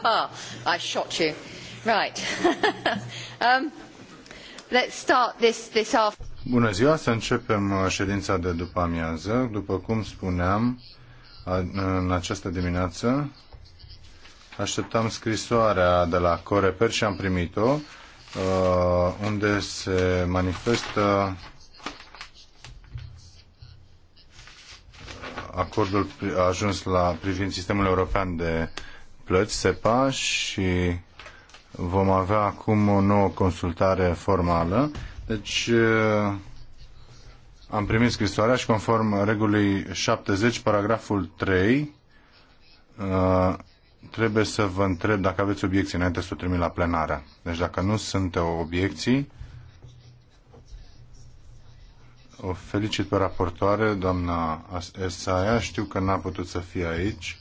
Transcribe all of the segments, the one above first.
I shot you. Right. um, let's start this, this afternoon. Bună ziua, să începem uh, ședința de după amiază. După cum spuneam, în această dimineață așteptam scrisoarea de la Coreper și am primit-o, uh, unde se manifestă acordul ajuns la privind sistemul european de plăți SEPA și vom avea acum o nouă consultare formală. Deci eh, am primit scrisoarea și conform regulii 70, paragraful 3, eh, trebuie să vă întreb dacă aveți obiecții înainte să o trimit la plenară. Deci dacă nu sunt obiecții, o felicit pe raportoare, doamna Esaia. Știu că n-a putut să fie aici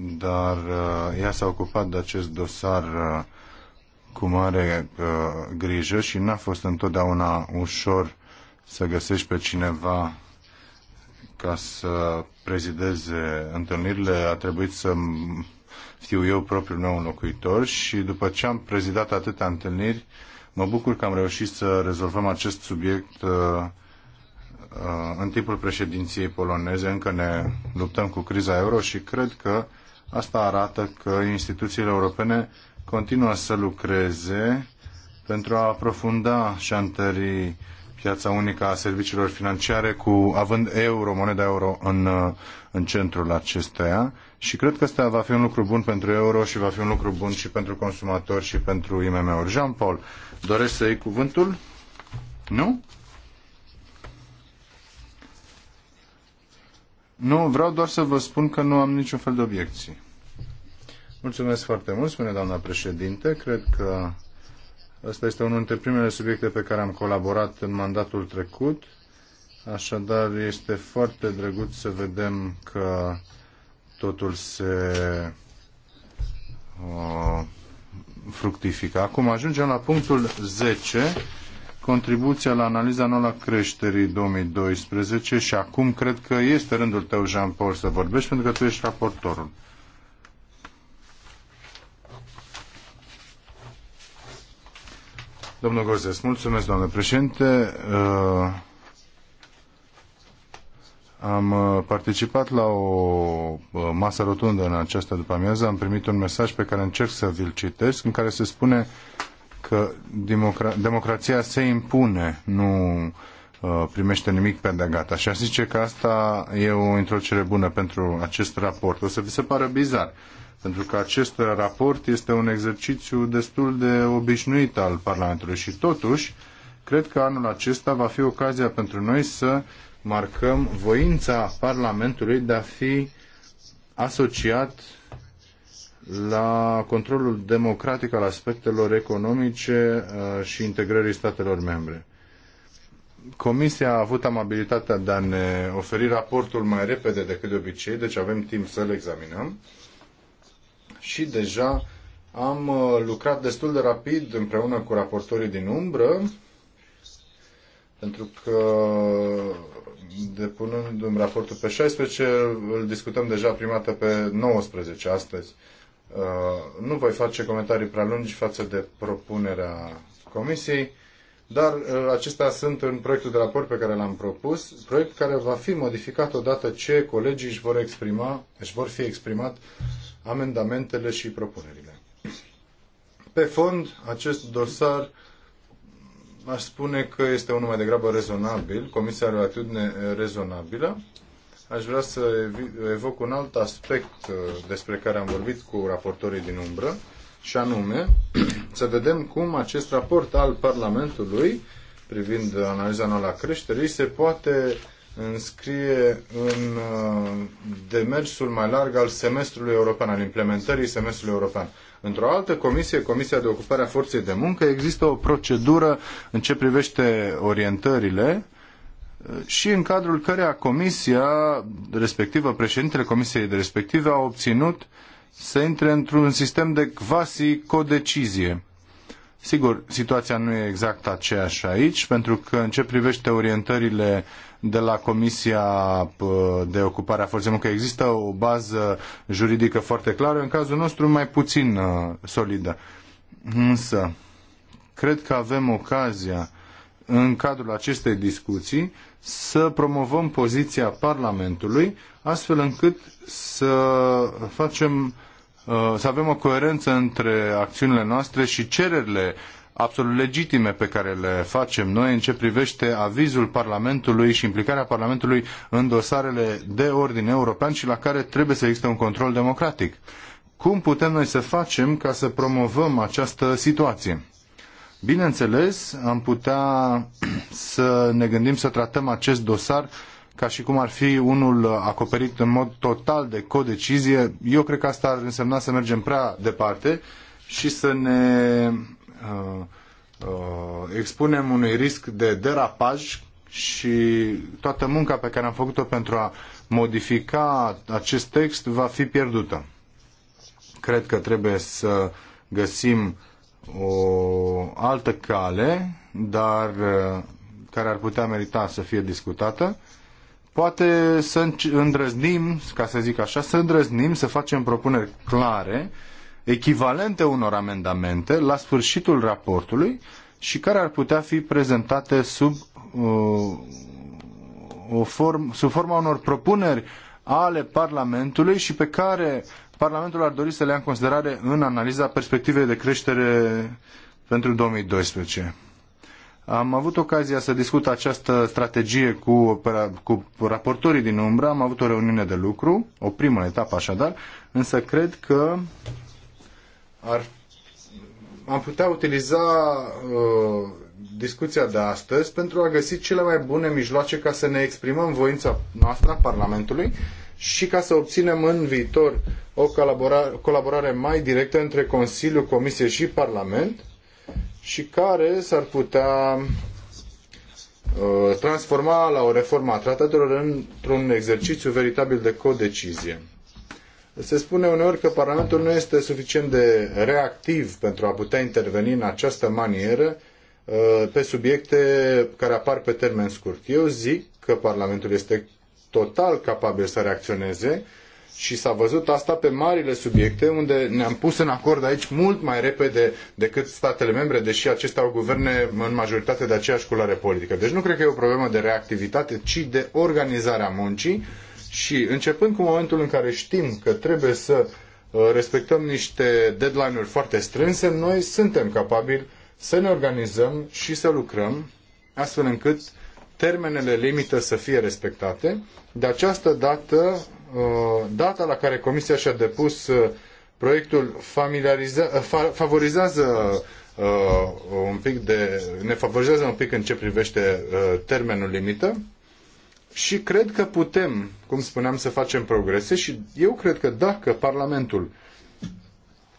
dar uh, ea s-a ocupat de acest dosar uh, cu mare uh, grijă și n-a fost întotdeauna ușor să găsești pe cineva ca să prezideze întâlnirile. A trebuit să fiu eu propriul meu locuitor și după ce am prezidat atâtea întâlniri, mă bucur că am reușit să rezolvăm acest subiect în timpul președinției poloneze. Încă ne luptăm cu criza euro și cred că Asta arată că instituțiile europene continuă să lucreze pentru a aprofunda și a întări piața unică a serviciilor financiare cu având euro, moneda euro în, în centrul acesteia și cred că asta va fi un lucru bun pentru euro și va fi un lucru bun și pentru consumatori și pentru IMM-uri. Jean-Paul, dorești să iei cuvântul? Nu? Nu, vreau doar să vă spun că nu am niciun fel de obiecții. Mulțumesc foarte mult, spune doamna președinte. Cred că ăsta este unul dintre primele subiecte pe care am colaborat în mandatul trecut. Așadar, este foarte drăguț să vedem că totul se uh, fructifică. Acum ajungem la punctul 10 contribuția la analiza anuală a creșterii 2012 și acum cred că este rândul tău, Jean-Paul, să vorbești pentru că tu ești raportorul. Domnul Gozes, mulțumesc, domnule președinte. Uh, am uh, participat la o uh, masă rotundă în această după amiază. Am primit un mesaj pe care încerc să vi-l citesc, în care se spune că democra- democrația se impune, nu uh, primește nimic pe de gata. Și a zice că asta e o introducere bună pentru acest raport. O să vi se pară bizar, pentru că acest raport este un exercițiu destul de obișnuit al Parlamentului și totuși cred că anul acesta va fi ocazia pentru noi să marcăm voința Parlamentului de a fi asociat la controlul democratic al aspectelor economice uh, și integrării statelor membre. Comisia a avut amabilitatea de a ne oferi raportul mai repede decât de obicei, deci avem timp să-l examinăm. Și deja am uh, lucrat destul de rapid împreună cu raportorii din umbră, pentru că depunând un raportul pe 16, îl discutăm deja prima dată pe 19 astăzi. Uh, nu voi face comentarii prea lungi față de propunerea Comisiei, dar uh, acestea sunt în proiectul de raport pe care l-am propus, proiect care va fi modificat odată ce colegii își vor, exprima, își vor fi exprimat amendamentele și propunerile. Pe fond, acest dosar aș spune că este unul mai degrabă rezonabil, Comisia are o atitudine rezonabilă aș vrea să evoc un alt aspect uh, despre care am vorbit cu raportorii din umbră, și anume să vedem cum acest raport al Parlamentului privind analiza anuală a creșterii se poate înscrie în uh, demersul mai larg al semestrului european, al implementării semestrului european. Într-o altă comisie, Comisia de Ocupare a Forței de Muncă, există o procedură în ce privește orientările și în cadrul căreia comisia respectivă, președintele comisiei de respective a obținut să intre într-un sistem de quasi codecizie. Sigur, situația nu e exact aceeași aici, pentru că în ce privește orientările de la Comisia de Ocupare a Forței Muncă există o bază juridică foarte clară, în cazul nostru mai puțin ă, solidă. Însă, cred că avem ocazia în cadrul acestei discuții să promovăm poziția Parlamentului, astfel încât să facem uh, să avem o coerență între acțiunile noastre și cererile absolut legitime pe care le facem noi în ce privește avizul Parlamentului și implicarea Parlamentului în dosarele de ordine european și la care trebuie să existe un control democratic. Cum putem noi să facem ca să promovăm această situație? Bineînțeles, am putea să ne gândim să tratăm acest dosar ca și cum ar fi unul acoperit în mod total de codecizie. Eu cred că asta ar însemna să mergem prea departe și să ne uh, uh, expunem unui risc de derapaj și toată munca pe care am făcut-o pentru a modifica acest text va fi pierdută. Cred că trebuie să găsim o altă cale, dar uh, care ar putea merita să fie discutată, poate să îndrăznim, ca să zic așa, să îndrăznim să facem propuneri clare, echivalente unor amendamente la sfârșitul raportului și care ar putea fi prezentate sub, uh, o form, sub forma unor propuneri ale Parlamentului și pe care Parlamentul ar dori să le ia în considerare în analiza perspectivei de creștere pentru 2012. Am avut ocazia să discut această strategie cu, cu raportorii din umbră, am avut o reuniune de lucru, o primă etapă așadar, însă cred că ar, am putea utiliza uh, discuția de astăzi pentru a găsi cele mai bune mijloace ca să ne exprimăm voința noastră a Parlamentului și ca să obținem în viitor o colaborare mai directă între Consiliu, Comisie și Parlament și care s-ar putea uh, transforma la o reformă a tratatelor într-un exercițiu veritabil de codecizie. Se spune uneori că Parlamentul nu este suficient de reactiv pentru a putea interveni în această manieră uh, pe subiecte care apar pe termen scurt. Eu zic că Parlamentul este total capabil să reacționeze și s-a văzut asta pe marile subiecte unde ne-am pus în acord aici mult mai repede decât statele membre, deși acestea au guverne în majoritate de aceeași culoare politică. Deci nu cred că e o problemă de reactivitate, ci de organizarea muncii și începând cu momentul în care știm că trebuie să uh, respectăm niște deadline-uri foarte strânse, noi suntem capabili să ne organizăm și să lucrăm astfel încât termenele limită să fie respectate. De această dată, uh, data la care Comisia și-a depus uh, proiectul uh, favorizează un pic de, ne favorizează un pic în ce privește termenul limită și cred că putem, cum spuneam, să facem progrese și eu cred că dacă Parlamentul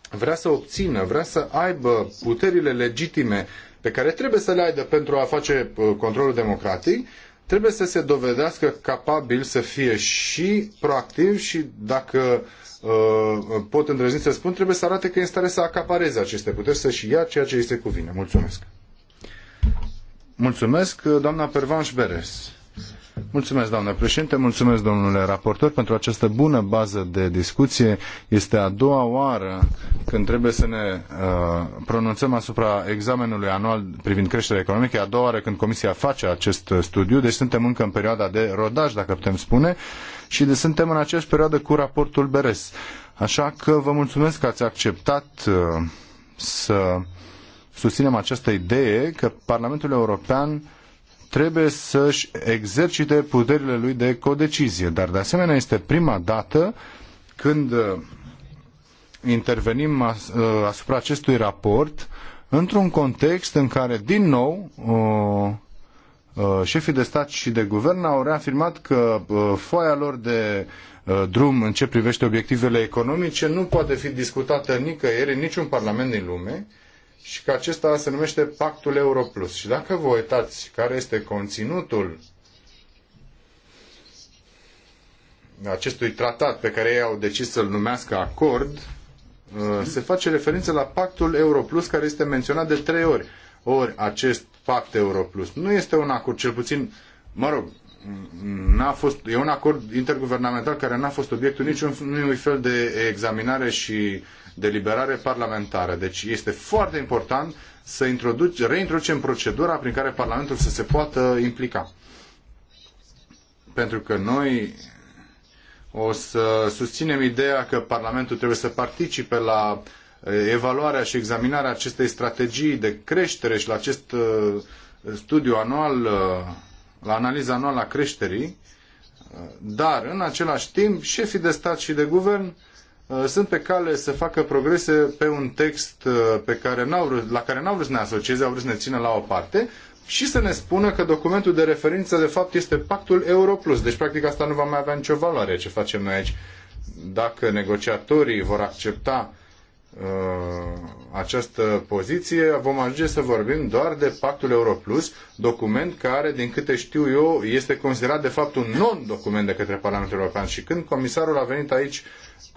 vrea să obțină, vrea să aibă puterile legitime pe care trebuie să le aibă pentru a face uh, controlul democratic, trebuie să se dovedească capabil să fie și proactiv și dacă uh, pot îndrăzni să spun, trebuie să arate că e în stare să acapareze aceste puteri, să-și ia ceea ce îi se cuvine. Mulțumesc! Mulțumesc, doamna Pervanș Beres. Mulțumesc, doamnă președinte, mulțumesc, domnule raportor, pentru această bună bază de discuție. Este a doua oară când trebuie să ne uh, pronunțăm asupra examenului anual privind creșterea economică, a doua oară când Comisia face acest studiu, deci suntem încă în perioada de rodaj, dacă putem spune, și de, suntem în aceeași perioadă cu raportul Beres. Așa că vă mulțumesc că ați acceptat uh, să susținem această idee că Parlamentul European trebuie să-și exercite puterile lui de codecizie. Dar de asemenea este prima dată când uh, intervenim uh, asupra acestui raport într-un context în care, din nou, uh, șefii de stat și de guvern au reafirmat că foaia lor de drum în ce privește obiectivele economice nu poate fi discutată nicăieri, în niciun parlament din lume, și că acesta se numește Pactul Euro Plus. Și dacă vă uitați care este conținutul acestui tratat pe care ei au decis să-l numească acord, uh, se face referință la Pactul Euro Plus care este menționat de trei ori. Ori acest Pact Euro Plus nu este un acord, cel puțin, mă rog, n-a fost, e un acord interguvernamental care n-a fost obiectul niciunui fel de examinare și deliberare parlamentară. Deci este foarte important să introduce, reintroducem procedura prin care Parlamentul să se poată implica. Pentru că noi o să susținem ideea că Parlamentul trebuie să participe la eh, evaluarea și examinarea acestei strategii de creștere și la acest eh, studiu anual eh, la analiza anuală a creșterii, dar în același timp șefii de stat și de guvern uh, sunt pe cale să facă progrese pe un text uh, pe care n-au vrut, la care n-au vrut să ne asocieze, au vrut să ne țină la o parte și să ne spună că documentul de referință de fapt este pactul Euro Plus. Deci practic asta nu va mai avea nicio valoare ce facem noi aici. Dacă negociatorii vor accepta Uh, această poziție, vom ajunge să vorbim doar de Pactul Euro Plus, document care, din câte știu eu, este considerat de fapt un non-document de către Parlamentul European. Și când comisarul a venit aici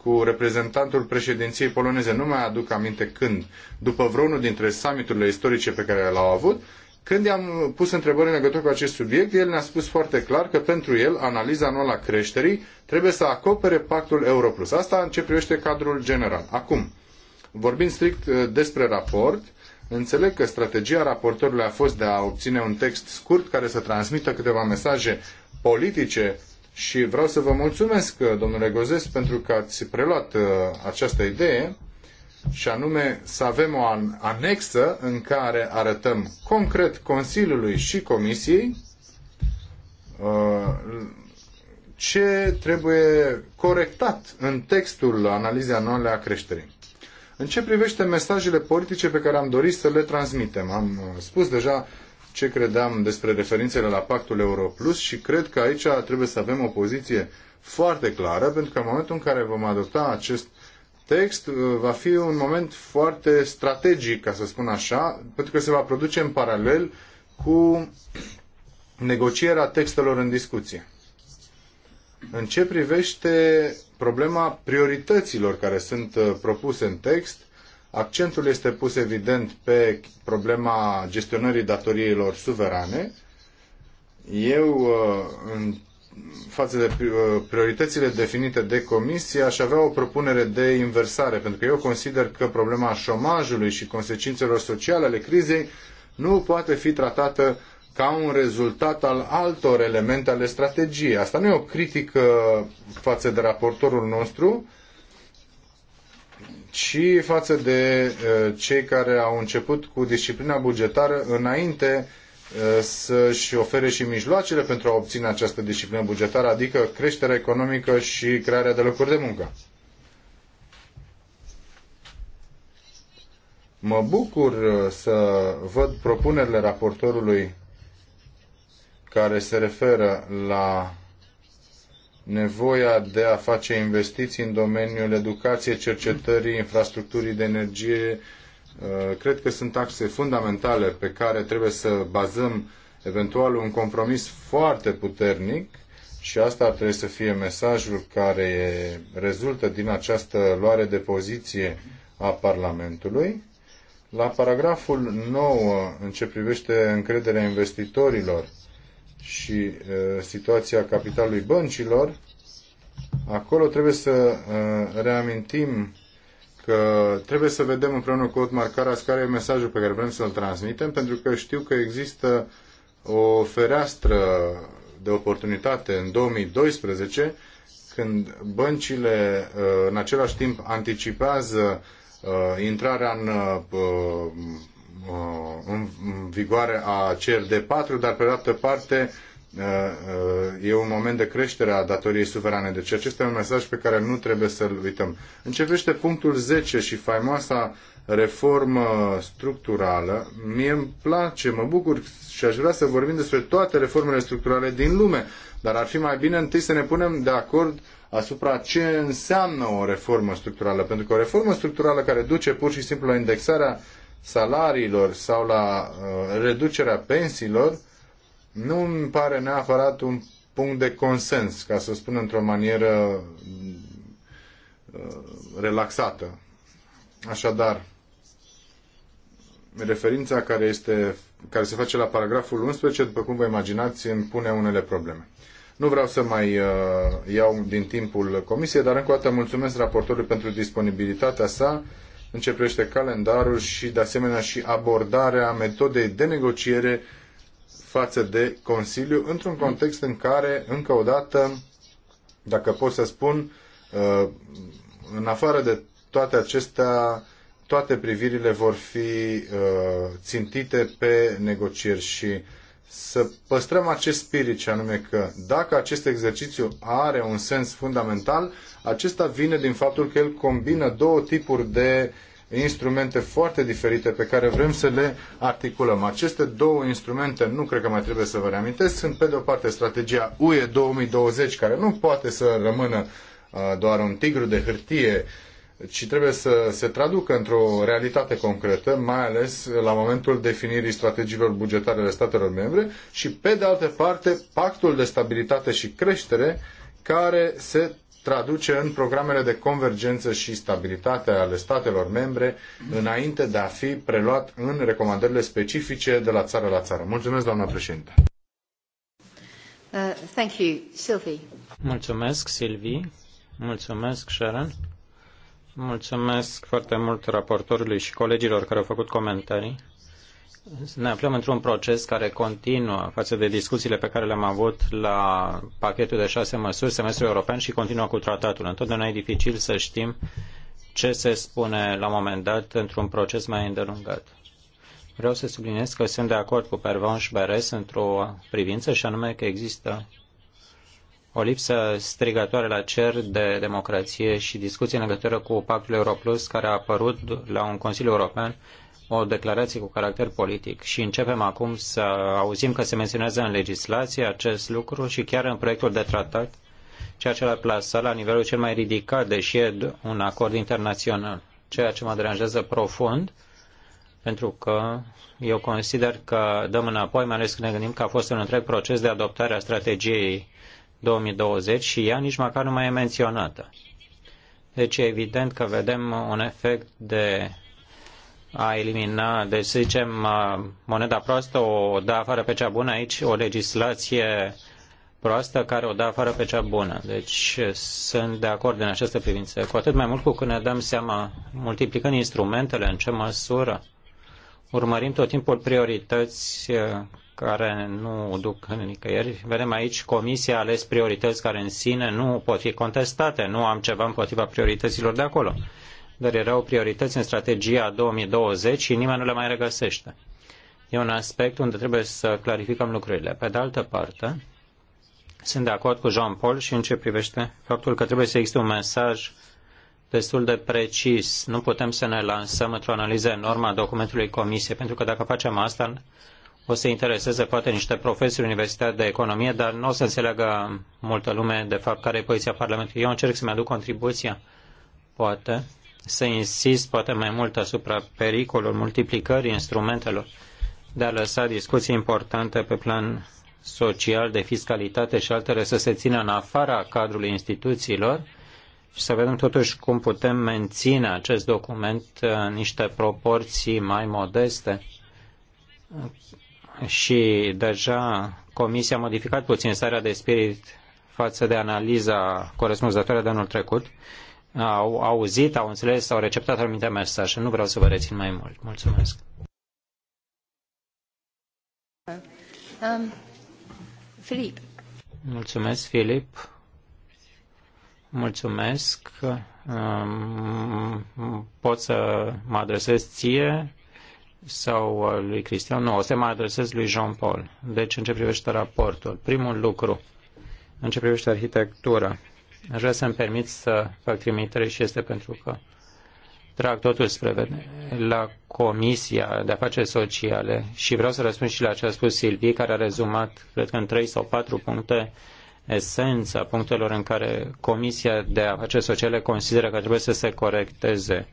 cu reprezentantul președinției poloneze, nu mai aduc aminte când, după vreunul dintre summiturile istorice pe care le-au avut, când i-am pus întrebări în legătură cu acest subiect, el ne-a spus foarte clar că pentru el analiza anuală a creșterii trebuie să acopere pactul Euro Plus. Asta în ce privește cadrul general. Acum, Vorbind strict uh, despre raport, Înțeleg că strategia raportorului a fost de a obține un text scurt care să transmită câteva mesaje politice și vreau să vă mulțumesc, uh, domnule Gozes, pentru că ați preluat uh, această idee și anume să avem o anexă în care arătăm concret Consiliului și Comisiei ce trebuie corectat în textul analizei anuale a creșterii. În ce privește mesajele politice pe care am dorit să le transmitem? Am uh, spus deja ce credeam despre referințele la Pactul Euro Plus și cred că aici trebuie să avem o poziție foarte clară, pentru că în momentul în care vom adopta acest text, uh, va fi un moment foarte strategic, ca să spun așa, pentru că se va produce în paralel cu negocierea textelor în discuție. În ce privește problema priorităților care sunt uh, propuse în text. Accentul este pus evident pe problema gestionării datoriilor suverane. Eu, uh, în față de uh, prioritățile definite de comisie, aș avea o propunere de inversare, pentru că eu consider că problema șomajului și consecințelor sociale ale crizei nu poate fi tratată ca un rezultat al altor elemente ale strategiei. Asta nu e o critică față de raportorul nostru, ci față de cei care au început cu disciplina bugetară înainte să-și ofere și mijloacele pentru a obține această disciplină bugetară, adică creșterea economică și crearea de locuri de muncă. Mă bucur să văd propunerile raportorului care se referă la nevoia de a face investiții în domeniul educației, cercetării, infrastructurii de energie. Uh, cred că sunt axe fundamentale pe care trebuie să bazăm eventual un compromis foarte puternic și asta ar trebui să fie mesajul care rezultă din această luare de poziție a Parlamentului. La paragraful 9, în ce privește încrederea investitorilor, și uh, situația capitalului băncilor, acolo trebuie să uh, reamintim că trebuie să vedem împreună cu Otmar Caras care e mesajul pe care vrem să-l transmitem, pentru că știu că există o fereastră de oportunitate în 2012, când băncile în același timp anticipează intrarea în Uh, în vigoare a CRD4, dar pe de altă parte uh, uh, e un moment de creștere a datoriei suverane. Deci acesta e un mesaj pe care nu trebuie să-l uităm. Începește punctul 10 și faimoasa reformă structurală. Mie îmi place, mă bucur și aș vrea să vorbim despre toate reformele structurale din lume, dar ar fi mai bine întâi să ne punem de acord asupra ce înseamnă o reformă structurală, pentru că o reformă structurală care duce pur și simplu la indexarea salariilor sau la uh, reducerea pensiilor, nu îmi pare neapărat un punct de consens, ca să spun într-o manieră uh, relaxată. Așadar, referința care, este, care se face la paragraful 11, după cum vă imaginați, îmi pune unele probleme. Nu vreau să mai uh, iau din timpul comisiei, dar încă o dată mulțumesc raportorului pentru disponibilitatea sa în ce privește calendarul și, de asemenea, și abordarea metodei de negociere față de Consiliu, într-un context în care, încă o dată, dacă pot să spun, uh, în afară de toate acestea, toate privirile vor fi uh, țintite pe negocieri și să păstrăm acest spirit, și anume că dacă acest exercițiu are un sens fundamental, acesta vine din faptul că el combină două tipuri de instrumente foarte diferite pe care vrem să le articulăm. Aceste două instrumente, nu cred că mai trebuie să vă reamintesc, sunt pe de o parte strategia UE 2020, care nu poate să rămână uh, doar un tigru de hârtie, ci trebuie să se traducă într-o realitate concretă, mai ales la momentul definirii strategiilor bugetare ale statelor membre și, pe de altă parte, pactul de stabilitate și creștere, care se traduce în programele de convergență și stabilitate ale statelor membre înainte de a fi preluat în recomandările specifice de la țară la țară. Mulțumesc, doamna președinte. Uh, thank you, Sylvie. Mulțumesc, Sylvie. Mulțumesc, Sharon. Mulțumesc foarte mult raportorului și colegilor care au făcut comentarii ne aflăm într-un proces care continuă față de discuțiile pe care le-am avut la pachetul de șase măsuri, semestrul european și continuă cu tratatul. Întotdeauna e dificil să știm ce se spune la un moment dat într-un proces mai îndelungat. Vreau să subliniez că sunt de acord cu Pervanș Beres într-o privință și anume că există o lipsă strigătoare la cer de democrație și discuții în legătură cu pactul Europlus care a apărut la un Consiliu European o declarație cu caracter politic și începem acum să auzim că se menționează în legislație acest lucru și chiar în proiectul de tratat, ceea ce l-ar plasa la nivelul cel mai ridicat, deși e un acord internațional. Ceea ce mă deranjează profund, pentru că eu consider că dăm înapoi, mai ales când ne gândim că a fost un întreg proces de adoptare a strategiei 2020 și ea nici măcar nu mai e menționată. Deci e evident că vedem un efect de a elimina, deci să zicem, moneda proastă o dă da afară pe cea bună aici, o legislație proastă care o dă da afară pe cea bună. Deci sunt de acord în această privință. Cu atât mai mult cu când ne dăm seama, multiplicând instrumentele, în ce măsură urmărim tot timpul priorități care nu duc nicăieri. Vedem aici comisia a ales priorități care în sine nu pot fi contestate. Nu am ceva împotriva priorităților de acolo dar erau priorități în strategia 2020 și nimeni nu le mai regăsește. E un aspect unde trebuie să clarificăm lucrurile. Pe de altă parte, sunt de acord cu Jean-Paul și în ce privește faptul că trebuie să existe un mesaj destul de precis. Nu putem să ne lansăm într-o analiză în urma documentului Comisiei, pentru că dacă facem asta, o să intereseze poate niște profesori universitari de economie, dar nu o să înțeleagă multă lume, de fapt, care e poziția Parlamentului. Eu încerc să-mi aduc contribuția, poate, să insist poate mai mult asupra pericolul multiplicării instrumentelor de a lăsa discuții importante pe plan social, de fiscalitate și altele să se țină în afara cadrului instituțiilor și să vedem totuși cum putem menține acest document în niște proporții mai modeste. Și deja Comisia a modificat puțin starea de spirit față de analiza corespunzătoare de anul trecut au auzit, au înțeles s-au receptat anumite mesaje. Nu vreau să vă rețin mai mult. Mulțumesc. Um, Filip. Mulțumesc, Filip. Mulțumesc. Um, pot să mă adresez ție sau lui Cristian? Nu, o să mă adresez lui Jean-Paul. Deci, în ce privește raportul? Primul lucru, în ce privește arhitectura Aș vrea să-mi permit să fac trimitere și este pentru că trag totul spre la Comisia de Afaceri Sociale și vreau să răspund și la ce a spus Silvii, care a rezumat, cred că în trei sau patru puncte, esența punctelor în care Comisia de Afaceri Sociale consideră că trebuie să se corecteze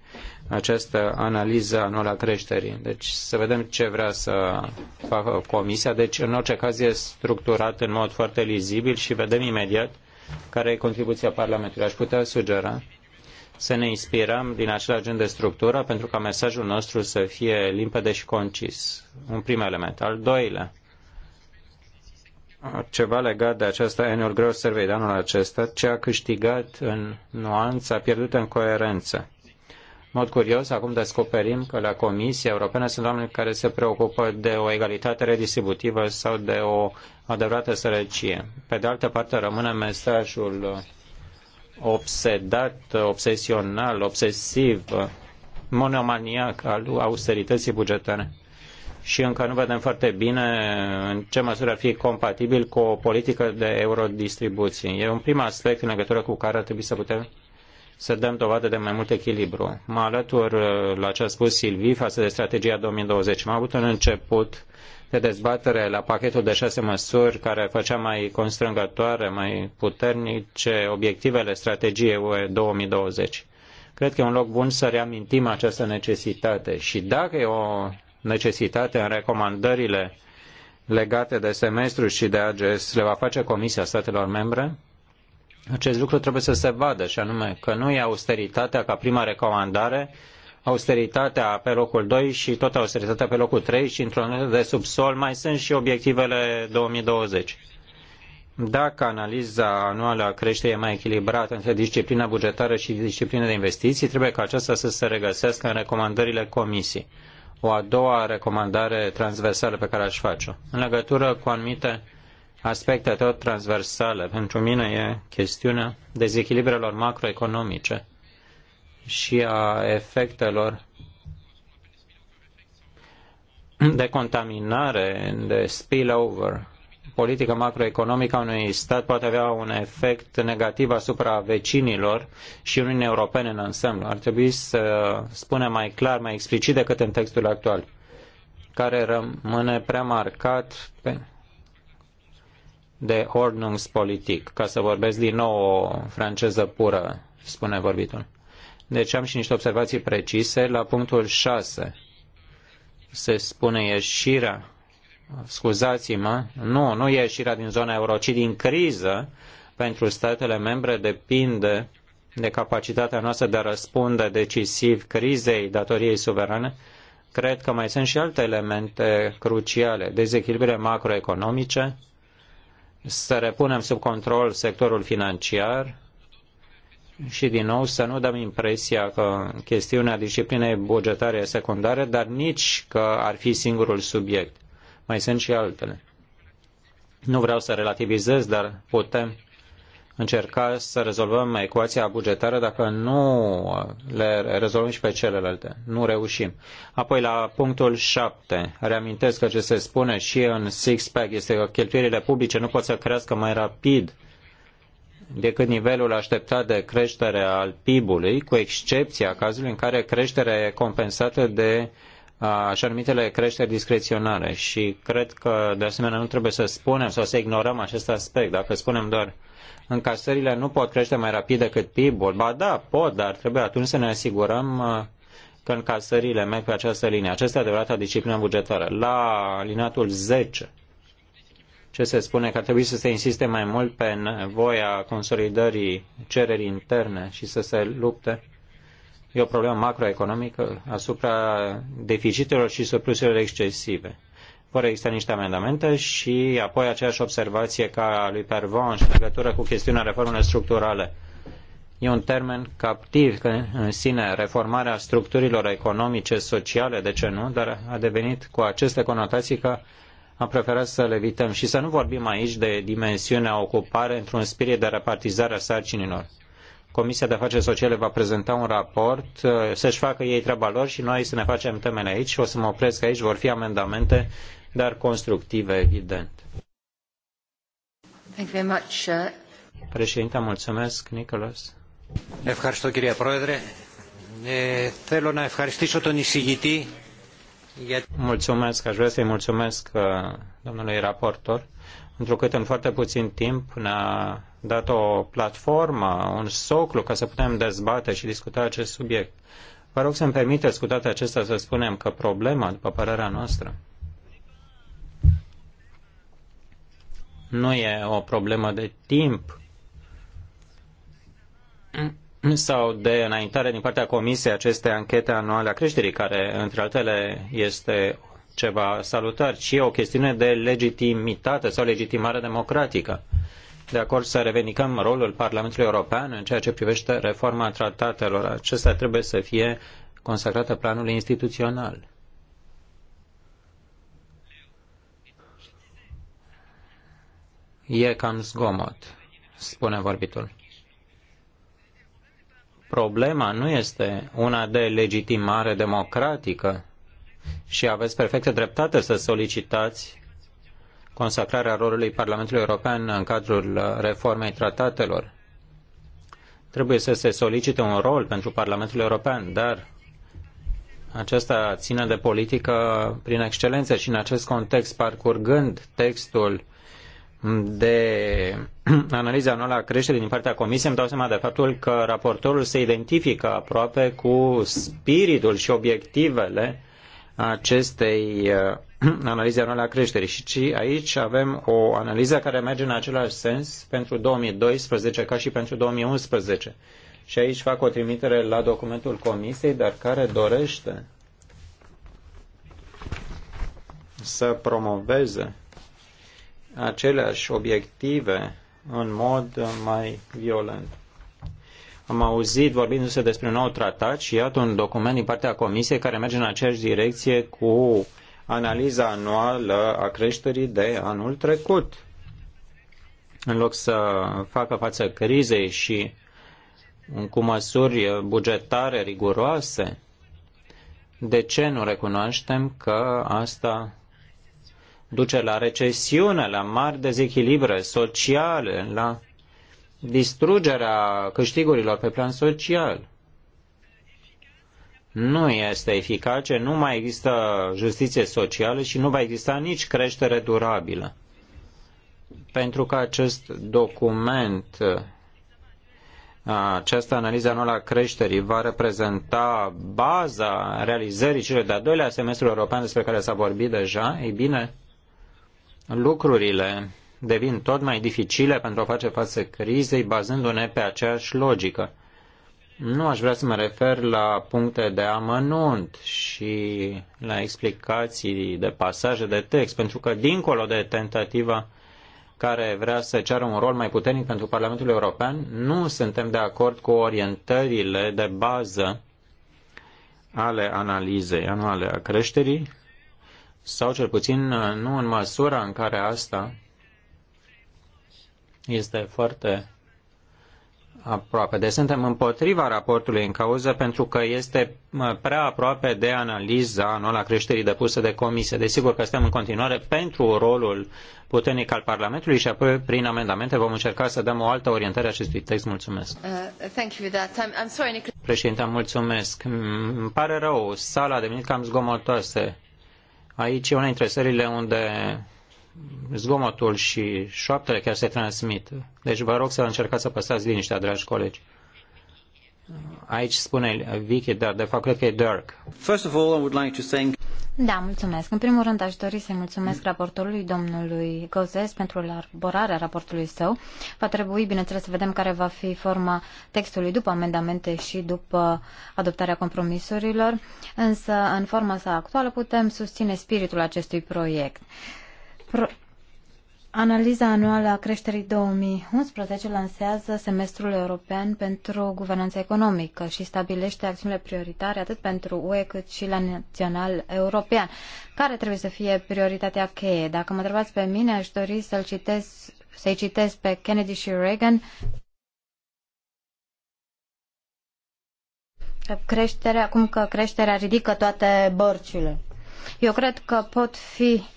această analiză anuală a creșterii. Deci să vedem ce vrea să facă Comisia. Deci, în orice caz, e structurat în mod foarte lizibil și vedem imediat care e contribuția Parlamentului. Aș putea sugera să ne inspirăm din același gen de structură pentru ca mesajul nostru să fie limpede și concis. Un prim element. Al doilea, ceva legat de această annual growth survey de anul acesta, ce a câștigat în nuanță, a pierdut în coerență. În mod curios, acum descoperim că la Comisia Europeană sunt oameni care se preocupă de o egalitate redistributivă sau de o adevărată sărăcie. Pe de altă parte, rămâne mesajul obsedat, obsesional, obsesiv, monomaniac al austerității bugetare. Și încă nu vedem foarte bine în ce măsură ar fi compatibil cu o politică de eurodistribuție. E un prim aspect în legătură cu care ar trebui să putem să dăm dovadă de mai mult echilibru. Mă alătur la ce a spus Silvi față de strategia 2020. M-a avut un început de dezbatere la pachetul de șase măsuri care făcea mai constrângătoare, mai puternice obiectivele strategiei UE 2020. Cred că e un loc bun să reamintim această necesitate și dacă e o necesitate în recomandările legate de semestru și de AGS le va face Comisia Statelor Membre, acest lucru trebuie să se vadă și anume că nu e austeritatea ca prima recomandare, austeritatea pe locul 2 și tot austeritatea pe locul 3 și într-o notă de subsol mai sunt și obiectivele 2020. Dacă analiza anuală a creșterii e mai echilibrată între disciplina bugetară și disciplina de investiții, trebuie ca aceasta să se regăsească în recomandările comisiei. O a doua recomandare transversală pe care aș face-o. În legătură cu anumite aspecte tot transversale, pentru mine e chestiunea dezechilibrelor macroeconomice și a efectelor de contaminare, de spillover. Politica macroeconomică a unui stat poate avea un efect negativ asupra vecinilor și Uniunii Europene în ansamblu. Ar trebui să spunem mai clar, mai explicit decât în textul actual, care rămâne prea marcat pe de ordnungspolitik, ca să vorbesc din nou o franceză pură, spune vorbitul. Deci am și niște observații precise. La punctul 6 se spune ieșirea, scuzați-mă, nu, nu ieșirea din zona euro, ci din criză pentru statele membre depinde de capacitatea noastră de a răspunde decisiv crizei datoriei suverane. Cred că mai sunt și alte elemente cruciale, dezechilibre macroeconomice, să repunem sub control sectorul financiar, și din nou să nu dăm impresia că chestiunea disciplinei bugetare este secundară, dar nici că ar fi singurul subiect. Mai sunt și altele. Nu vreau să relativizez, dar putem încerca să rezolvăm ecuația bugetară dacă nu le rezolvăm și pe celelalte. Nu reușim. Apoi la punctul 7. Reamintesc că ce se spune și în six-pack este că cheltuielile publice nu pot să crească mai rapid decât nivelul așteptat de creștere al PIB-ului, cu excepția cazului în care creșterea e compensată de așa numitele creșteri discreționare și cred că de asemenea nu trebuie să spunem sau să ignorăm acest aspect. Dacă spunem doar încasările nu pot crește mai rapid decât PIB-ul, ba da, pot, dar trebuie atunci să ne asigurăm că încasările merg pe această linie. Aceasta e adevărata disciplină bugetară. La alinatul 10 ce se spune că ar trebui să se insiste mai mult pe nevoia consolidării cererii interne și să se lupte. E o problemă macroeconomică asupra deficitelor și surplusurilor excesive. Vor exista niște amendamente și apoi aceeași observație ca a lui Pervon și legătură cu chestiunea reformelor structurale. E un termen captiv că în sine reformarea structurilor economice, sociale, de ce nu, dar a devenit cu aceste conotații că am preferat să le evităm și să nu vorbim aici de dimensiunea ocupare într-un spirit de repartizare a sarcinilor. Comisia de Afaceri Sociale va prezenta un raport, uh, să-și facă ei treaba lor și noi să ne facem temele aici. O să mă opresc aici, vor fi amendamente, dar constructive, evident. Thank you very much. Uh, Președinte, mulțumesc, Nicholas. Ευχαριστώ κυρία Πρόεδρε. Ε, θέλω να ευχαριστήσω τον εισηγητή Mulțumesc, aș vrea să-i mulțumesc uh, domnului raportor, întrucât în foarte puțin timp ne-a dat o platformă, un soclu ca să putem dezbate și discuta acest subiect. Vă rog să-mi permiteți cu toate acestea să spunem că problema, după părerea noastră, nu e o problemă de timp, sau de înaintare din partea Comisiei aceste anchete anuale a creșterii, care, între altele, este ceva salutar, ci e o chestiune de legitimitate sau legitimare democratică. De acord să revendicăm rolul Parlamentului European în ceea ce privește reforma tratatelor. Acesta trebuie să fie consacrată planului instituțional. E cam zgomot, spune vorbitul problema nu este una de legitimare democratică și aveți perfectă dreptate să solicitați consacrarea rolului Parlamentului European în cadrul reformei tratatelor. Trebuie să se solicite un rol pentru Parlamentul European, dar aceasta ține de politică prin excelență și în acest context, parcurgând textul de analiza anuală a creșterii din partea Comisiei, îmi dau seama de faptul că raportorul se identifică aproape cu spiritul și obiectivele acestei analize anuale a creșterii. Și aici avem o analiză care merge în același sens pentru 2012 ca și pentru 2011. Și aici fac o trimitere la documentul Comisiei, dar care dorește să promoveze aceleași obiective în mod mai violent. Am auzit vorbindu-se despre un nou tratat și iată un document din partea Comisiei care merge în aceeași direcție cu analiza anuală a creșterii de anul trecut. În loc să facă față crizei și cu măsuri bugetare riguroase, de ce nu recunoaștem că asta duce la recesiune, la mari dezechilibre sociale, la distrugerea câștigurilor pe plan social. Nu este eficace, nu mai există justiție socială și nu va exista nici creștere durabilă. Pentru că acest document această analiză anuală a creșterii va reprezenta baza realizării celor de-a doilea semestru european despre care s-a vorbit deja, ei bine, lucrurile devin tot mai dificile pentru a face față crizei, bazându-ne pe aceeași logică. Nu aș vrea să mă refer la puncte de amănunt și la explicații de pasaje de text, pentru că dincolo de tentativa care vrea să ceară un rol mai puternic pentru Parlamentul European, nu suntem de acord cu orientările de bază ale analizei anuale a creșterii sau cel puțin uh, nu în măsura în care asta este foarte aproape. Deci suntem împotriva raportului în cauză pentru că este uh, prea aproape de analiza anuală a creșterii depusă de comisie. Desigur că suntem în continuare pentru rolul puternic al Parlamentului și apoi prin amendamente vom încerca să dăm o altă orientare acestui text. Mulțumesc. Uh, Președinte, mulțumesc. Mm, îmi pare rău, sala a devenit cam zgomotoasă. Aici e una dintre țările unde zgomotul și șoaptele chiar se transmit. Deci vă rog să încercați să păstrați liniștea, dragi colegi. Aici spune Vicky, dar de fapt cred că e Dirk. First of all, I would like to thank da, mulțumesc. În primul rând aș dori să-i mulțumesc raportorului domnului Gozes pentru elaborarea raportului său. Va trebui, bineînțeles, să vedem care va fi forma textului după amendamente și după adoptarea compromisurilor, însă în forma sa actuală putem susține spiritul acestui proiect. Pro- Analiza anuală a creșterii 2011 lansează semestrul european pentru guvernanță economică și stabilește acțiunile prioritare atât pentru UE cât și la național european. Care trebuie să fie prioritatea cheie? Dacă mă întrebați pe mine, aș dori să-l citesc, să-i citesc pe Kennedy și Reagan Creșterea, cum că creșterea ridică toate bărcile. Eu cred că pot fi uh,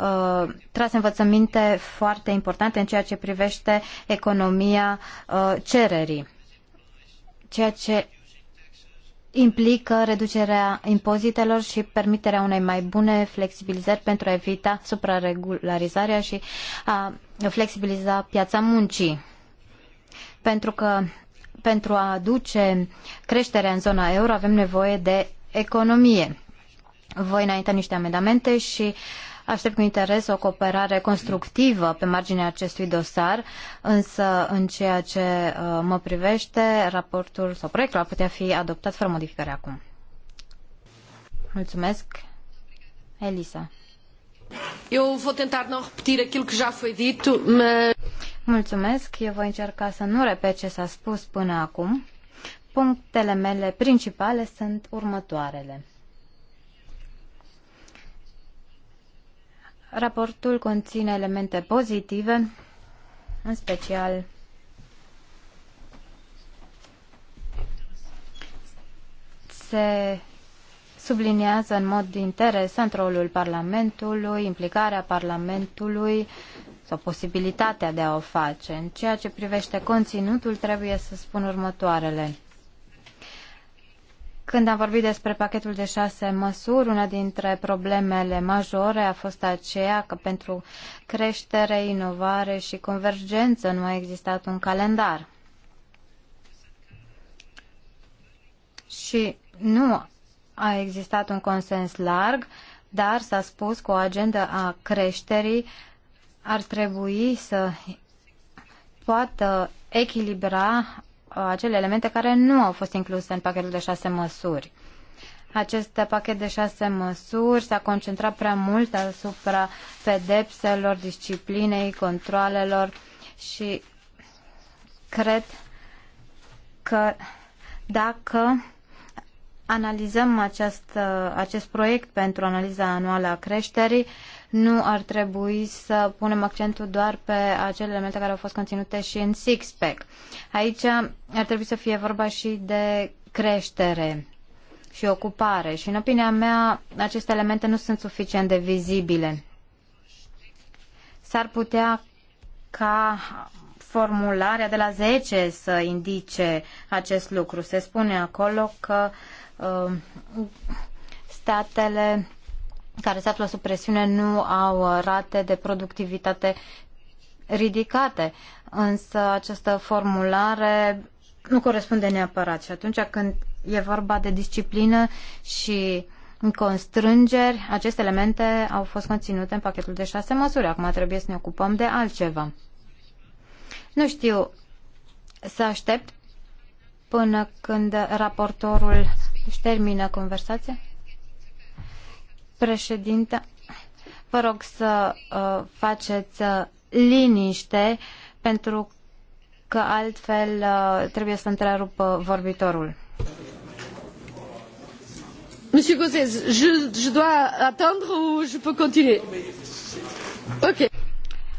Uh, tras învățăminte foarte importante în ceea ce privește economia uh, cererii, ceea ce implică reducerea impozitelor și permiterea unei mai bune flexibilizări pentru a evita supraregularizarea și a flexibiliza piața muncii. Pentru că pentru a aduce creșterea în zona euro avem nevoie de economie. Voi înainta niște amendamente și Aștept cu interes o cooperare constructivă pe marginea acestui dosar, însă în ceea ce uh, mă privește, raportul sau proiectul ar putea fi adoptat fără modificare acum. Mulțumesc. Elisa. Eu vou tentar não repetir aquilo que já foi dito, mas... Mulțumesc, eu voi încerca să nu repet ce s-a spus până acum. Punctele mele principale sunt următoarele. Raportul conține elemente pozitive, în special se subliniază în mod interesant rolul Parlamentului, implicarea Parlamentului sau posibilitatea de a o face. În ceea ce privește conținutul, trebuie să spun următoarele. Când am vorbit despre pachetul de șase măsuri, una dintre problemele majore a fost aceea că pentru creștere, inovare și convergență nu a existat un calendar. Și nu a existat un consens larg, dar s-a spus că o agenda a creșterii ar trebui să poată echilibra acele elemente care nu au fost incluse în pachetul de șase măsuri. Acest pachet de șase măsuri s-a concentrat prea mult asupra pedepselor, disciplinei, controlelor și cred că dacă analizăm acest, acest proiect pentru analiza anuală a creșterii, nu ar trebui să punem accentul doar pe acele elemente care au fost conținute și în six-pack. Aici ar trebui să fie vorba și de creștere și ocupare și, în opinia mea, aceste elemente nu sunt suficient de vizibile. S-ar putea ca formularea de la 10 să indice acest lucru. Se spune acolo că uh, Um, statele care se află sub presiune nu au uh, rate de productivitate ridicate, însă această formulare nu corespunde neapărat și atunci când e vorba de disciplină și constrângeri, aceste elemente au fost conținute în pachetul de șase măsuri. Acum trebuie să ne ocupăm de altceva. Nu știu, să aștept până când raportorul își termină conversația. Președinte, vă rog să uh, faceți uh, liniște pentru că altfel uh, trebuie să întrerup vorbitorul. Monsieur Gauzès, je, je dois attendre ou je peux continuer Ok.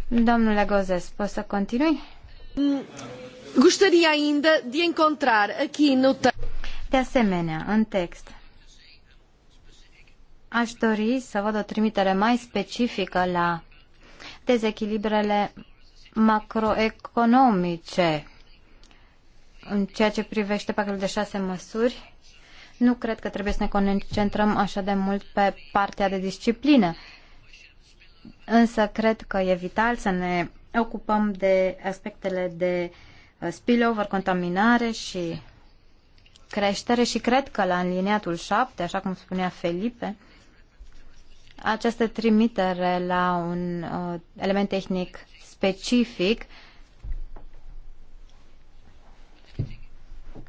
Domnule Gauzès, poți să continui? Gostaria ainda de encontrar aqui no texto de asemenea, în text, aș dori să văd o trimitere mai specifică la dezechilibrele macroeconomice în ceea ce privește pachetul de șase măsuri. Nu cred că trebuie să ne concentrăm așa de mult pe partea de disciplină, însă cred că e vital să ne ocupăm de aspectele de uh, spillover, contaminare și creștere și cred că la înliniatul 7, așa cum spunea Felipe, această trimitere la un uh, element tehnic specific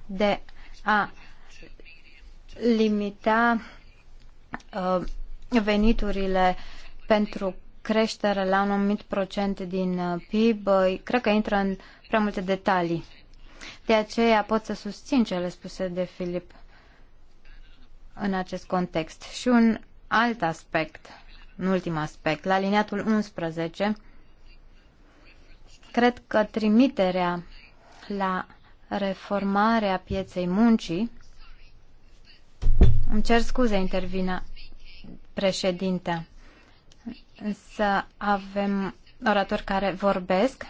de a limita uh, veniturile pentru creștere la un anumit procent din uh, PIB, cred că intră în prea multe detalii. De aceea pot să susțin cele spuse de Filip în acest context. Și un alt aspect, un ultim aspect, la liniatul 11, cred că trimiterea la reformarea pieței muncii îmi cer scuze, intervine președinte. Să avem oratori care vorbesc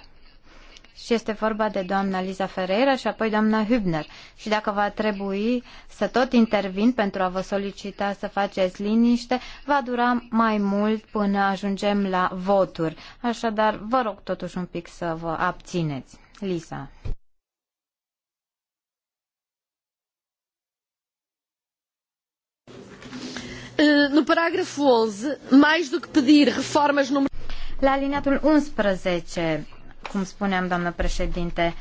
și este vorba de doamna Liza Ferreira și apoi doamna Hübner. Și dacă va trebui să tot intervin pentru a vă solicita să faceți liniște, va dura mai mult până ajungem la voturi. Așadar, vă rog totuși un pic să vă abțineți. Lisa. Eh, no parágrafo 11, mais do que pedir reformas no... La alineatul 11, cum spuneam, doamnă președinte,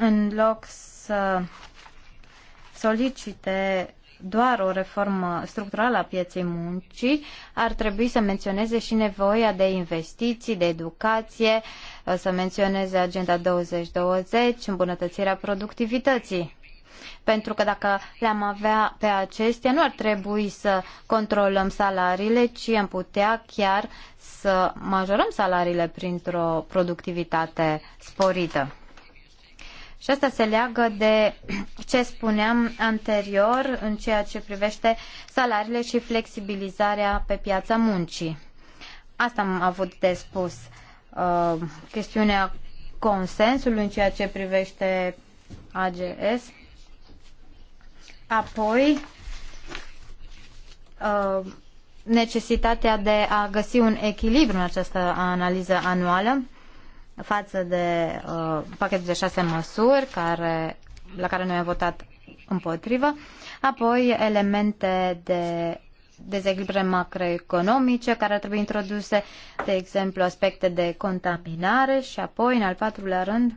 în loc să solicite doar o reformă structurală a pieței muncii, ar trebui să menționeze și nevoia de investiții, de educație, să menționeze Agenda 2020, îmbunătățirea productivității. Pentru că dacă le-am avea pe acestea, nu ar trebui să controlăm salariile, ci am putea chiar să majorăm salariile printr-o productivitate sporită. Și asta se leagă de ce spuneam anterior în ceea ce privește salariile și flexibilizarea pe piața muncii. Asta am avut de spus. Uh, chestiunea consensului în ceea ce privește AGS. Apoi, uh, necesitatea de a găsi un echilibru în această analiză anuală față de uh, pachetul de șase măsuri care, la care noi am votat împotrivă, apoi elemente de dezechilibre macroeconomice care ar trebui introduse, de exemplu, aspecte de contaminare și apoi, în al patrulea rând,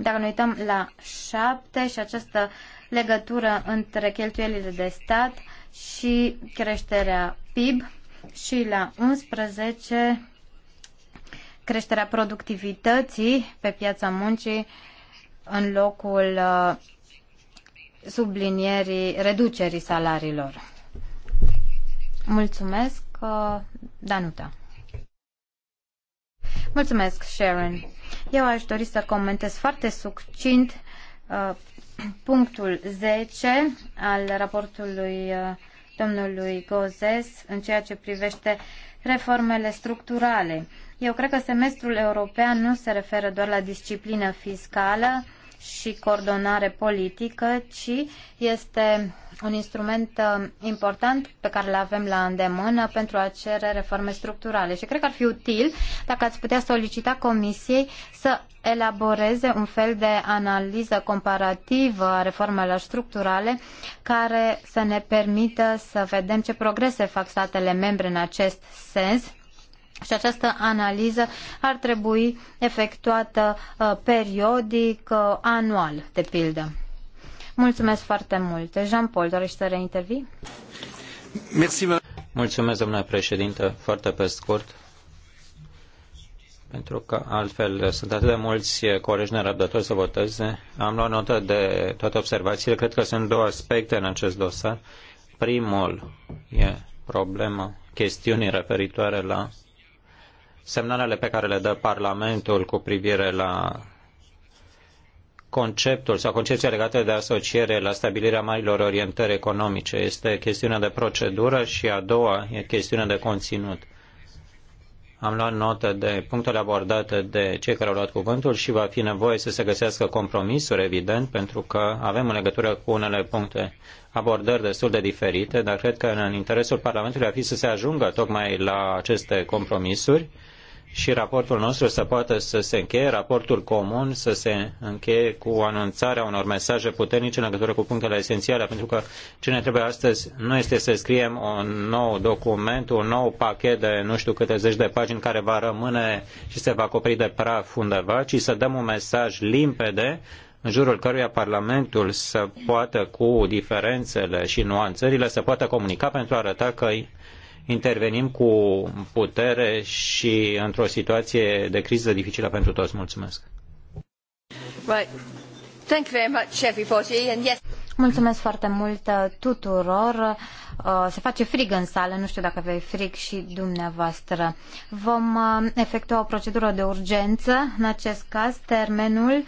Dacă ne uităm la 7 și această legătură între cheltuielile de stat și creșterea PIB și la 11 creșterea productivității pe piața muncii în locul uh, sublinierii reducerii salariilor. Mulțumesc, uh, Danuta. Mulțumesc, Sharon. Eu aș dori să comentez foarte succint uh, punctul 10 al raportului uh, domnului Gozes în ceea ce privește reformele structurale. Eu cred că semestrul european nu se referă doar la disciplină fiscală, și coordonare politică, ci este un instrument uh, important pe care îl avem la îndemână pentru a cere reforme structurale. Și cred că ar fi util dacă ați putea solicita Comisiei să elaboreze un fel de analiză comparativă a reformelor structurale care să ne permită să vedem ce progrese fac statele membre în acest sens și această analiză ar trebui efectuată uh, periodic, uh, anual, de pildă. Mulțumesc foarte mult. Jean-Paul, dorește să reintervii? Mulțumesc, domnule președinte, foarte pe scurt. Pentru că altfel sunt atât de mulți colegi nerăbdători să voteze. Am luat notă de toate observațiile. Cred că sunt două aspecte în acest dosar. Primul e problema chestiunii referitoare la semnalele pe care le dă Parlamentul cu privire la conceptul sau concepția legată de asociere la stabilirea marilor orientări economice. Este chestiune de procedură și a doua e chestiune de conținut. Am luat notă de punctele abordate de cei care au luat cuvântul și va fi nevoie să se găsească compromisuri, evident, pentru că avem în legătură cu unele puncte abordări destul de diferite, dar cred că în interesul Parlamentului ar fi să se ajungă tocmai la aceste compromisuri și raportul nostru să poată să se încheie, raportul comun să se încheie cu anunțarea unor mesaje puternice în legătură cu punctele esențiale, pentru că ce ne trebuie astăzi nu este să scriem un nou document, un nou pachet de nu știu câte zeci de pagini care va rămâne și se va acoperi de praf undeva, ci să dăm un mesaj limpede în jurul căruia Parlamentul să poată cu diferențele și nuanțările să poată comunica pentru a arăta că intervenim cu putere și într-o situație de criză dificilă pentru toți. Mulțumesc! Right. Thank you very much everybody and yes Mulțumesc foarte mult uh, tuturor. Uh, se face frig în sală, nu știu dacă vei frig și dumneavoastră. Vom uh, efectua o procedură de urgență. În acest caz, termenul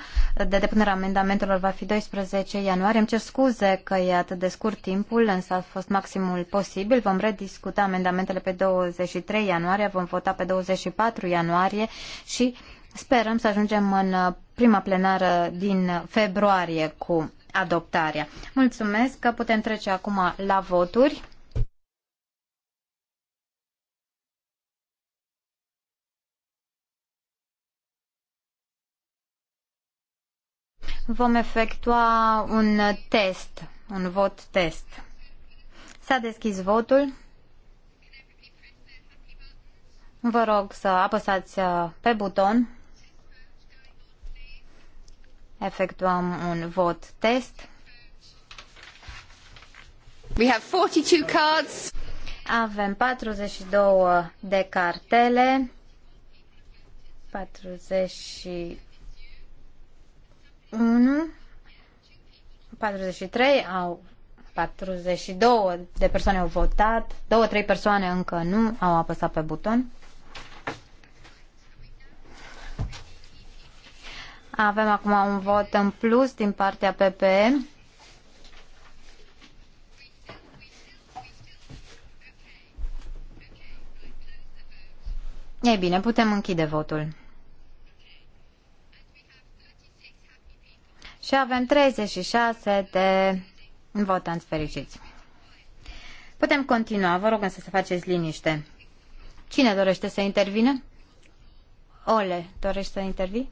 de depunere a amendamentelor va fi 12 ianuarie. Îmi cer scuze că e atât de scurt timpul, însă a fost maximul posibil. Vom rediscuta amendamentele pe 23 ianuarie, vom vota pe 24 ianuarie și Sperăm să ajungem în prima plenară din februarie cu adoptarea. Mulțumesc că putem trece acum la voturi. Vom efectua un test, un vot test. S-a deschis votul. Vă rog să apăsați uh, pe buton efectuăm un vot test. We have 42 cards. Avem 42 de cartele. 41 43 au 42 de persoane au votat, 2-3 persoane încă nu au apăsat pe buton. Avem acum un vot în plus din partea PPE. Ei bine, putem închide votul. Și avem 36 de votanți fericiți. Putem continua, vă rog să se faceți liniște. Cine dorește să intervine? Ole, dorești să intervii?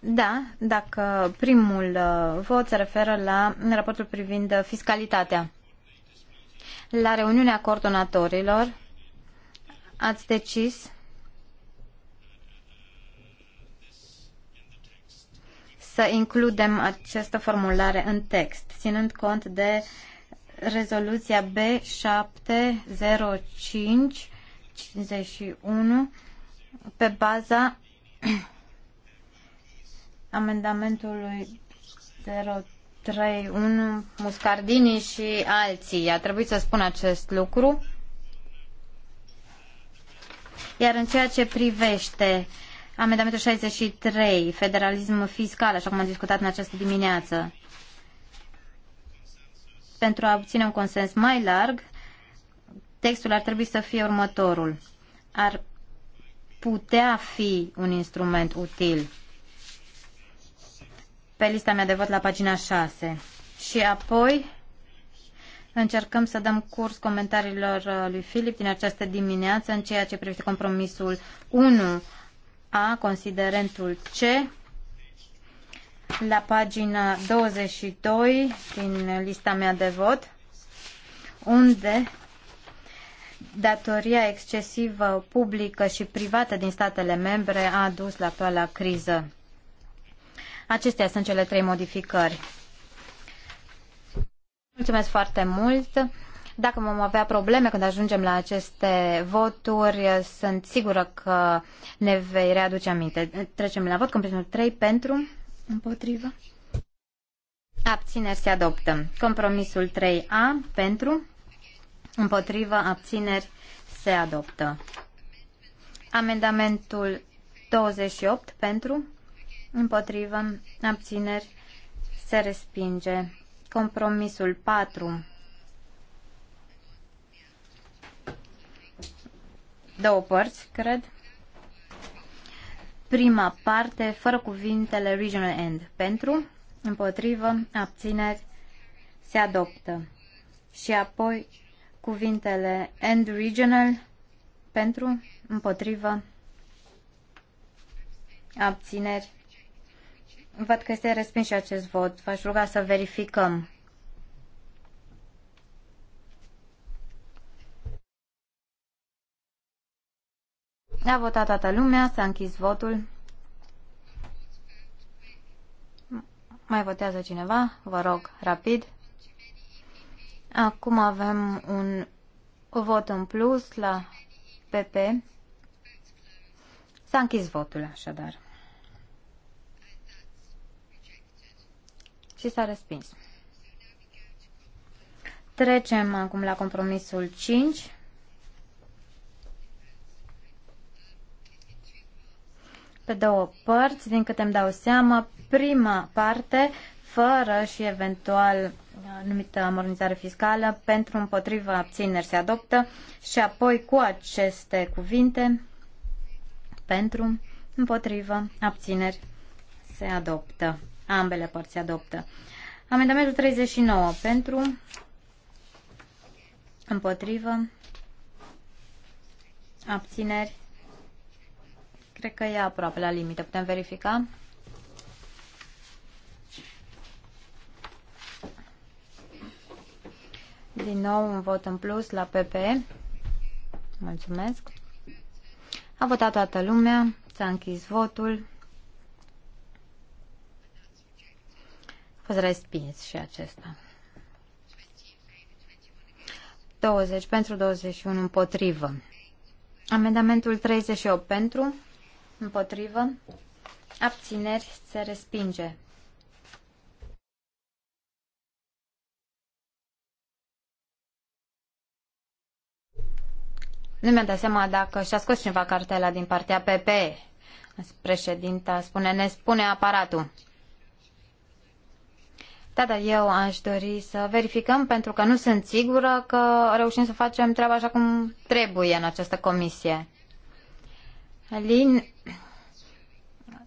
Da, dacă primul uh, vot se referă la raportul privind fiscalitatea. La reuniunea coordonatorilor ați decis să includem această formulare în text, ținând cont de rezoluția B705 51 pe baza amendamentului 031 Muscardini și alții. A trebuit să spun acest lucru. Iar în ceea ce privește amendamentul 63, federalism fiscal, așa cum am discutat în această dimineață, pentru a obține un consens mai larg, textul ar trebui să fie următorul. Ar putea fi un instrument util pe lista mea de vot la pagina 6. Și apoi încercăm să dăm curs comentariilor uh, lui Filip din această dimineață în ceea ce privește compromisul 1 a considerentul C la pagina 22 din lista mea de vot unde datoria excesivă publică și privată din statele membre a dus la actuala criză. Acestea sunt cele trei modificări. Mulțumesc foarte mult! Dacă vom avea probleme când ajungem la aceste voturi, sunt sigură că ne vei readuce aminte. Trecem la vot. Compromisul 3 pentru, împotrivă. Abțineri se adoptă. Compromisul 3A pentru, împotrivă, abțineri se adoptă. Amendamentul 28 pentru, împotrivă, abțineri, se respinge. Compromisul 4, două părți, cred. Prima parte, fără cuvintele regional end, pentru, împotrivă, abțineri, se adoptă. Și apoi cuvintele end regional, pentru, împotrivă, abțineri, Văd că este respins și acest vot. V-aș ruga să verificăm. A votat toată lumea, s-a închis votul. Mai votează cineva? Vă rog, rapid. Acum avem un vot în plus la PP. S-a închis votul, așadar. și s-a respins. Trecem acum la compromisul 5. Pe două părți, din câte îmi dau seama, prima parte, fără și eventual numită amornizare fiscală, pentru împotriva abțineri se adoptă și apoi cu aceste cuvinte, pentru împotriva abțineri se adoptă. Ambele părți adoptă. Amendamentul 39 pentru, împotrivă, abțineri. Cred că e aproape la limită. Putem verifica? Din nou un vot în plus la PP. Mulțumesc. A votat toată lumea. S-a închis votul. fost respins și acesta. 20 pentru 21 împotrivă. Amendamentul 38 pentru împotrivă. Abțineri se respinge. Nu mi-am dat seama dacă și-a scos cineva cartela din partea PP. Președinta spune, ne spune aparatul. Da, dar eu aș dori să verificăm pentru că nu sunt sigură că reușim să facem treaba așa cum trebuie în această comisie. Alin,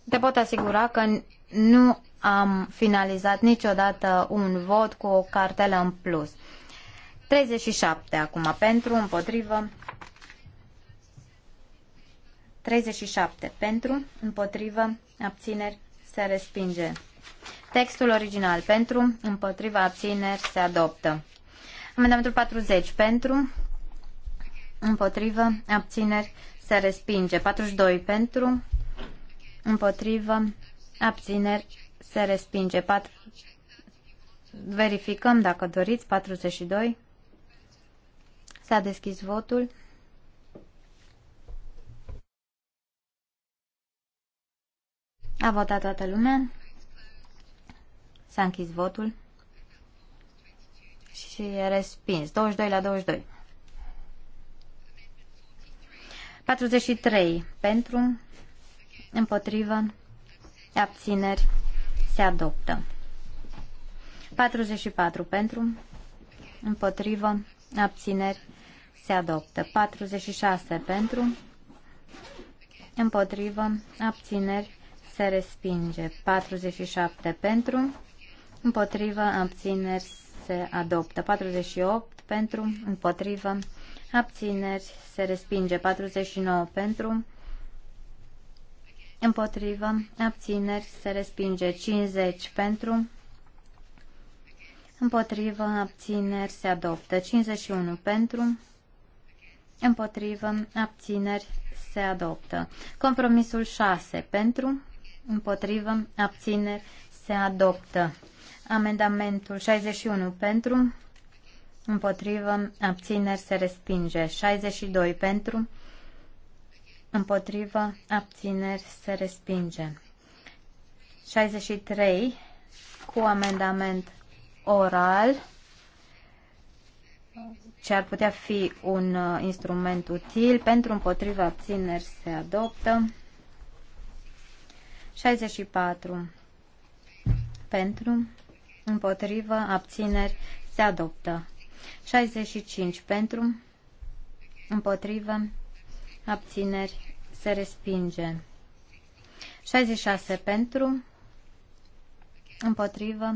te pot asigura că nu am finalizat niciodată un vot cu o cartelă în plus. 37 acum pentru, împotrivă. 37 pentru, împotrivă, abțineri, se respinge. Textul original pentru, împotriva abțineri se adoptă. Amendamentul 40 pentru, împotrivă, abțineri se respinge. 42 pentru, împotrivă, abțineri se respinge. Pat... Verificăm dacă doriți. 42. S-a deschis votul. A votat toată lumea. S-a închis votul și e respins. 22 la 22. 43 pentru, împotrivă, abțineri, se adoptă. 44 pentru, împotrivă, abțineri, se adoptă. 46 pentru, împotrivă, abțineri, se respinge. 47 pentru, împotrivă, abțineri, se adoptă. 48 pentru, împotrivă, abțineri, se respinge. 49 pentru, împotrivă, abțineri, se respinge. 50 pentru, împotrivă, abțineri, se adoptă. 51 pentru, împotrivă, abțineri, se adoptă. Compromisul 6 pentru, împotrivă, abțineri, se adoptă. Amendamentul 61 pentru, împotrivă, abțineri se respinge. 62 pentru, împotrivă, abțineri se respinge. 63 cu amendament oral ce ar putea fi un uh, instrument util pentru împotriva abțineri se adoptă. 64 pentru împotrivă, abțineri, se adoptă. 65 pentru, împotrivă, abțineri, se respinge. 66 pentru, împotrivă,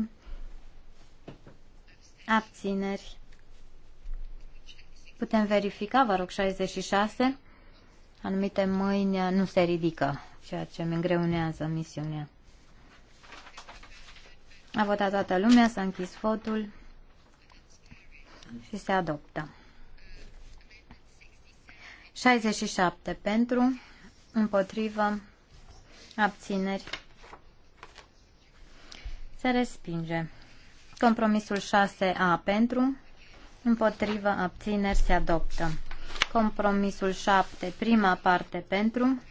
abțineri. Putem verifica, vă rog, 66. Anumite mâini nu se ridică, ceea ce îmi îngreunează misiunea. A votat toată lumea, s-a închis votul și se adoptă. 67 pentru, împotrivă, abțineri, se respinge. Compromisul 6A pentru, împotrivă, abțineri, se adoptă. Compromisul 7, prima parte pentru,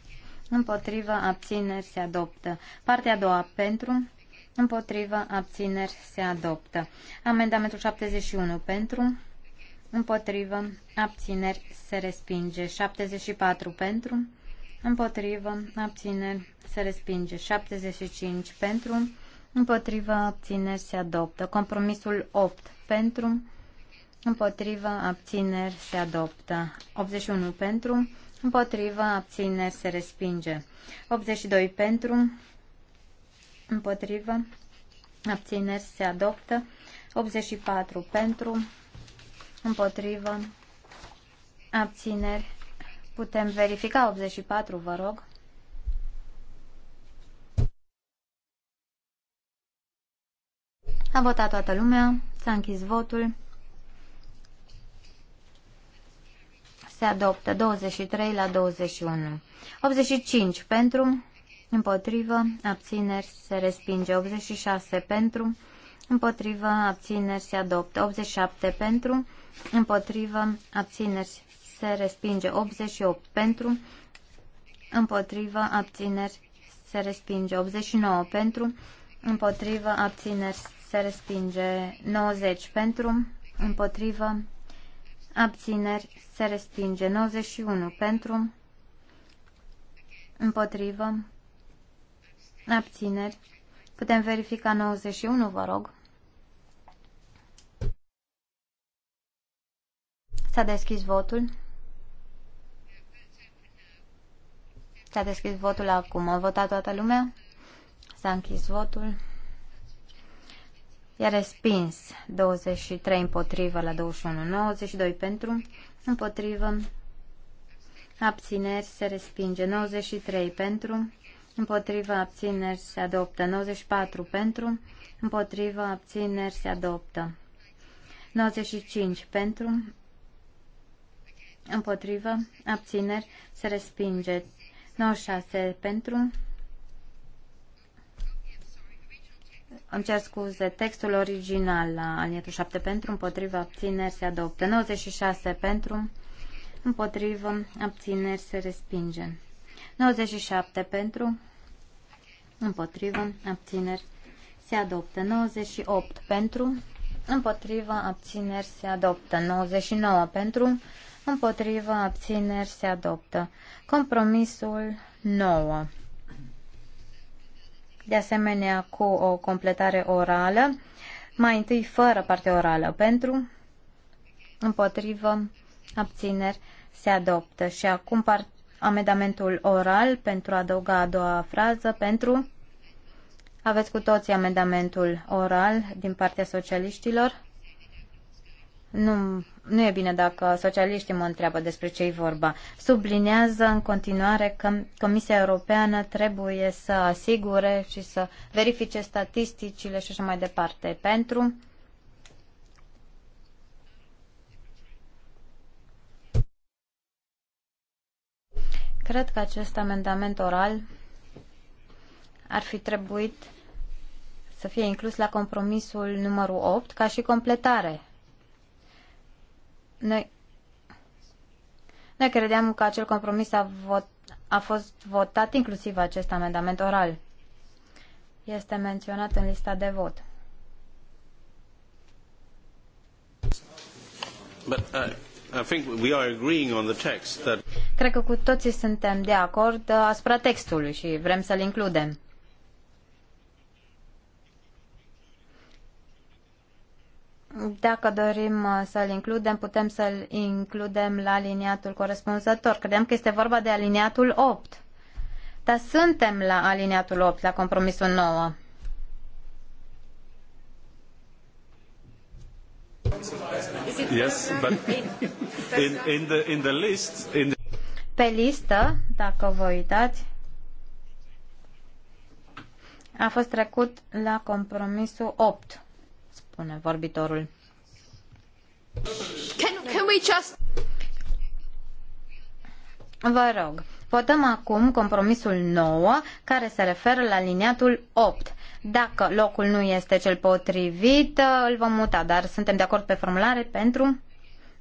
împotrivă, abțineri, se adoptă. Partea a doua pentru, Împotrivă, abțineri, se adoptă. Amendamentul 71 pentru, împotrivă, abțineri, se respinge. 74 pentru, împotrivă, abțineri, se respinge. 75 pentru, împotrivă, abțineri, se adoptă. Compromisul 8 pentru, împotrivă, abțineri, se adoptă. 81 pentru, împotrivă, abțineri, se respinge. 82 pentru, împotrivă, abțineri se adoptă, 84 pentru, împotrivă, abțineri, putem verifica 84, vă rog. A votat toată lumea, s-a închis votul. Se adoptă 23 la 21. 85 pentru, împotrivă, abțineri, se respinge. 86 pentru, împotrivă, abțineri, se adoptă. 87 pentru, împotrivă, abțineri, se respinge. 88 pentru, împotrivă, abțineri, se respinge. 89 pentru, împotrivă, abțineri, se respinge. 90 pentru, împotrivă, abțineri, se respinge. 91 pentru, împotrivă, Abțineri. Putem verifica 91, vă rog. S-a deschis votul. S-a deschis votul acum. A votat toată lumea? S-a închis votul. I-a respins 23 împotrivă la 21, 92 pentru, împotrivă, abțineri, se respinge, 93 pentru, împotriva abțineri se adoptă. 94 pentru, împotriva abțineri se adoptă. 95 pentru, împotriva abțineri se respinge. 96 pentru, Îmi cer scuze, textul original la alinietul 7 pentru, împotriva abțineri se adoptă. 96 pentru, împotrivă abțineri se respinge. 97 pentru, împotrivă, abțineri, se adoptă. 98 pentru, împotrivă, abțineri, se adoptă. 99 pentru, împotrivă, abțineri, se adoptă. Compromisul 9. De asemenea, cu o completare orală, mai întâi fără parte orală pentru, împotrivă, abțineri, se adoptă. Și acum parte Amendamentul oral pentru a adăuga a doua frază, pentru. Aveți cu toții amendamentul oral din partea socialiștilor. Nu, nu e bine dacă socialiștii mă întreabă despre ce-i vorba. Sublinează în continuare că Comisia Europeană trebuie să asigure și să verifice statisticile și așa mai departe pentru Cred că acest amendament oral ar fi trebuit să fie inclus la compromisul numărul 8 ca și completare. Noi, noi credeam că acel compromis a, vot, a fost votat inclusiv acest amendament oral. Este menționat în lista de vot. But, uh, Cred că cu toții suntem de acord uh, asupra textului și vrem să-l includem. Dacă dorim uh, să-l includem, putem să-l includem la aliniatul corespunzător. Credeam că este vorba de aliniatul 8. Dar suntem la aliniatul 8, la compromisul 9. Yes, but in, in the, in the list, in the... Pe listă, dacă vă uitați, a fost trecut la compromisul 8, spune vorbitorul. Can, can we just... Vă rog, votăm acum compromisul 9, care se referă la liniatul 8. Dacă locul nu este cel potrivit, uh, îl vom muta, dar suntem de acord pe formulare pentru,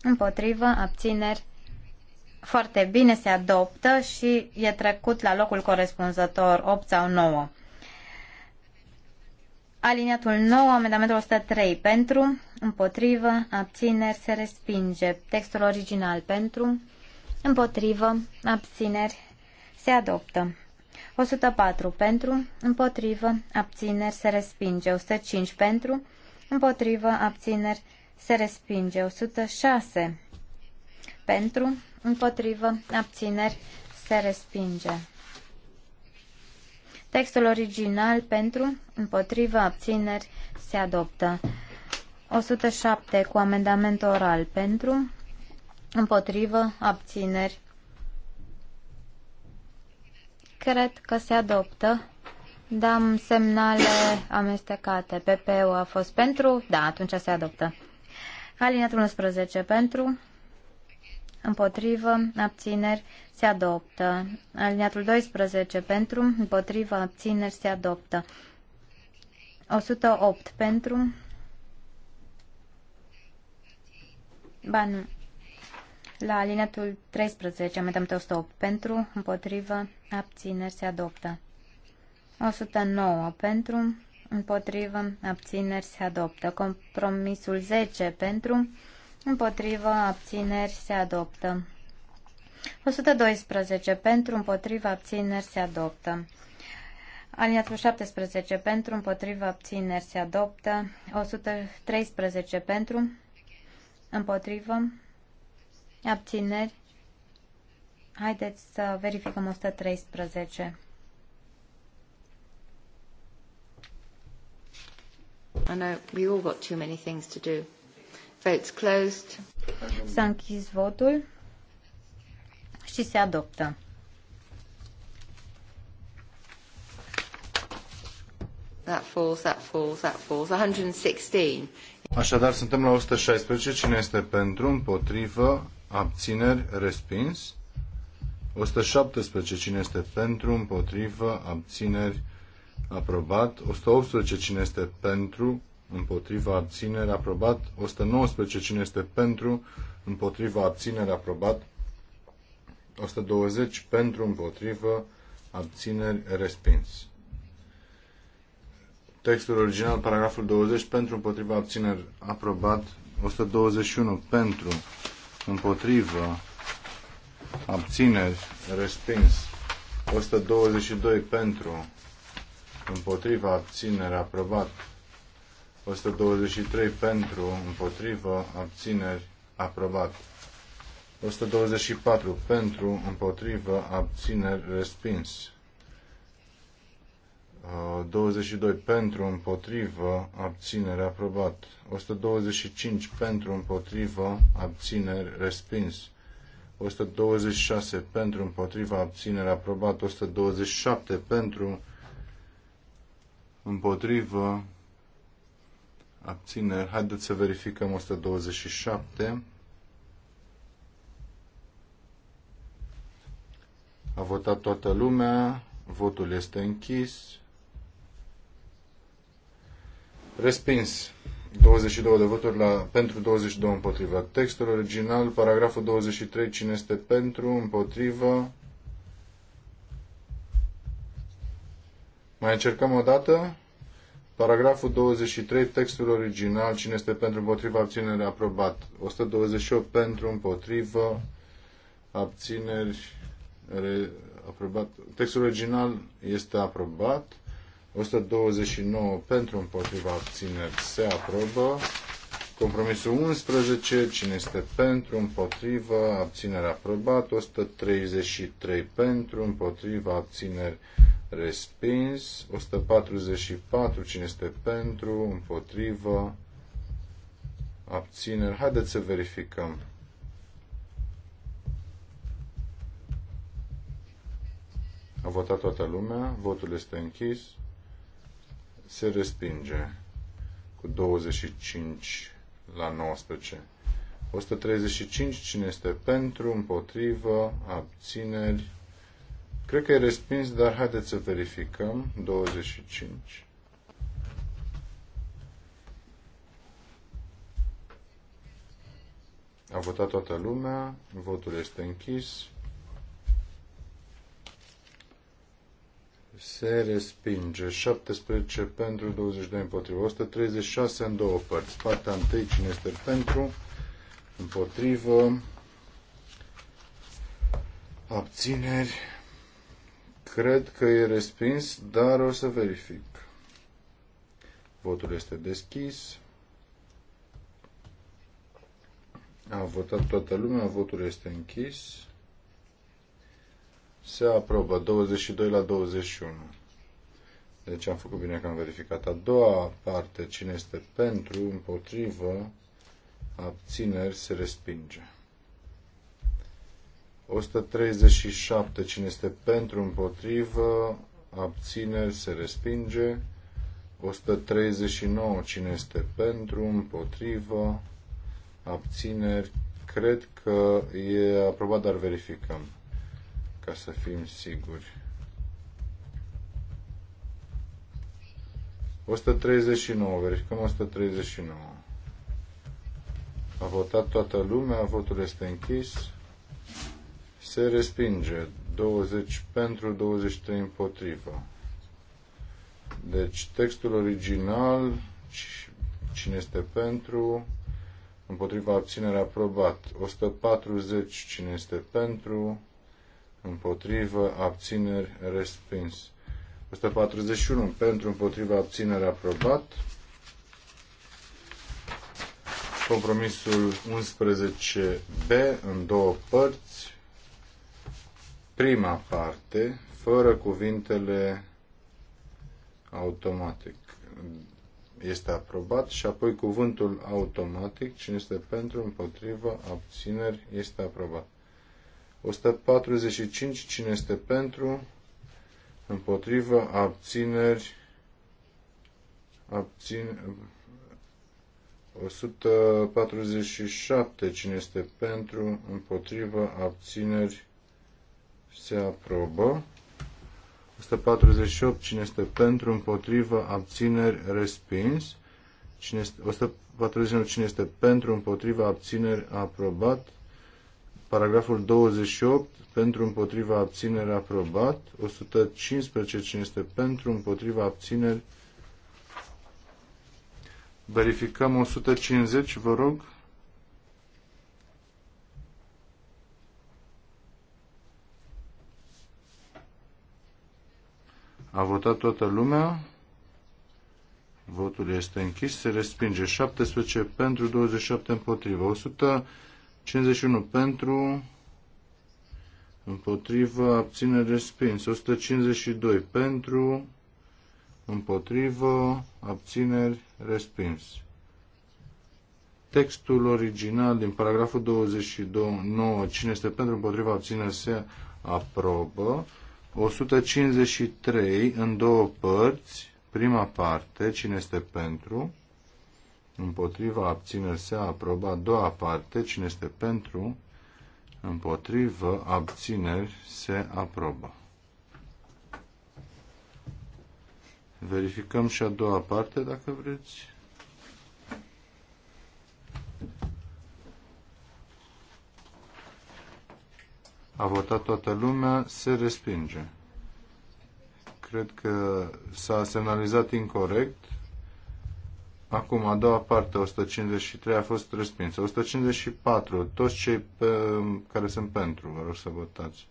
împotrivă, abțineri. Foarte bine se adoptă și e trecut la locul corespunzător 8 sau 9. Aliniatul 9, amendamentul 103 pentru, împotrivă, abțineri, se respinge. Textul original pentru, împotrivă, abțineri, se adoptă. 104 pentru, împotrivă, abțineri, se respinge. 105 pentru, împotrivă, abțineri, se respinge. 106 pentru, împotrivă, abțineri, se respinge. Textul original pentru, împotrivă, abțineri, se adoptă. 107 cu amendament oral pentru, împotrivă, abțineri, Cred că se adoptă. Dam semnale amestecate. PP-ul a fost pentru? Da, atunci se adoptă. Alineatul 11 pentru? Împotrivă, abțineri, se adoptă. Alineatul 12 pentru, împotrivă, abțineri, se adoptă. 108 pentru. Ba nu. La alinetul 13, amendamentul 108 pentru, împotrivă, abțineri se adoptă. 109 pentru, împotrivă, abțineri se adoptă. Compromisul 10 pentru, împotrivă, abțineri se adoptă. 112 pentru, împotrivă, abțineri se adoptă. Aliniatul 17 pentru, împotriva abțineri se adoptă, 113 pentru, împotrivă, Abțineri. Haideți să verificăm 113. I know we all got too many things to do. Votes closed. S-a închis votul și se adoptă. That falls, that falls, that falls. 116. Așadar, suntem la 116. Cine este pentru, împotrivă, abțineri, respins. 117 cine este pentru, împotrivă, abțineri, aprobat. 118 cine este pentru, împotrivă, abțineri, aprobat. 119 cine este pentru, împotrivă, abțineri, aprobat. 120 pentru, împotrivă, abțineri, respins. Textul original, paragraful 20, pentru, împotrivă, abțineri, aprobat. 121 pentru, împotrivă, abțineri, respins. 122 pentru, împotrivă, abțineri, aprobat. 123 pentru, împotrivă, abțineri, aprobat. 124 pentru, împotrivă, abțineri, respins. 22 pentru, împotrivă, abținere, aprobat. 125 pentru, împotrivă, abțineri, respins. 126 pentru, împotrivă, abținere, aprobat. 127 pentru, împotrivă, abțineri. Haideți să verificăm 127. A votat toată lumea, votul este închis. Respins. 22 de voturi la, pentru 22 împotriva. Textul original, paragraful 23, cine este pentru, împotriva. Mai încercăm o dată. Paragraful 23, textul original, cine este pentru, împotriva, abținere, aprobat. 128 pentru, împotrivă, abțineri, re, aprobat. Textul original este aprobat. 129 pentru împotriva abțineri se aprobă. Compromisul 11, cine este pentru, împotrivă, abținere aprobat, 133 pentru, împotriva, abțineri respins, 144, cine este pentru, împotrivă, abțineri. Haideți să verificăm. A votat toată lumea, votul este închis se respinge cu 25 la 19. 135, cine este pentru, împotrivă, abțineri. Cred că e respins, dar haideți să verificăm. 25. A votat toată lumea, votul este închis. se respinge. 17 pentru, 22 împotrivă. 136 în două părți. Partea întâi, cine este pentru, împotrivă, abțineri. Cred că e respins, dar o să verific. Votul este deschis. A votat toată lumea, votul este închis. Se aprobă 22 la 21. Deci am făcut bine că am verificat. A doua parte, cine este pentru, împotrivă, abțineri, se respinge. 137, cine este pentru, împotrivă, abțineri, se respinge. 139, cine este pentru, împotrivă, abțineri, cred că e aprobat, dar verificăm ca să fim siguri. 139, verificăm 139. A votat toată lumea, votul este închis. Se respinge 20 pentru, 23 împotrivă. Deci textul original, cine este pentru, împotriva abținerea aprobat. 140, cine este pentru, împotrivă, abțineri, respins. 141 pentru, împotrivă, abținere, aprobat. Compromisul 11B în două părți. Prima parte, fără cuvintele automatic. Este aprobat și apoi cuvântul automatic, cine este pentru, împotrivă, abțineri, este aprobat. 145. Cine este pentru? Împotrivă. Abțineri. Abțin... 147. Cine este pentru? Împotrivă. Abțineri. Se aprobă. 148. Cine este pentru? Împotrivă. Abțineri. Respins. Cine este... 149. Cine este pentru? Împotrivă. Abțineri. Aprobat. Paragraful 28 pentru împotriva abțineri aprobat. 115 cine este pentru împotriva abțineri. Verificăm 150, vă rog. A votat toată lumea. Votul este închis. Se respinge 17 pentru 27 împotriva. 100 51 pentru, împotrivă, abține, respins. 152 pentru, împotrivă, abțineri, respins. Textul original din paragraful 22, 9, cine este pentru, împotrivă, abține, se aprobă. 153 în două părți, prima parte, cine este pentru, împotriva, abțineri se aprobă. A doua parte, cine este pentru, împotrivă, abțineri se aprobă. Verificăm și a doua parte, dacă vreți. A votat toată lumea, se respinge. Cred că s-a semnalizat incorrect. Acum, a doua parte, 153 a fost respinsă. 154, toți cei pe, care sunt pentru, vă rog să votați.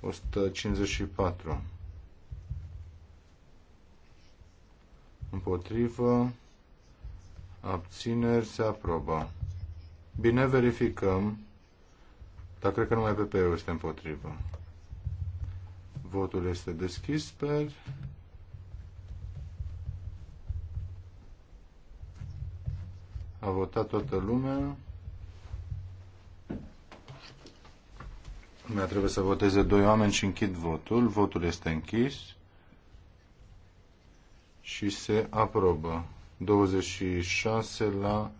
154. Împotrivă. Abțineri se aprobă. Bine verificăm, dar cred că numai PP-ul este împotrivă. Votul este deschis, sper. A votat toată lumea. Lumea trebuie să voteze doi oameni și închid votul. Votul este închis și se aprobă. 26 la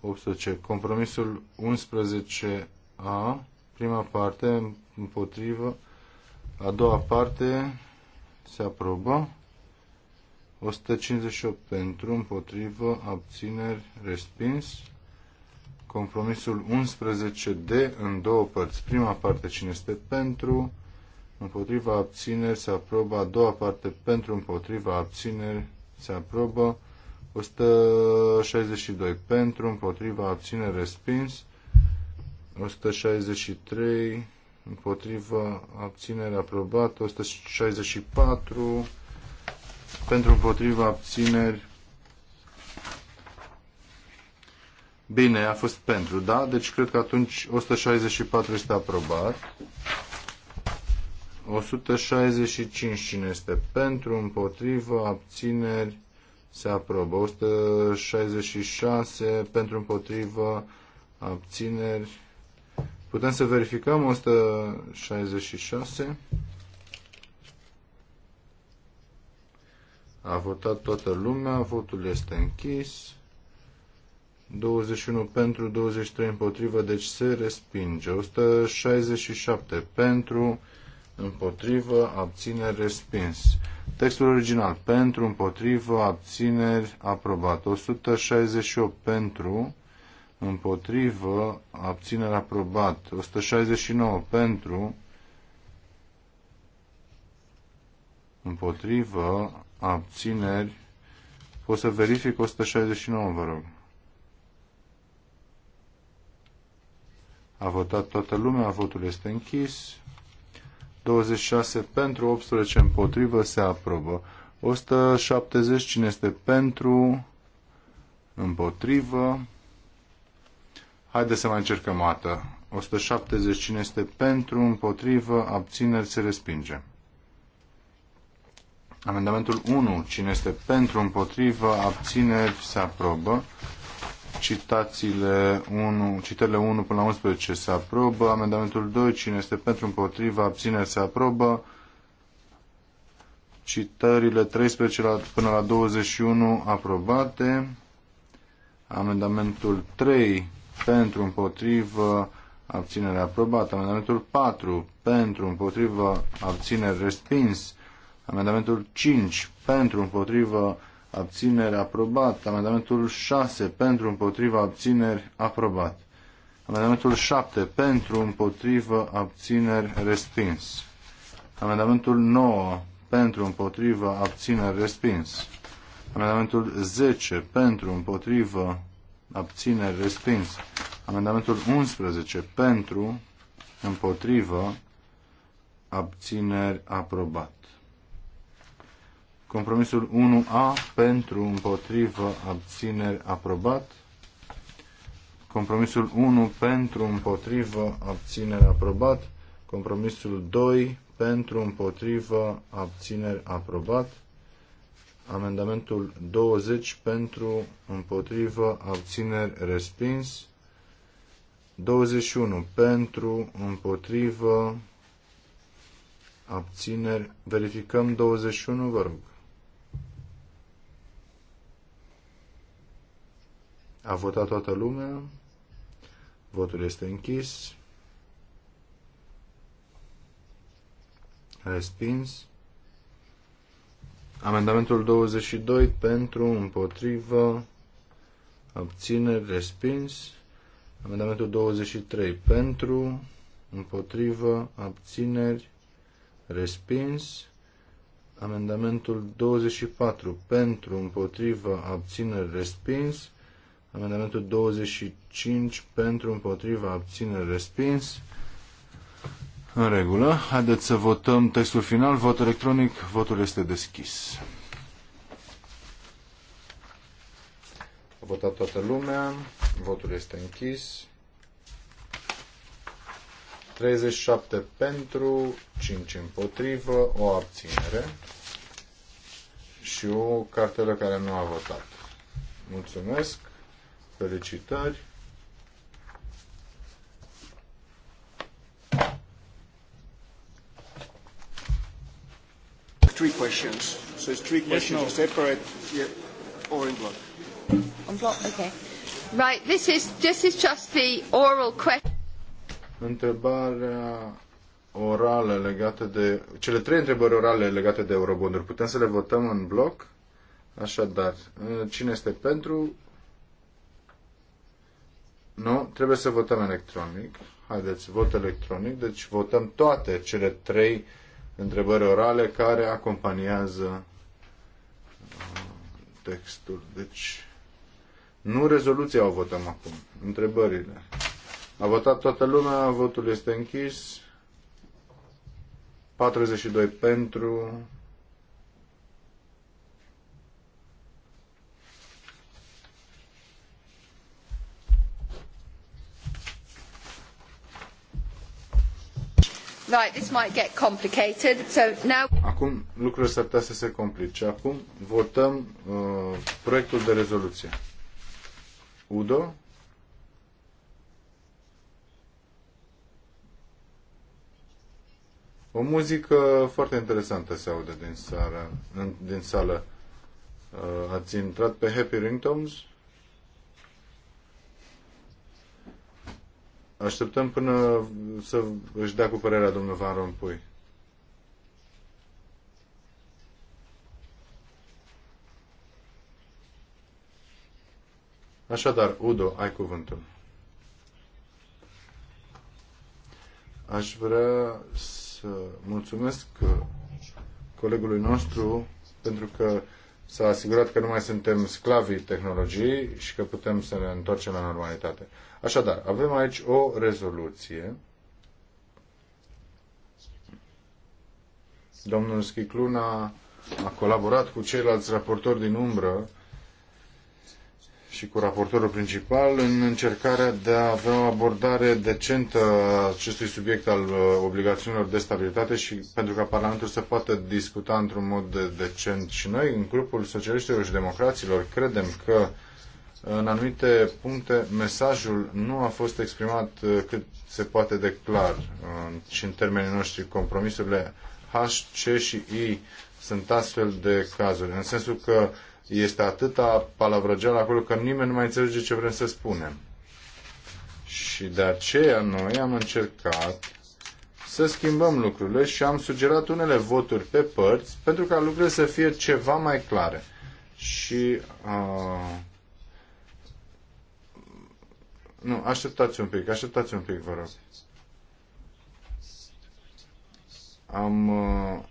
18. Compromisul 11A, prima parte, împotrivă. A doua parte se aprobă. 158 pentru, împotrivă, abțineri, respins. Compromisul 11D în două părți. Prima parte cine este pentru, împotriva abțineri se aprobă. A doua parte pentru, împotriva abțineri se aprobă. 162 pentru, împotriva abțineri, respins. 163 împotriva abțineri, aprobat, 164 pentru împotriva abțineri. Bine, a fost pentru, da? Deci cred că atunci 164 este aprobat. 165 cine este pentru, împotrivă, abțineri, se aprobă. 166 pentru, împotrivă, abțineri. Putem să verificăm 166. A votat toată lumea, votul este închis. 21 pentru, 23 împotrivă, deci se respinge. 167 pentru, împotrivă, abține, respins. Textul original pentru, împotrivă, abțineri, aprobat. 168 pentru, împotrivă, abțineri, aprobat. 169 pentru, împotrivă, abțineri. Pot să verific 169, vă rog. A votat toată lumea, votul este închis. 26 pentru, 18 împotrivă, se aprobă. 170, cine este pentru, împotrivă. Haideți să mai încercăm o dată. 170, cine este pentru, împotrivă, abțineri, se respinge. Amendamentul 1. Cine este pentru, împotrivă, abțineri, se aprobă. Citațiile 1, citările 1 până la 11 se aprobă. Amendamentul 2. Cine este pentru, împotrivă, abțineri, se aprobă. Citările 13 la, până la 21 aprobate. Amendamentul 3. Pentru, împotrivă, abținere aprobată. Amendamentul 4. Pentru, împotrivă, abținere respins. Amendamentul 5 pentru împotrivă abțineri aprobat. Amendamentul 6 pentru împotrivă abțineri aprobat. Amendamentul 7 pentru împotrivă abțineri respins. Amendamentul 9 pentru împotrivă abțineri respins. Amendamentul 10 pentru împotrivă abțineri respins. Amendamentul 11 pentru împotrivă abțineri aprobat. Compromisul 1A pentru împotrivă abțineri aprobat. Compromisul 1 pentru împotrivă abțineri aprobat. Compromisul 2 pentru împotrivă abțineri aprobat. Amendamentul 20 pentru împotrivă abțineri respins. 21 pentru împotrivă abțineri. Verificăm 21, vă rog. A votat toată lumea. Votul este închis. Respins. Amendamentul 22 pentru, împotrivă, abțineri, respins. Amendamentul 23 pentru, împotrivă, abțineri, respins. Amendamentul 24 pentru, împotrivă, abțineri, respins. Amendamentul 25 pentru împotriva abținere respins. În regulă. Haideți să votăm textul final. Vot electronic. Votul este deschis. A votat toată lumea. Votul este închis. 37 pentru, 5 împotrivă, o abținere și o cartelă care nu a votat. Mulțumesc! Felicitări! Three questions. So it's three questions yes, no. separate yeah, or in block. On block, okay. Right, this is, this is just the oral question. Întrebarea orală legată de... Cele trei întrebări orale legate de eurobonduri, putem să le votăm în bloc? Așadar, cine este pentru? Nu, trebuie să votăm electronic. Haideți, vot electronic. Deci votăm toate cele trei întrebări orale care acompaniază uh, textul. Deci, nu rezoluția o votăm acum, întrebările. A votat toată lumea, votul este închis. 42 pentru, Right, this might get complicated. So now... Acum lucrurile s-ar putea să se complice. Acum votăm uh, proiectul de rezoluție. Udo? O muzică foarte interesantă se aude din, seara, din sală. Uh, ați intrat pe Happy Ringtones? Așteptăm până să își dea cu părerea domnul Van Rompuy. Așadar, Udo, ai cuvântul. Aș vrea să mulțumesc colegului nostru pentru că s-a asigurat că nu mai suntem sclavii tehnologiei și că putem să ne întoarcem la normalitate. Așadar, avem aici o rezoluție. Domnul Schicluna a colaborat cu ceilalți raportori din umbră și cu raportorul principal în încercarea de a avea o abordare decentă a acestui subiect al uh, obligațiunilor de stabilitate și pentru ca Parlamentul să poată discuta într-un mod decent. Și noi, în grupul socialiștilor și democraților, credem că în anumite puncte mesajul nu a fost exprimat uh, cât se poate de clar uh, și în termenii noștri compromisurile H, C și I sunt astfel de cazuri, în sensul că este atâta palavrăgeală acolo că nimeni nu mai înțelege ce vrem să spunem. Și de aceea noi am încercat să schimbăm lucrurile și am sugerat unele voturi pe părți pentru ca lucrurile să fie ceva mai clare. Și uh, nu, așteptați un pic, așteptați un pic, vă rog. Am uh,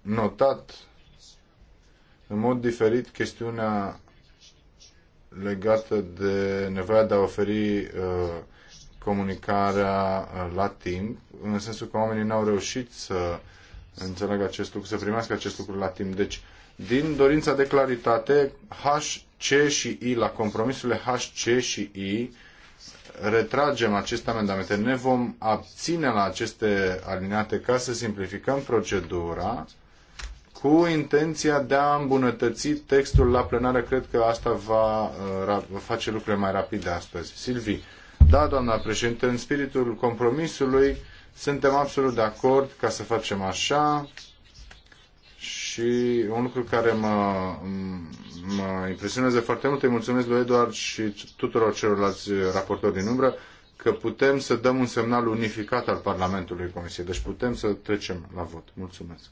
notat în mod diferit chestiunea legată de nevoia de a oferi uh, comunicarea uh, la timp, în sensul că oamenii n-au reușit să înțeleagă acest lucru, să primească acest lucru la timp. Deci, din dorința de claritate, H, C și I, la compromisurile H, C și I, retragem aceste amendamente, ne vom abține la aceste alineate ca să simplificăm procedura cu intenția de a îmbunătăți textul la plenară. Cred că asta va, uh, va face lucrurile mai rapide astăzi. Silvi, da, doamna președinte, în spiritul compromisului suntem absolut de acord ca să facem așa și un lucru care mă, mă impresionează foarte mult, îi mulțumesc lui Eduard și tuturor celorlalți raportori din umbră, că putem să dăm un semnal unificat al Parlamentului Comisiei. Deci putem să trecem la vot. Mulțumesc.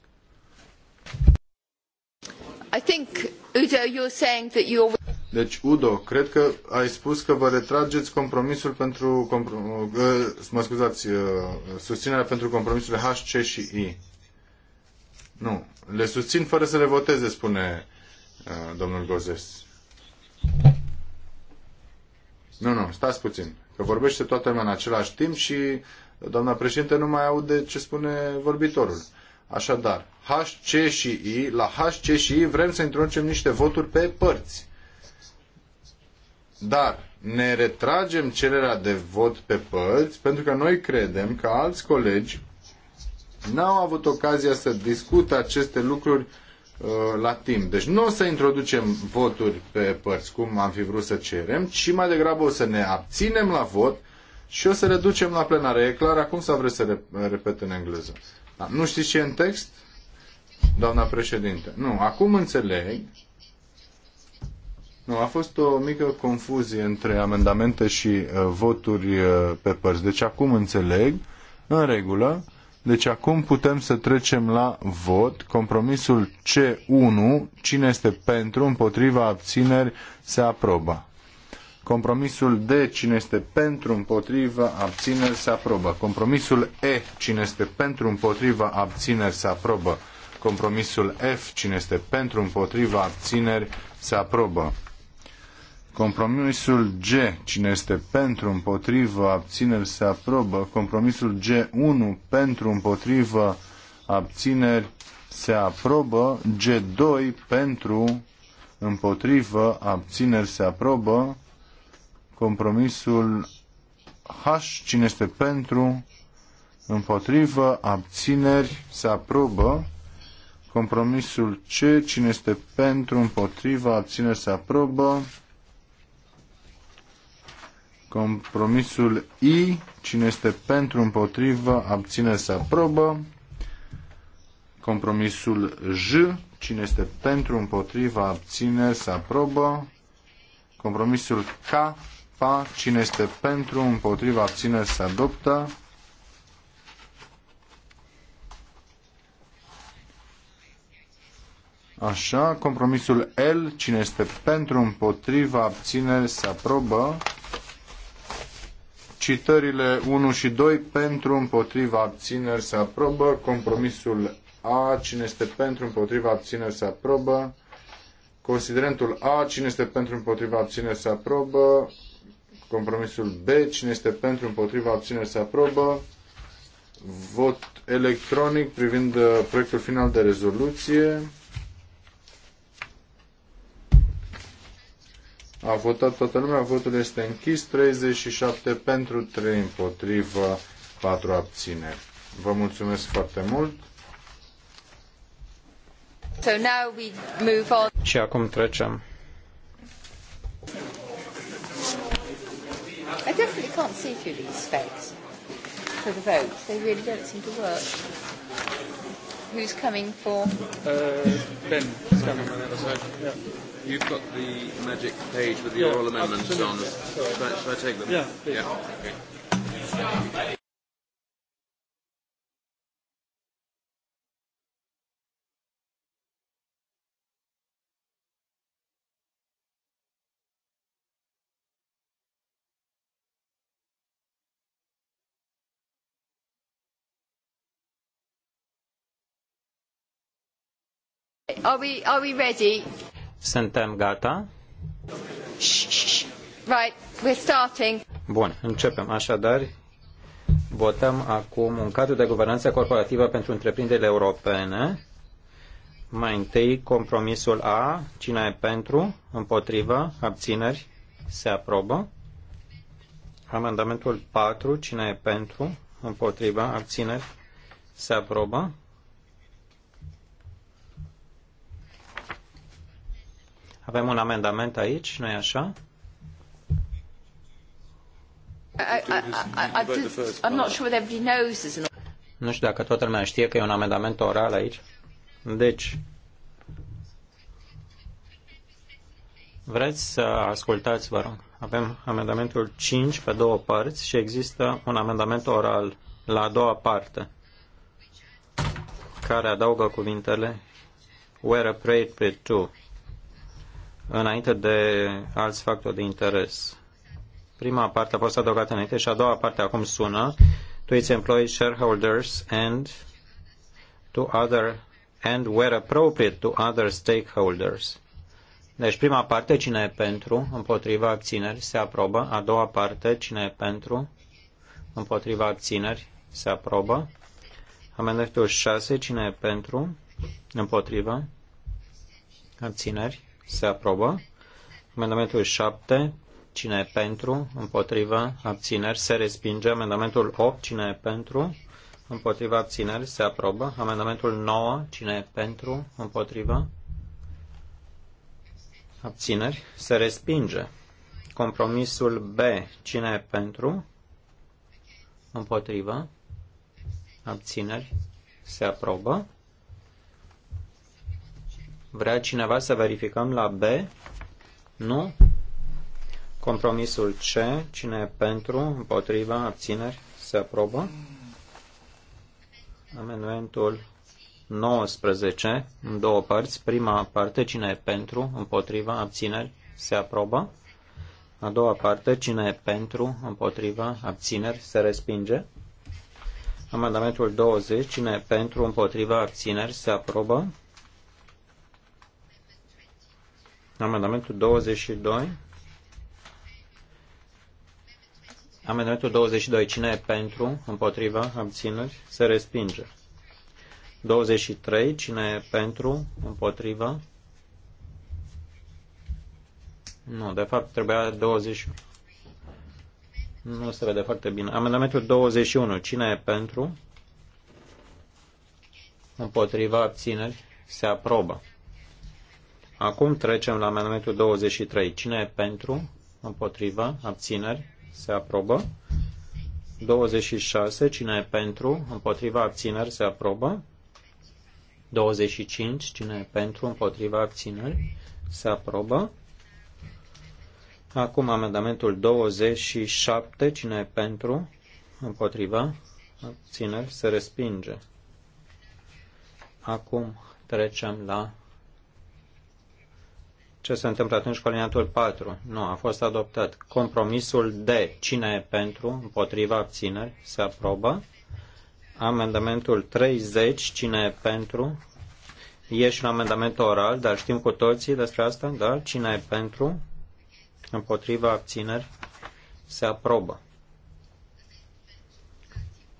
I think, Udo, saying that Deci, Udo, cred că ai spus că vă retrageți compromisul pentru... Comprom... Uh, mă scuzați, uh, susținerea pentru compromisurile H, C și I. Nu. Le susțin fără să le voteze, spune uh, domnul Gozes. Nu, nu, stați puțin. Că vorbește toată lumea în același timp și doamna președinte nu mai aude ce spune vorbitorul. Așadar, HC și I, la HC și I vrem să introducem niște voturi pe părți. Dar ne retragem cererea de vot pe părți pentru că noi credem că alți colegi n-au avut ocazia să discute aceste lucruri uh, la timp. Deci nu o să introducem voturi pe părți, cum am fi vrut să cerem, ci mai degrabă o să ne abținem la vot și o să reducem la plenare. E clar acum sau vreți să repet în engleză? Da, nu știți ce e în text? Doamna președinte. Nu, acum înțeleg. Nu, a fost o mică confuzie între amendamente și uh, voturi uh, pe părți. Deci acum înțeleg, în regulă. Deci acum putem să trecem la vot. Compromisul C1, cine este pentru, împotriva, abțineri, se aprobă. Compromisul D, cine este pentru, împotrivă, abțineri, se aprobă. Compromisul E, cine este pentru, împotrivă, abțineri, se aprobă. Compromisul F, cine este pentru, împotrivă, abțineri, se aprobă. Compromisul G, cine este pentru, împotrivă, abțineri, se aprobă. Compromisul G1, pentru, împotrivă, abțineri, se aprobă. G2, pentru, împotrivă, abțineri, se aprobă. Compromisul H, cine este pentru, împotrivă, abțineri, se aprobă. Compromisul C, cine este pentru, împotrivă, abțineri, se aprobă. Compromisul I, cine este pentru, împotrivă, abțineri, se aprobă. Compromisul J, cine este pentru, împotrivă, abțineri, se aprobă. Compromisul K, pa, Cine este pentru? Împotriva abțineri se adoptă. Așa, compromisul L, cine este pentru, împotriva, abțineri, se aprobă. Citările 1 și 2, pentru, împotriva, abțineri, se aprobă. Compromisul A, cine este pentru, împotriva, abțineri, se aprobă. Considerentul A, cine este pentru, împotriva, abțineri, se aprobă. Compromisul B. Cine este pentru, împotriva, abține, se aprobă. Vot electronic privind uh, proiectul final de rezoluție. A votat toată lumea, votul este închis, 37 pentru, 3 împotrivă, 4 abține. Vă mulțumesc foarte mult. So now we move on. Și acum trecem I definitely can't see through these specs for the vote. They really don't seem to work. Who's coming for? Uh, ben. is coming on the other side. Yeah. You've got the magic page with the yeah, oral amendments absolutely. on. Should I, should I take them? Yeah. Please. Yeah. Okay. Are we, are we ready? Suntem gata? Right, we're starting. Bun, începem. Așadar, votăm acum un cadru de guvernanță corporativă pentru întreprinderile europene. Mai întâi, compromisul A. Cine e pentru? Împotrivă? Abțineri? Se aprobă. Amendamentul 4. Cine e pentru? Împotrivă? Abțineri? Se aprobă. Avem un amendament aici, nu-i așa? Nu știu dacă toată lumea știe că e un amendament oral aici. Deci, vreți să ascultați, vă rog. Avem amendamentul 5 pe două părți și există un amendament oral la a doua parte care adaugă cuvintele were appropriate to înainte de alți factori de interes. Prima parte a fost adăugată înainte și a doua parte acum sună to its employees, shareholders and to other and where appropriate to other stakeholders. Deci prima parte, cine e pentru, împotriva abțineri, se aprobă. A doua parte, cine e pentru, împotriva abțineri, se aprobă. Amendamentul 6, cine e pentru, împotriva, abțineri, se aprobă. Amendamentul 7. Cine e pentru? Împotrivă? Abțineri? Se respinge. Amendamentul 8. Cine e pentru? Împotrivă? Abțineri? Se aprobă. Amendamentul 9. Cine e pentru? Împotrivă? Abțineri? Se respinge. Compromisul B. Cine e pentru? Împotrivă? Abțineri? Se aprobă. Vrea cineva să verificăm la B? Nu? Compromisul C, cine e pentru, împotriva, abțineri, se aprobă. Amendamentul 19, în două părți. Prima parte, cine e pentru, împotriva, abțineri, se aprobă. A doua parte, cine e pentru, împotriva, abțineri, se respinge. Amendamentul 20, cine e pentru, împotriva, abțineri, se aprobă. Amendamentul 22. Amendamentul 22. Cine e pentru? Împotriva? Abțineri? Se respinge. 23. Cine e pentru? Împotriva? Nu, de fapt trebuia 20. Nu se vede foarte bine. Amendamentul 21. Cine e pentru? Împotriva abțineri? Se aprobă. Acum trecem la amendamentul 23. Cine e pentru? Împotrivă? Abțineri? Se aprobă. 26. Cine e pentru? Împotriva abțineri? Se aprobă. 25. Cine e pentru? Împotriva abțineri? Se aprobă. Acum amendamentul 27. Cine e pentru? Împotriva? Abțineri? Se respinge. Acum trecem la ce se întâmplă atunci cu alineatul 4? Nu, a fost adoptat. Compromisul D. Cine e pentru? Împotriva abțineri? Se aprobă. Amendamentul 30. Cine e pentru? E și un amendament oral, dar știm cu toții despre asta, da? Cine e pentru? Împotriva abțineri? Se aprobă.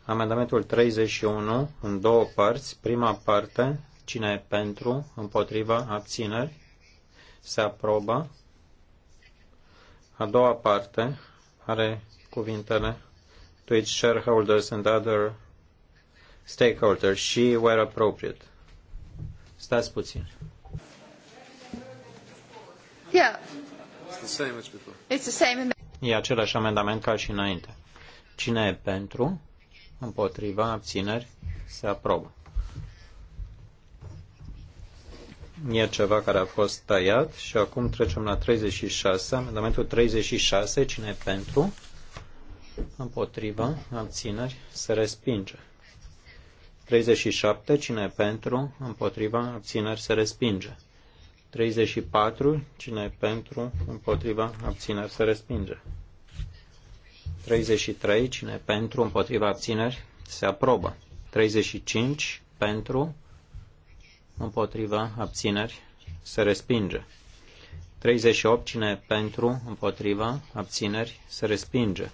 Amendamentul 31 în două părți. Prima parte, cine e pentru, împotriva, abțineri, se aprobă. A doua parte are cuvintele to its shareholders and other stakeholders și where appropriate. Stați puțin. Yeah. It's the same as before. It's the same. E același amendament ca și înainte. Cine e pentru? Împotriva? Abțineri? Se aprobă. e ceva care a fost tăiat și acum trecem la 36, amendamentul 36, cine e pentru, împotriva, abțineri, se respinge. 37, cine e pentru, împotriva, abțineri, se respinge. 34, cine e pentru, împotriva, abțineri, se respinge. 33, cine e pentru, împotriva, abțineri, se aprobă. 35, pentru, împotriva, abțineri, se respinge. 38. Cine pentru, împotriva, abțineri, se respinge.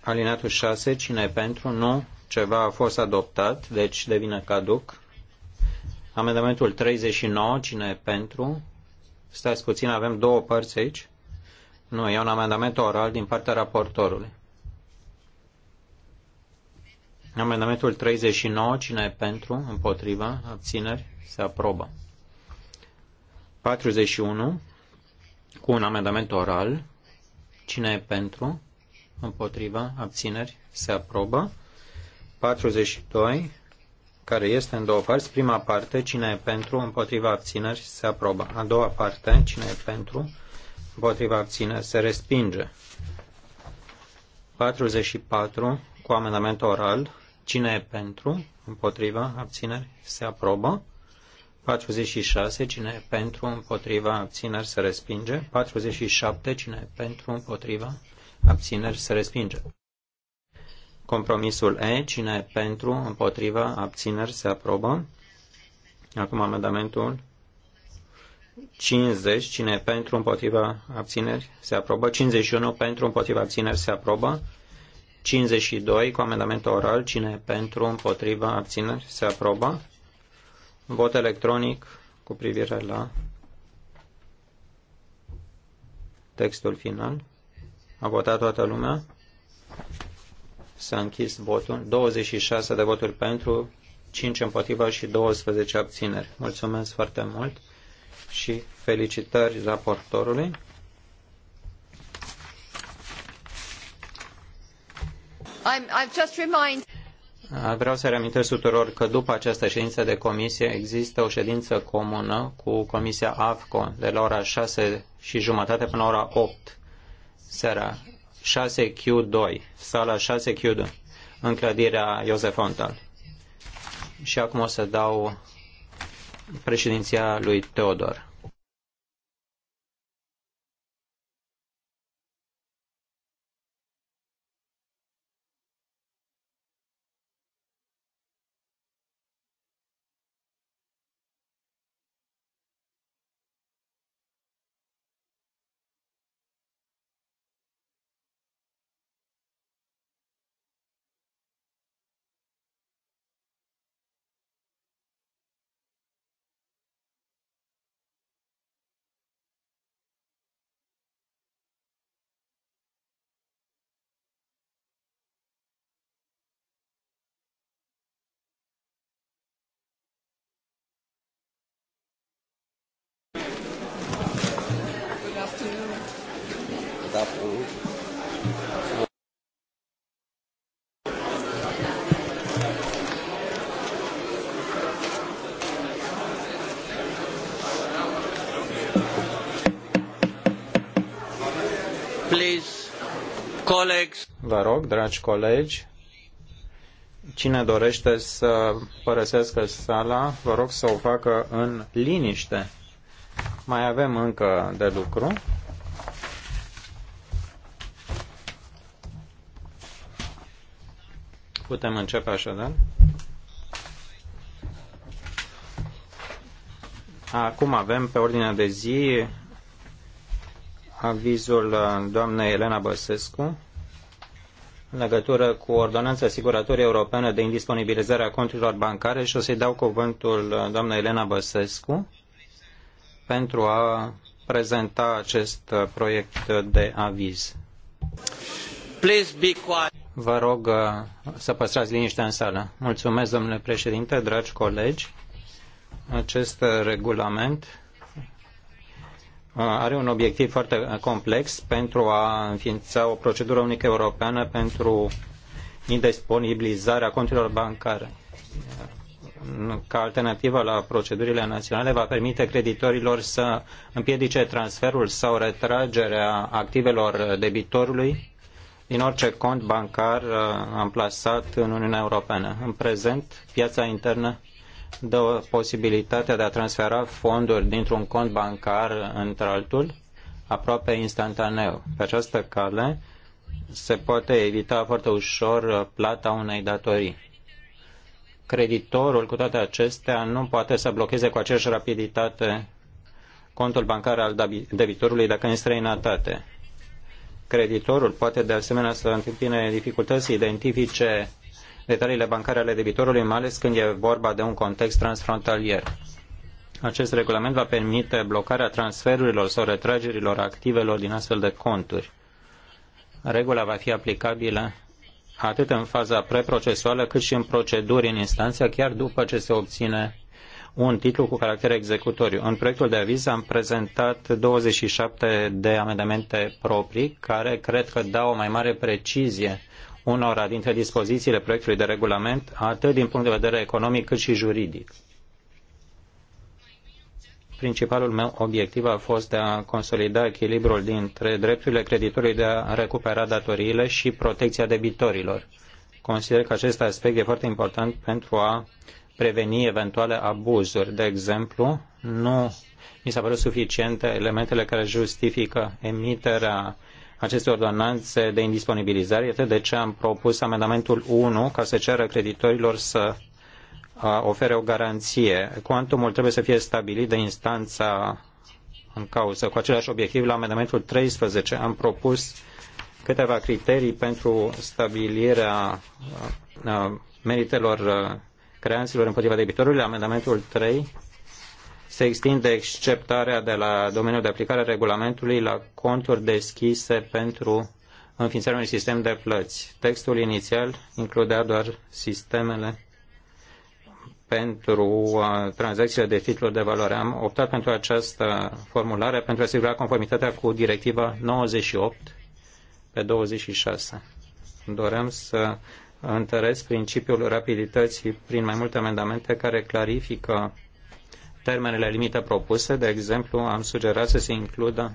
Alinatul 6. Cine pentru, nu, ceva a fost adoptat, deci devine caduc. Amendamentul 39. Cine pentru, stați puțin, avem două părți aici. Nu, e un amendament oral din partea raportorului. Amendamentul 39, cine e pentru, împotriva, abțineri, se aprobă. 41, cu un amendament oral, cine e pentru, împotriva, abțineri, se aprobă. 42, care este în două părți. Prima parte, cine e pentru, împotriva, abțineri, se aprobă. A doua parte, cine e pentru, împotriva, abțineri, se respinge. 44, cu amendament oral, Cine e pentru? Împotriva? Abțineri? Se aprobă. 46. Cine e pentru? Împotriva? Abțineri? Se respinge. 47. Cine e pentru? Împotriva? Abțineri? Se respinge. Compromisul E. Cine e pentru? Împotriva? Abțineri? Se aprobă. Acum amendamentul 50, cine e pentru împotriva abțineri se aprobă, 51 pentru împotriva abțineri se aprobă, 52 cu amendament oral. Cine e pentru, împotriva, abțineri, se aprobă. Vot electronic cu privire la textul final. A votat toată lumea. S-a închis votul. 26 de voturi pentru, 5 împotriva și 12 abțineri. Mulțumesc foarte mult și felicitări raportorului. Vreau să reamintesc tuturor că după această ședință de comisie există o ședință comună cu Comisia AFCO de la ora 6 și jumătate până la ora 8 seara 6Q2, sala 6Q2, în clădirea Iosef Fontal. Și acum o să dau președinția lui Teodor. Vă rog, dragi colegi, cine dorește să părăsească sala, vă rog să o facă în liniște. Mai avem încă de lucru. Putem începe așadar. Acum avem pe ordinea de zi avizul uh, doamnei Elena Băsescu în legătură cu Ordonanța Asiguratorii Europeană de Indisponibilizare a Conturilor Bancare și o să-i dau cuvântul uh, doamnei Elena Băsescu pentru a prezenta acest uh, proiect de aviz. Vă rog să păstrați liniștea în sală. Mulțumesc, domnule președinte, dragi colegi. Acest regulament Uh, are un obiectiv foarte uh, complex pentru a înființa o procedură unică europeană pentru indisponibilizarea conturilor bancare. Uh, ca alternativă la procedurile naționale, va permite creditorilor să împiedice transferul sau retragerea activelor debitorului din orice cont bancar amplasat în Uniunea Europeană. În prezent, piața internă dă posibilitatea de a transfera fonduri dintr-un cont bancar într-altul aproape instantaneu. Pe această cale se poate evita foarte ușor plata unei datorii. Creditorul, cu toate acestea, nu poate să blocheze cu aceeași rapiditate contul bancar al debitorului dacă e în străinătate. Creditorul poate de asemenea să întâmpine dificultăți să identifice detaliile bancare ale debitorului, mai ales când e vorba de un context transfrontalier. Acest regulament va permite blocarea transferurilor sau retragerilor activelor din astfel de conturi. Regula va fi aplicabilă atât în faza preprocesuală cât și în proceduri în instanță, chiar după ce se obține un titlu cu caracter executoriu. În proiectul de aviz am prezentat 27 de amendamente proprii care cred că dau o mai mare precizie unora dintre dispozițiile proiectului de regulament, atât din punct de vedere economic cât și juridic. Principalul meu obiectiv a fost de a consolida echilibrul dintre drepturile creditorului de a recupera datoriile și protecția debitorilor. Consider că acest aspect e foarte important pentru a preveni eventuale abuzuri. De exemplu, nu mi s-a părut suficiente elementele care justifică emiterea aceste ordonanțe de indisponibilizare. Iată de ce am propus amendamentul 1 ca să ceară creditorilor să ofere o garanție. Cuantumul trebuie să fie stabilit de instanța în cauză. Cu același obiectiv, la amendamentul 13 am propus câteva criterii pentru stabilirea meritelor creanților împotriva debitorului. La amendamentul 3 se extinde exceptarea de la domeniul de aplicare a regulamentului la conturi deschise pentru înființarea unui sistem de plăți. Textul inițial includea doar sistemele pentru uh, tranzacțiile de titluri de valoare. Am optat pentru această formulare pentru a asigura conformitatea cu directiva 98 pe 26. Doream să întăresc principiul rapidității prin mai multe amendamente care clarifică termenele limite propuse. De exemplu, am sugerat să se includă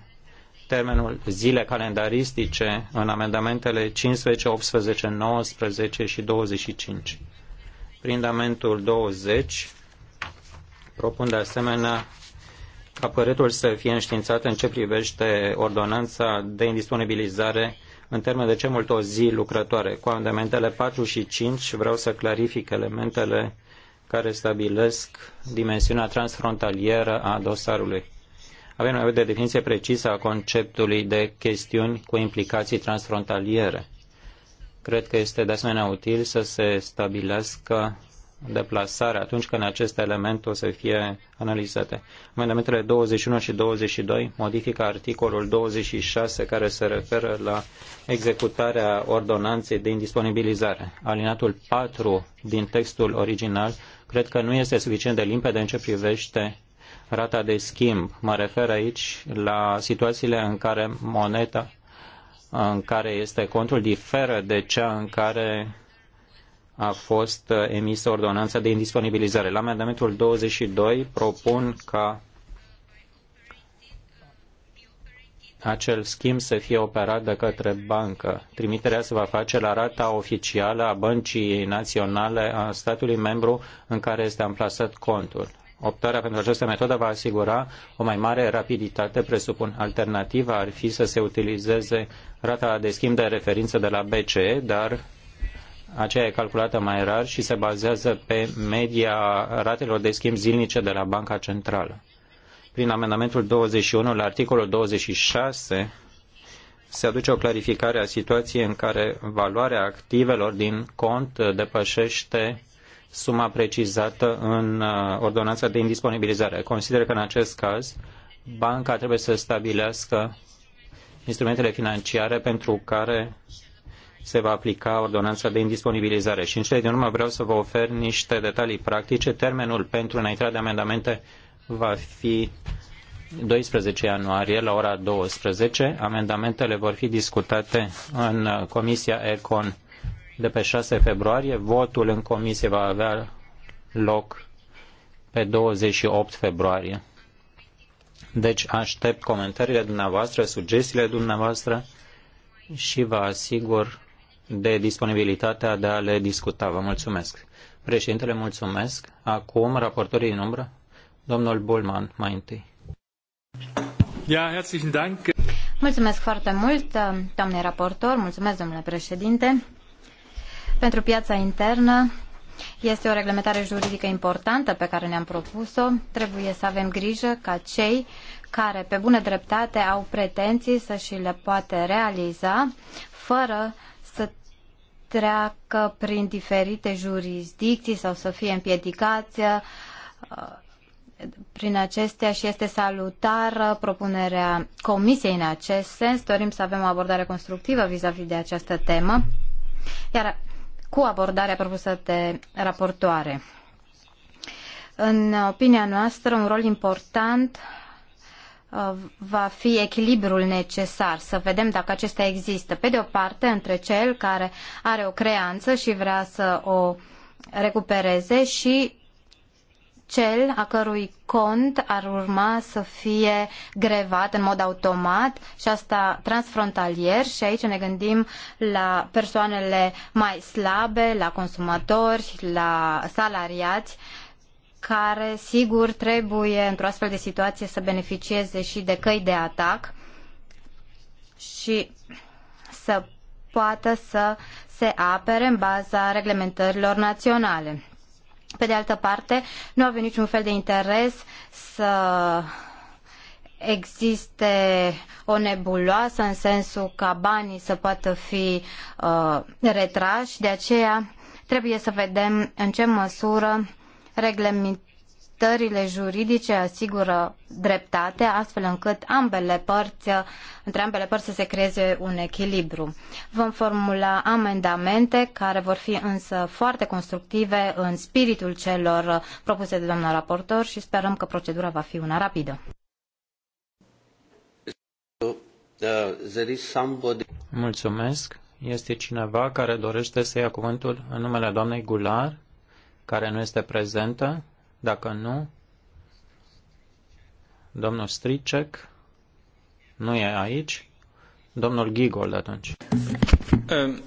termenul zile calendaristice în amendamentele 15, 18, 19 și 25. Prin amendamentul 20 propun de asemenea ca păretul să fie înștiințat în ce privește ordonanța de indisponibilizare în termen de ce mult o zi lucrătoare. Cu amendamentele 4 și 5 vreau să clarific elementele care stabilesc dimensiunea transfrontalieră a dosarului. Avem nevoie de definiție precisă a conceptului de chestiuni cu implicații transfrontaliere. Cred că este de asemenea util să se stabilească deplasarea atunci când aceste elemente o să fie analizate. Amendamentele 21 și 22 modifică articolul 26 care se referă la executarea ordonanței de indisponibilizare. Alinatul 4 din textul original cred că nu este suficient de limpede în ce privește rata de schimb. Mă refer aici la situațiile în care moneta în care este contul diferă de cea în care a fost emisă ordonanța de indisponibilizare. La amendamentul 22 propun ca acel schimb să fie operat de către bancă. Trimiterea se va face la rata oficială a băncii naționale a statului membru în care este amplasat contul. Optarea pentru această metodă va asigura o mai mare rapiditate, presupun. Alternativa ar fi să se utilizeze rata de schimb de referință de la BCE, dar aceea e calculată mai rar și se bazează pe media ratelor de schimb zilnice de la Banca Centrală. Prin amendamentul 21 la articolul 26 se aduce o clarificare a situației în care valoarea activelor din cont depășește suma precizată în uh, ordonanța de indisponibilizare. Consider că în acest caz banca trebuie să stabilească instrumentele financiare pentru care se va aplica ordonanța de indisponibilizare. Și în cele din urmă vreau să vă ofer niște detalii practice. Termenul pentru înaintarea de amendamente va fi 12 ianuarie la ora 12. Amendamentele vor fi discutate în Comisia Econ de pe 6 februarie. Votul în comisie va avea loc pe 28 februarie. Deci aștept comentariile dumneavoastră, sugestiile dumneavoastră și vă asigur de disponibilitatea de a le discuta. Vă mulțumesc. Președintele, mulțumesc. Acum, raportorii în umbră. Domnul Bulman, mai întâi. Ja, herzlichen Dank. Mulțumesc foarte mult, doamne raportor, mulțumesc, domnule președinte. Pentru piața internă este o reglementare juridică importantă pe care ne-am propus-o. Trebuie să avem grijă ca cei care, pe bună dreptate, au pretenții să și le poate realiza fără să treacă prin diferite jurisdicții sau să fie împiedicați uh, prin acestea și este salutară propunerea Comisiei în acest sens. Dorim să avem o abordare constructivă vis-a-vis de această temă, iar cu abordarea propusă de raportoare. În opinia noastră, un rol important uh, va fi echilibrul necesar, să vedem dacă acesta există. Pe de o parte, între cel care are o creanță și vrea să o recupereze și cel a cărui cont ar urma să fie grevat în mod automat și asta transfrontalier și aici ne gândim la persoanele mai slabe, la consumatori, la salariați care sigur trebuie într-o astfel de situație să beneficieze și de căi de atac și să poată să se apere în baza reglementărilor naționale. Pe de altă parte, nu avem niciun fel de interes să existe o nebuloasă în sensul ca banii să poată fi uh, retrași, de aceea trebuie să vedem în ce măsură reglementăm Stările juridice asigură dreptate, astfel încât ambele părți, între ambele părți să se creeze un echilibru. Vom formula amendamente care vor fi însă foarte constructive în spiritul celor propuse de doamna raportor și sperăm că procedura va fi una rapidă. Mulțumesc. Este cineva care dorește să ia cuvântul în numele doamnei Gular, care nu este prezentă? Dacă nu, domnul Stricek nu e aici. Domnul Gigold atunci. Um,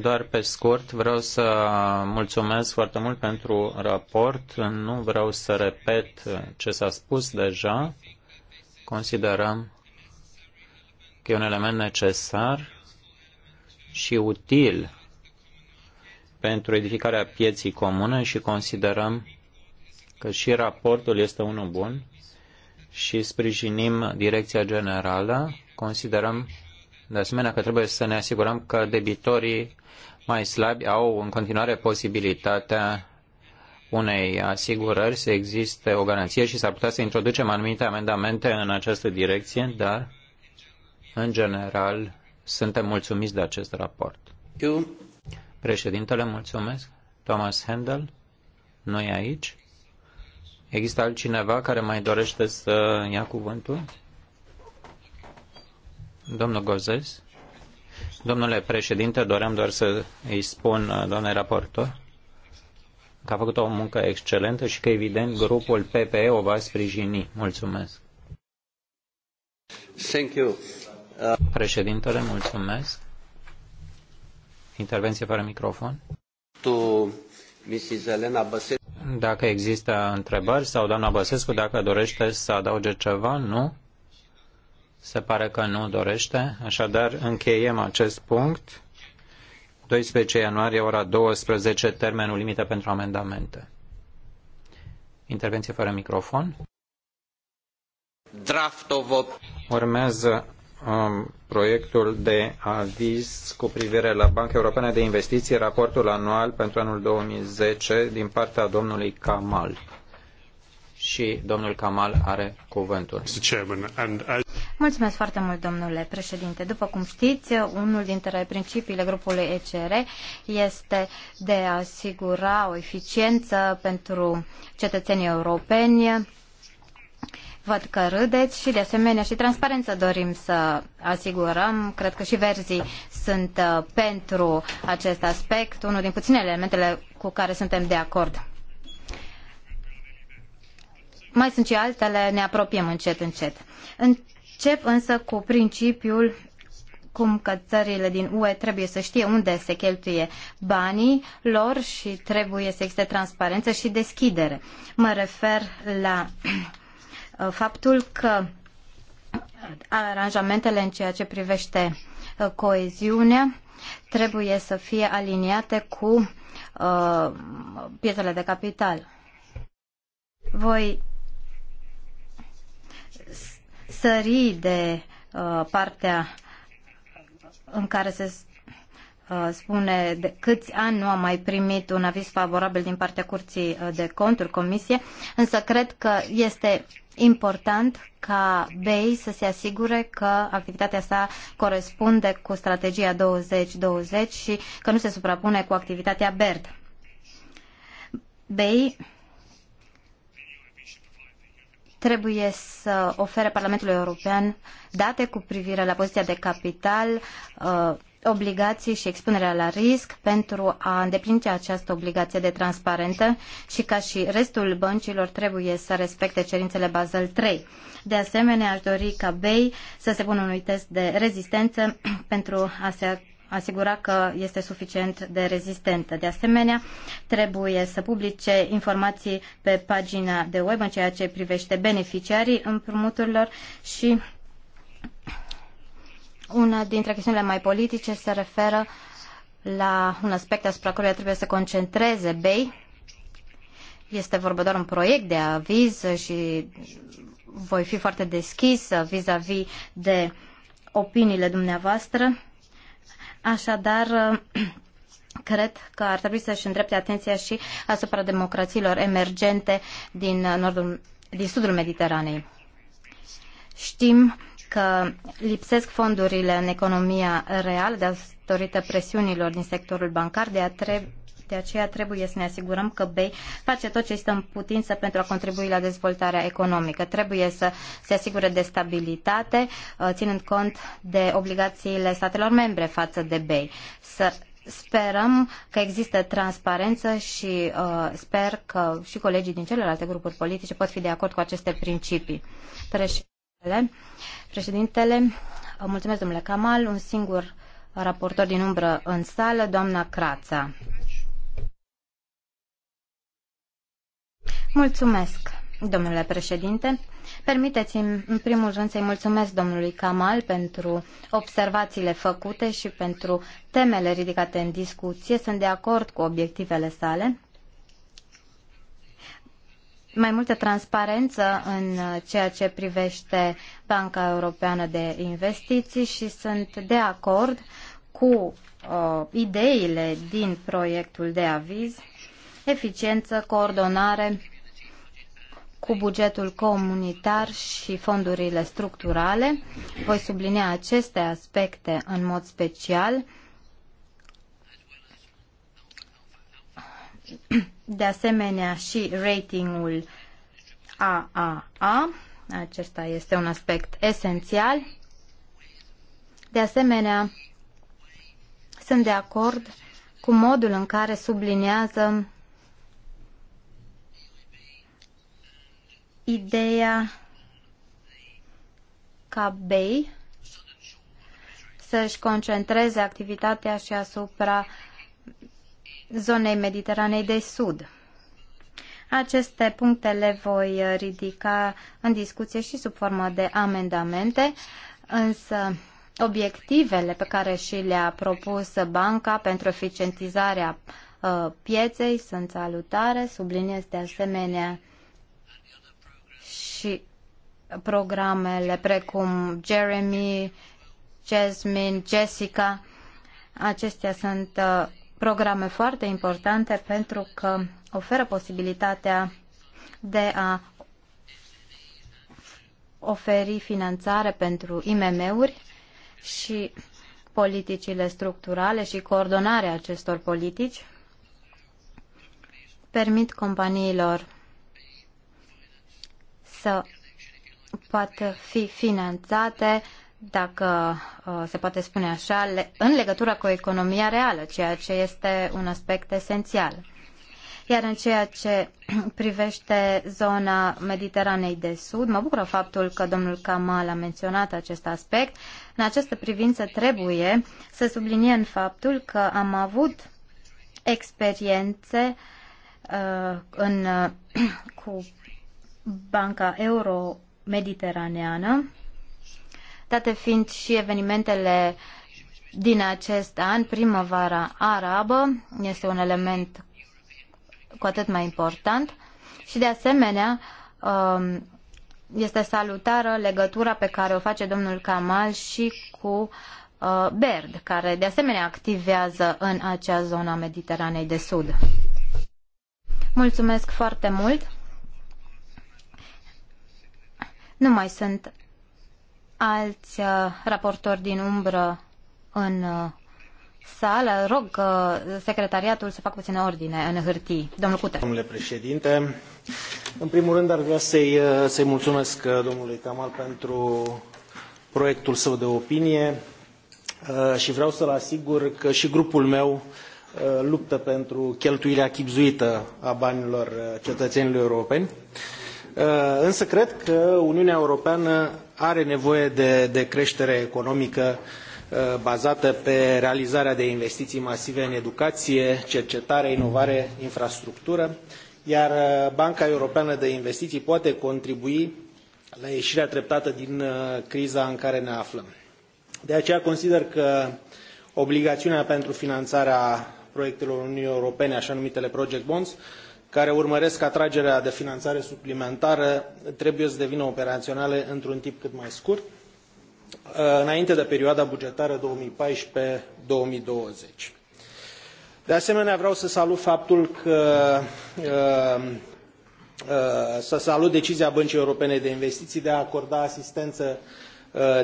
Doar pe scurt, vreau să mulțumesc foarte mult pentru raport. Nu vreau să repet ce s-a spus deja. Considerăm că e un element necesar și util pentru edificarea pieții comune și considerăm că și raportul este unul bun și sprijinim direcția generală. Considerăm de asemenea că trebuie să ne asigurăm că debitorii mai slabi au în continuare posibilitatea unei asigurări să existe o garanție și s-ar putea să introducem anumite amendamente în această direcție, dar în general suntem mulțumiți de acest raport. Președintele, mulțumesc. Thomas Handel nu e aici. Există altcineva care mai dorește să ia cuvântul? Domnul Gozes? Domnule președinte, doream doar să îi spun, uh, domnule raportor, că a făcut o muncă excelentă și că, evident, grupul PPE o va sprijini. Mulțumesc. Thank you. Uh... Președintele, mulțumesc. Intervenție fără microfon. Tu, Mrs. Elena Băsescu. Dacă există întrebări sau doamna Băsescu, dacă dorește să adauge ceva, nu? Se pare că nu dorește. Așadar, încheiem acest punct. 12 ianuarie, ora 12, termenul limită pentru amendamente. Intervenție fără microfon. Draft of Urmează um, proiectul de aviz cu privire la Banca Europeană de Investiții, raportul anual pentru anul 2010 din partea domnului Kamal. Și domnul Kamal are cuvântul. Mulțumesc foarte mult, domnule președinte. După cum știți, unul dintre principiile grupului ECR este de a asigura o eficiență pentru cetățenii europeni Văd că râdeți și de asemenea și transparență dorim să asigurăm. Cred că și verzii sunt uh, pentru acest aspect, unul din puținele elementele cu care suntem de acord. Mai sunt și altele, ne apropiem încet, încet. Încep însă cu principiul cum că țările din UE trebuie să știe unde se cheltuie banii lor și trebuie să existe transparență și deschidere. Mă refer la Uh, faptul că aranjamentele în ceea ce privește uh, coeziunea trebuie să fie aliniate cu pietrele uh, piețele de capital. Voi sări de partea în care se Uh, spune de câți ani nu a mai primit un aviz favorabil din partea Curții uh, de Conturi, Comisie, însă cred că este important ca BEI să se asigure că activitatea sa corespunde cu strategia 2020 și că nu se suprapune cu activitatea BERD. BEI trebuie să ofere Parlamentului European date cu privire la poziția de capital, uh, obligații și expunerea la risc pentru a îndeplini această obligație de transparentă și ca și restul băncilor trebuie să respecte cerințele Basel 3. De asemenea, aș dori ca BEI să se pună unui test de rezistență pentru a se asigura că este suficient de rezistentă. De asemenea, trebuie să publice informații pe pagina de web în ceea ce privește beneficiarii împrumuturilor și una dintre chestiunile mai politice se referă la un aspect asupra căruia trebuie să concentreze BEI. Este vorba doar un proiect de aviz și voi fi foarte deschisă vis-a-vis -vis de opiniile dumneavoastră. Așadar, cred că ar trebui să-și îndrepte atenția și asupra democrațiilor emergente din, nordul, din sudul Mediteranei. Știm că lipsesc fondurile în economia reală datorită presiunilor din sectorul bancar, de, a treb de aceea trebuie să ne asigurăm că BEI face tot ce este în putință pentru a contribui la dezvoltarea economică. Trebuie să se asigure de stabilitate, uh, ținând cont de obligațiile statelor membre față de BEI. Să sperăm că există transparență și uh, sper că și colegii din celelalte grupuri politice pot fi de acord cu aceste principii. Preș- Președintele, mulțumesc domnule Kamal, un singur raportor din umbră în sală, doamna Crața. Mulțumesc, domnule președinte. Permiteți-mi, în primul rând, să-i mulțumesc domnului Kamal pentru observațiile făcute și pentru temele ridicate în discuție. Sunt de acord cu obiectivele sale mai multă transparență în ceea ce privește Banca Europeană de Investiții și sunt de acord cu uh, ideile din proiectul de aviz, eficiență, coordonare cu bugetul comunitar și fondurile structurale. Voi sublinia aceste aspecte în mod special de asemenea și ratingul AAA. Acesta este un aspect esențial. De asemenea, sunt de acord cu modul în care subliniază ideea ca Bay să-și concentreze activitatea și asupra uh, zonei Mediteranei de Sud. Aceste puncte le voi uh, ridica în discuție și sub formă de amendamente, însă obiectivele pe care și le-a propus banca pentru eficientizarea uh, pieței sunt salutare, subliniez de asemenea și programele precum Jeremy, Jasmine, Jessica. Acestea sunt uh, programe foarte importante pentru că oferă posibilitatea de a oferi finanțare pentru IMM-uri și politicile structurale și coordonarea acestor politici permit companiilor să poată fi finanțate dacă uh, se poate spune așa, în legătură cu economia reală, ceea ce este un aspect esențial. Iar în ceea ce privește zona Mediteranei de Sud, mă bucură faptul că domnul Kamal a menționat acest aspect. În această privință trebuie să subliniem faptul că am avut experiențe uh, în, uh, cu Banca Euro-Mediteraneană date fiind și evenimentele din acest an, primăvara arabă este un element cu atât mai important și de asemenea um, este salutară legătura pe care o face domnul Kamal și cu uh, Berd, care de asemenea activează în acea zonă a Mediteranei de Sud. Mulțumesc foarte mult! Nu mai sunt alți uh, raportori din umbră în uh, sală. Rog uh, secretariatul să facă puțină ordine în hârtii. Domnul Cute. Domnule președinte, în primul rând ar vrea să-i să mulțumesc domnului Kamal pentru proiectul său de opinie și vreau să-l asigur că și grupul meu luptă pentru cheltuirea chipzuită a banilor cetățenilor europeni. Uh, însă cred că Uniunea Europeană are nevoie de, de creștere economică uh, bazată pe realizarea de investiții masive în educație, cercetare, inovare, infrastructură, iar uh, Banca Europeană de Investiții poate contribui la ieșirea treptată din criza în care ne aflăm. De aceea consider că obligațiunea pentru finanțarea proiectelor Uniunii Europene, așa numitele project bonds, care urmăresc atragerea de finanțare suplimentară trebuie să devină operaționale într-un timp cât mai scurt, uh, înainte de perioada bugetară 2014-2020. De asemenea, vreau să salut faptul că uh, uh, să salut decizia Băncii Europene de Investiții de a acorda asistență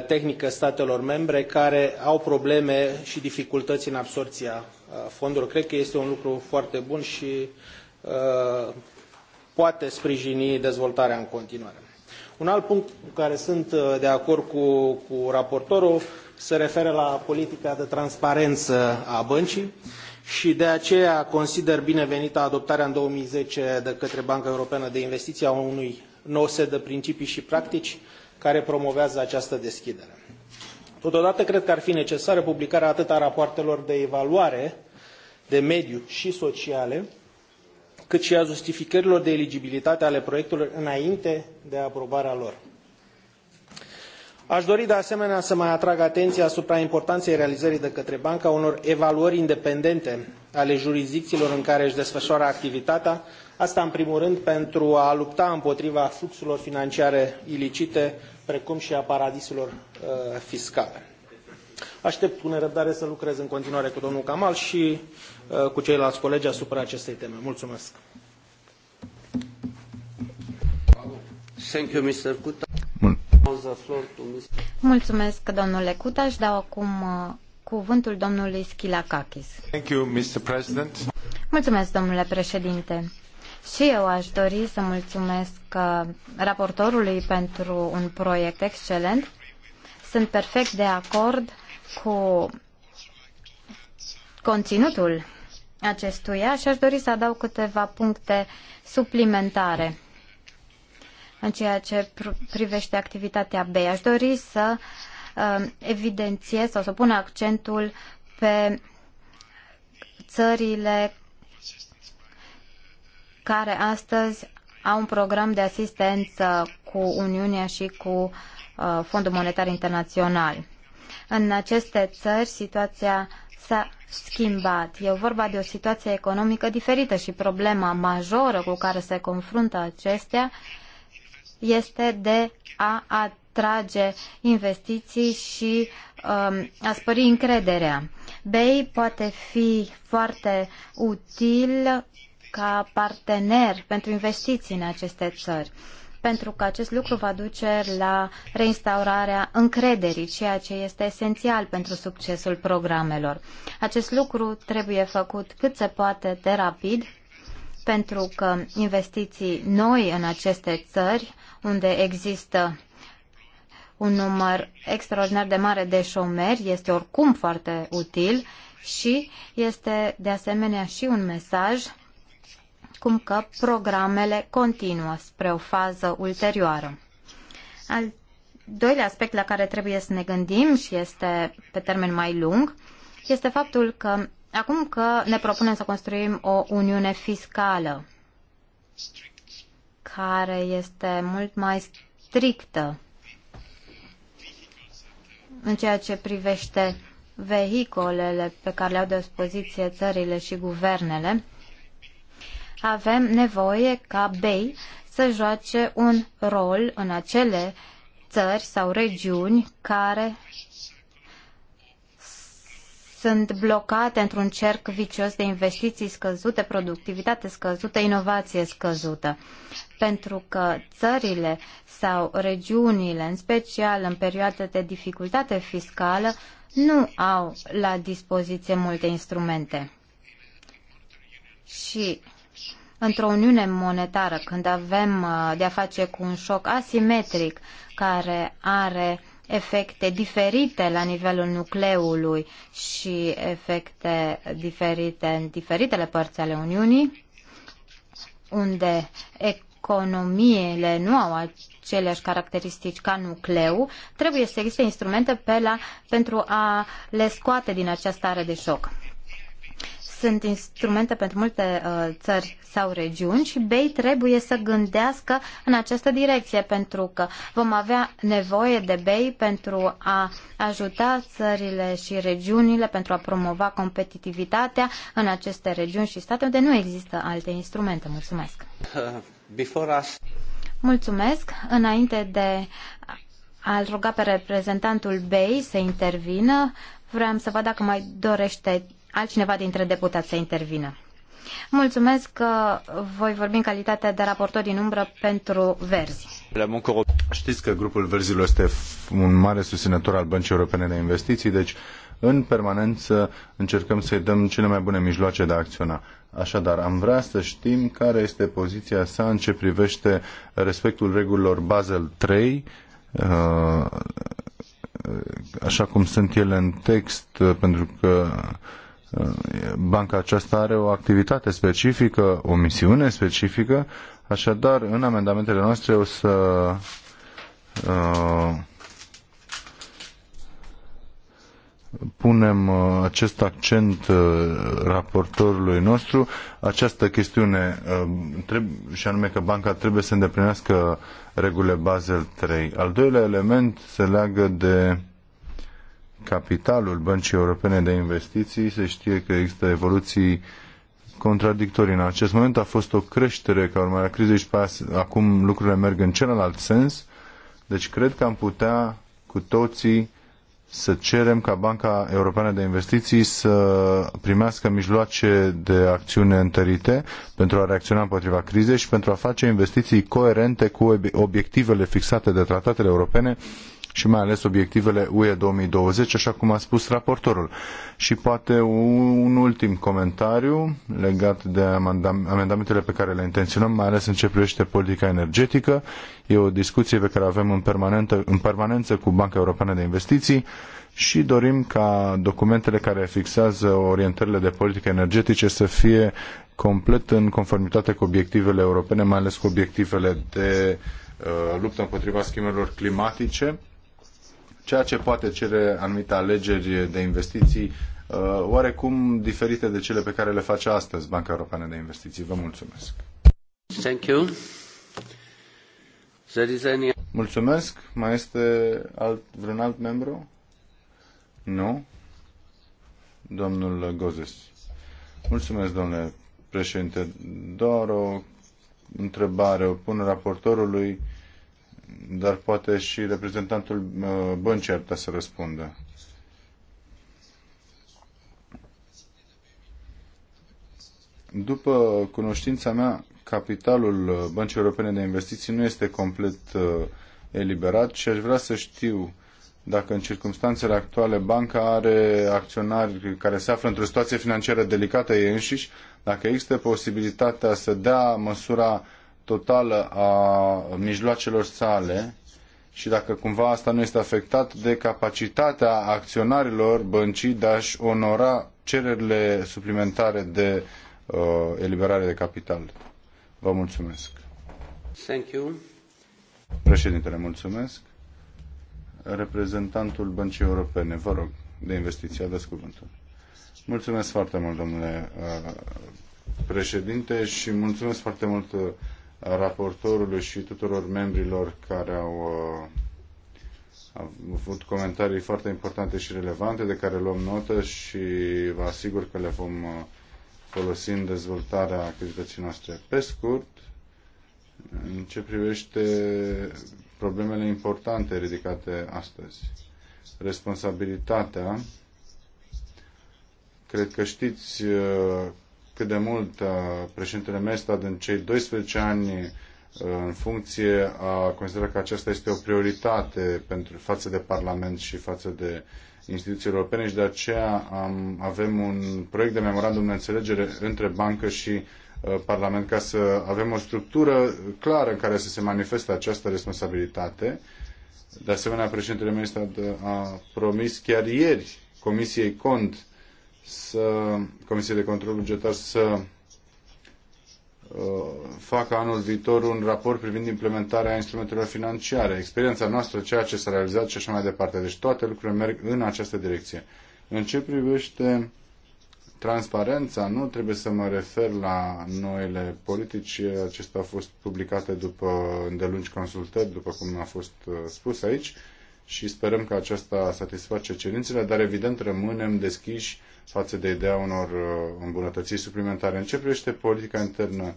tehnică statelor membre care au probleme și dificultăți în absorția fondurilor. Cred că este un lucru foarte bun și Uh, poate sprijini dezvoltarea în continuare. Un alt punct cu care sunt uh, de acord cu, cu raportorul se referă la politica de transparență a băncii și de aceea consider binevenită adoptarea în 2010 de către Banca Europeană de Investiții a unui nou set de principii și practici care promovează această deschidere. Totodată cred că ar fi necesară publicarea atât a rapoartelor de evaluare de mediu și sociale, cât și a justificărilor de eligibilitate ale proiectelor înainte de aprobarea lor. Aș dori de asemenea să mai atrag atenția asupra importanței realizării de către banca unor evaluări independente ale jurisdicțiilor în care își desfășoară activitatea, asta în primul rând pentru a lupta împotriva fluxurilor financiare ilicite, precum și a paradisurilor uh, fiscale. Aștept cu nerăbdare să lucrez în continuare cu domnul Kamal și Uh, cu ceilalți colegi asupra acestei teme. Mulțumesc! Thank you, Mr. Mulțumesc, domnule Cuta. Își dau acum uh, cuvântul domnului Schilakakis. Thank you, Mr. President. Mulțumesc, domnule președinte. Și eu aș dori să mulțumesc uh, raportorului pentru un proiect excelent. Sunt perfect de acord cu conținutul acestuia și aș dori să adaug câteva puncte suplimentare în ceea ce privește activitatea B. Aș dori să uh, evidențiez sau să pun accentul pe țările care astăzi au un program de asistență cu Uniunea și cu uh, Fondul Monetar Internațional. În aceste țări, situația s-a schimbat. E vorba de o situație economică diferită și problema majoră cu care se confruntă acestea este de a atrage investiții și um, a spări încrederea. BEI poate fi foarte util ca partener pentru investiții în aceste țări pentru că acest lucru va duce la reinstaurarea încrederii, ceea ce este esențial pentru succesul programelor. Acest lucru trebuie făcut cât se poate de rapid, pentru că investiții noi în aceste țări, unde există un număr extraordinar de mare de șomeri, este oricum foarte util și este de asemenea și un mesaj cum că programele continuă spre o fază ulterioară. Al doilea aspect la care trebuie să ne gândim și este pe termen mai lung este faptul că acum că ne propunem să construim o uniune fiscală care este mult mai strictă în ceea ce privește vehicolele pe care le au de dispoziție țările și guvernele, avem nevoie ca BEI să joace un rol în acele țări sau regiuni care sunt blocate într-un cerc vicios de investiții scăzute, productivitate scăzută, inovație scăzută. Pentru că țările sau regiunile, în special în perioade de dificultate fiscală, nu au la dispoziție multe instrumente. Și într-o uniune monetară, când avem uh, de-a face cu un șoc asimetric care are efecte diferite la nivelul nucleului și efecte diferite în diferitele părți ale Uniunii, unde economiile nu au aceleași caracteristici ca nucleu, trebuie să existe instrumente pe la, pentru a le scoate din această stare de șoc sunt instrumente pentru multe uh, țări sau regiuni și BEI trebuie să gândească în această direcție pentru că vom avea nevoie de BEI pentru a ajuta țările și regiunile pentru a promova competitivitatea în aceste regiuni și state unde nu există alte instrumente. Mulțumesc! Mulțumesc! Înainte de a-l ruga pe reprezentantul BEI să intervină, vreau să văd dacă mai dorește altcineva dintre deputați să intervină. Mulțumesc că voi vorbi în calitate de raportor din umbră pentru Verzi. Știți că grupul Verzilor este un mare susținător al Băncii Europene de Investiții, deci în permanență încercăm să-i dăm cele mai bune mijloace de a acționa. Așadar, am vrea să știm care este poziția sa în ce privește respectul regulilor Basel III, uh, așa cum sunt ele în text, pentru că Banca aceasta are o activitate specifică, o misiune specifică, așadar în amendamentele noastre o să uh, punem uh, acest accent uh, raportorului nostru, această chestiune și anume că banca trebuie să îndeplinească regulile Basel 3. Al doilea element se leagă de capitalul Băncii Europene de Investiții. Se știe că există evoluții contradictorii. În acest moment a fost o creștere ca urmare a crizei și acum lucrurile merg în celălalt sens. Deci cred că am putea cu toții să cerem ca Banca Europeană de Investiții să primească mijloace de acțiune întărite pentru a reacționa împotriva crizei și pentru a face investiții coerente cu obiectivele fixate de tratatele europene și mai ales obiectivele UE 2020, așa cum a spus raportorul. Și poate un ultim comentariu legat de amendamentele pe care le intenționăm, mai ales în ce privește politica energetică. E o discuție pe care o avem în, permanentă, în permanență cu Banca Europeană de Investiții și dorim ca documentele care fixează orientările de politică energetice să fie complet în conformitate cu obiectivele europene, mai ales cu obiectivele de uh, luptă împotriva schimbărilor climatice ceea ce poate cere anumite alegeri de investiții uh, oarecum diferite de cele pe care le face astăzi Banca Europeană de Investiții. Vă mulțumesc. Thank you. Any... Mulțumesc. Mai este alt, vreun alt membru? Nu? Domnul Gozes. Mulțumesc, domnule președinte. Doar o întrebare o pun raportorului dar poate și reprezentantul uh, băncii ar putea să răspundă. După cunoștința mea, capitalul uh, Băncii Europene de Investiții nu este complet uh, eliberat și aș vrea să știu dacă în circunstanțele actuale banca are acționari care se află într-o situație financiară delicată ei înșiși, dacă există posibilitatea să dea măsura totală a mijloacelor sale și dacă cumva asta nu este afectat de capacitatea acționarilor băncii de a-și onora cererile suplimentare de uh, eliberare de capital. Vă mulțumesc. Thank you. Președintele, mulțumesc. Reprezentantul Băncii Europene, vă rog, de investiții, aveți cuvântul. Mulțumesc foarte mult, domnule uh, președinte, și mulțumesc foarte mult uh, raportorului și tuturor membrilor care uh, au avut comentarii foarte importante și relevante de care luăm notă și vă asigur că le vom uh, folosi în dezvoltarea activității noastre. Pe scurt, în ce privește problemele importante ridicate astăzi. Responsabilitatea, cred că știți uh, cât de mult uh, președintele Mestad în cei 12 ani uh, în funcție a considerat că aceasta este o prioritate pentru, față de Parlament și față de instituțiile europene și de aceea am, avem un proiect de memorandum de înțelegere între bancă și uh, Parlament ca să avem o structură clară în care să se manifeste această responsabilitate. De asemenea, președintele ministru a promis chiar ieri Comisiei Cont să, Comisiei de Control Bugetar să uh, facă anul viitor un raport privind implementarea instrumentelor financiare, experiența noastră, ceea ce s-a realizat și așa mai departe. Deci toate lucrurile merg în această direcție. În ce privește transparența, nu trebuie să mă refer la noile politici. Acestea au fost publicate după îndelungi consultări, după cum a fost uh, spus aici și sperăm că aceasta satisface cerințele, dar evident rămânem deschiși față de ideea unor uh, îmbunătățiri suplimentare. În ce privește politica internă,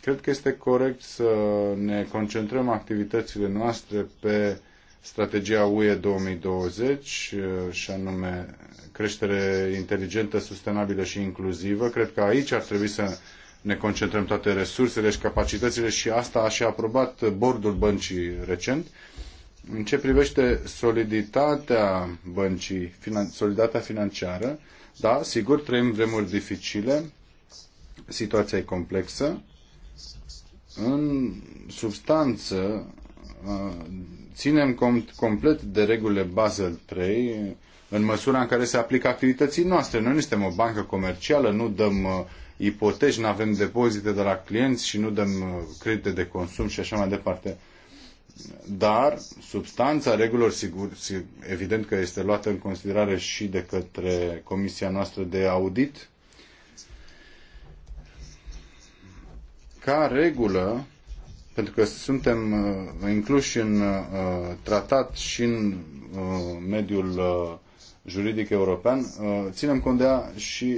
cred că este corect să ne concentrăm activitățile noastre pe strategia UE 2020 uh, și anume creștere inteligentă, sustenabilă și inclusivă. Cred că aici ar trebui să ne concentrăm toate resursele și capacitățile și asta a și aprobat bordul băncii recent. În ce privește soliditatea băncii, soliditatea financiară, da, sigur, trăim vremuri dificile, situația e complexă. În substanță, uh, ținem cont complet de regulile Basel 3 în măsura în care se aplică activității noastre. Noi nu suntem o bancă comercială, nu dăm uh, ipoteci, nu avem depozite de la clienți și nu dăm uh, credite de consum și așa mai departe dar substanța regulilor, sigur, evident că este luată în considerare și de către comisia noastră de audit, ca regulă, pentru că suntem uh, incluși în uh, tratat și în uh, mediul juridic european, ținem cont de ea și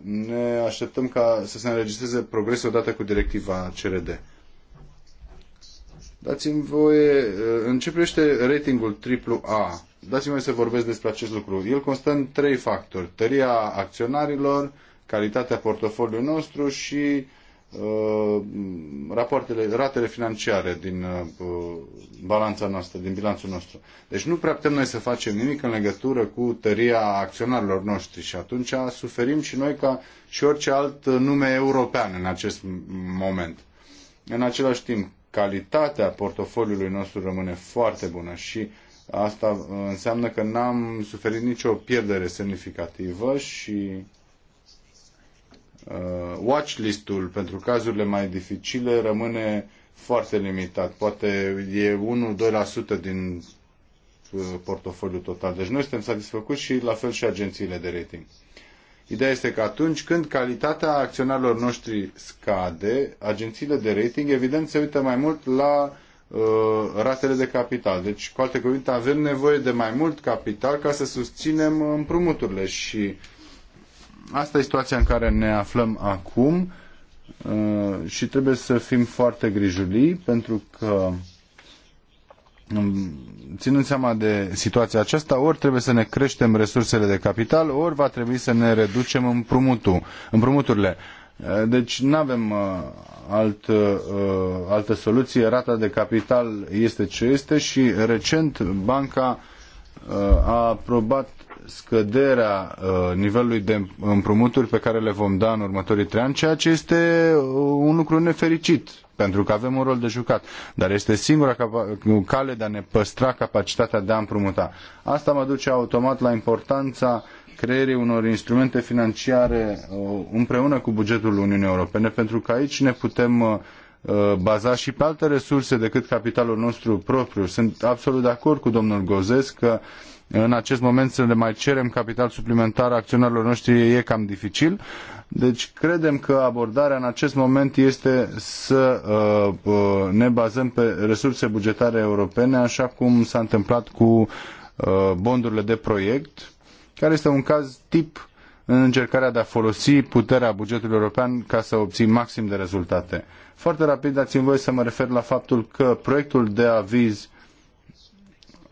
ne așteptăm ca să se înregistreze progrese odată cu directiva CRD. Dați-mi voie, uh, în ratingul triplu ratingul dați-mi voie să vorbesc despre acest lucru. El constă în trei factori. Tăria acționarilor, calitatea portofoliului nostru și uh, rapoartele, ratele financiare din uh, balanța noastră, din bilanțul nostru. Deci nu prea putem noi să facem nimic în legătură cu tăria acționarilor noștri și atunci suferim și noi ca și orice alt nume european în acest moment. În același timp, calitatea portofoliului nostru rămâne foarte bună și asta înseamnă că n-am suferit nicio pierdere semnificativă și uh, watchlist-ul pentru cazurile mai dificile rămâne foarte limitat. Poate e 1-2% din uh, portofoliul total. Deci noi suntem satisfăcuți și la fel și agențiile de rating. Ideea este că atunci când calitatea acționarilor noștri scade, agențiile de rating evident se uită mai mult la uh, ratele de capital. Deci, cu alte cuvinte, avem nevoie de mai mult capital ca să susținem împrumuturile și asta e situația în care ne aflăm acum uh, și trebuie să fim foarte grijulii pentru că uh, ținând seama de situația aceasta, ori trebuie să ne creștem resursele de capital, ori va trebui să ne reducem împrumutul, împrumuturile. Eh, deci nu avem eh, alt, eh, altă soluție. Rata de capital este ce este și recent banca a aprobat scăderea nivelului de împrumuturi pe care le vom da în următorii trei ani, ceea ce este un lucru nefericit pentru că avem un rol de jucat, dar este singura cale de a ne păstra capacitatea de a împrumuta. Asta mă duce automat la importanța creierii unor instrumente financiare uh, împreună cu bugetul Uniunii Europene, pentru că aici ne putem uh, uh, baza și pe alte resurse decât capitalul nostru propriu. Sunt absolut de acord cu domnul Gozes că uh, în acest moment să le mai cerem capital suplimentar acționarilor noștri e cam dificil. Deci credem că abordarea în acest moment este să uh, uh, ne bazăm pe resurse bugetare europene, așa cum s-a întâmplat cu uh, bondurile de proiect, care este un caz tip în încercarea de a folosi puterea bugetului european ca să obții maxim de rezultate. Foarte rapid dați-mi voie să mă refer la faptul că proiectul de aviz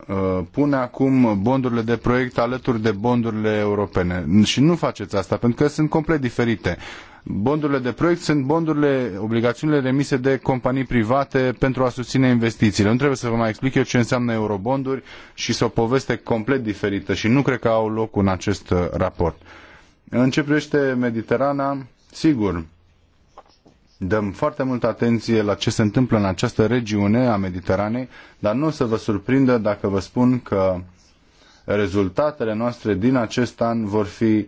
Uh, pune acum bondurile de proiect alături de bondurile europene. Și nu faceți asta, pentru că sunt complet diferite. Bondurile de proiect sunt bondurile, obligațiunile remise de companii private pentru a susține investițiile. Nu trebuie să vă mai explic eu ce înseamnă eurobonduri și să o poveste complet diferită și nu cred că au loc în acest raport. În ce privește Mediterana, sigur, dăm foarte multă atenție la ce se întâmplă în această regiune a Mediteranei, dar nu o să vă surprindă dacă vă spun că rezultatele noastre din acest an vor fi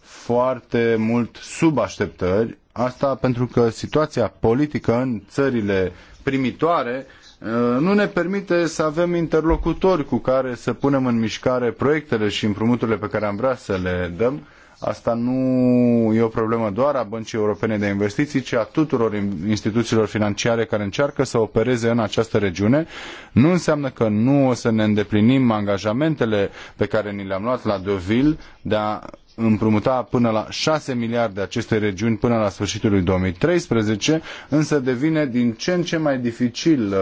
foarte mult sub așteptări. Asta pentru că situația politică în țările primitoare uh, nu ne permite să avem interlocutori cu care să punem în mișcare proiectele și împrumuturile pe care am vrea să le dăm Asta nu e o problemă doar a Băncii Europene de Investiții, ci a tuturor instituțiilor financiare care încearcă să opereze în această regiune. Nu înseamnă că nu o să ne îndeplinim angajamentele pe care ni le-am luat la Deauville de a împrumuta până la 6 miliarde aceste regiuni până la sfârșitul lui 2013, însă devine din ce în ce mai dificil uh,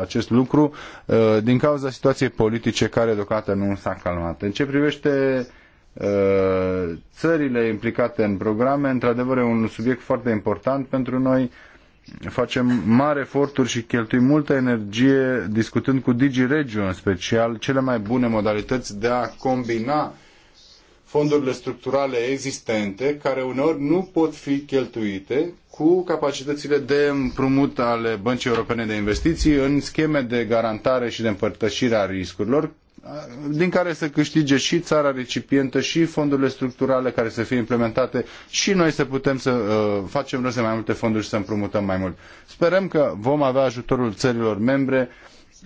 acest lucru uh, din cauza situației politice care deocamdată nu s-a calmat. În ce privește uh, Uh, țările implicate în programe. Într-adevăr, e un subiect foarte important pentru noi. Facem mari eforturi și cheltuim multă energie discutând cu DigiRegio în special cele mai bune modalități de a combina fondurile structurale existente, care uneori nu pot fi cheltuite, cu capacitățile de împrumut ale Băncii Europene de Investiții în scheme de garantare și de împărtășire a riscurilor, din care să câștige și țara recipientă și fondurile structurale care să fie implementate și noi să putem să uh, facem rost de mai multe fonduri și să împrumutăm mai mult. Sperăm că vom avea ajutorul țărilor membre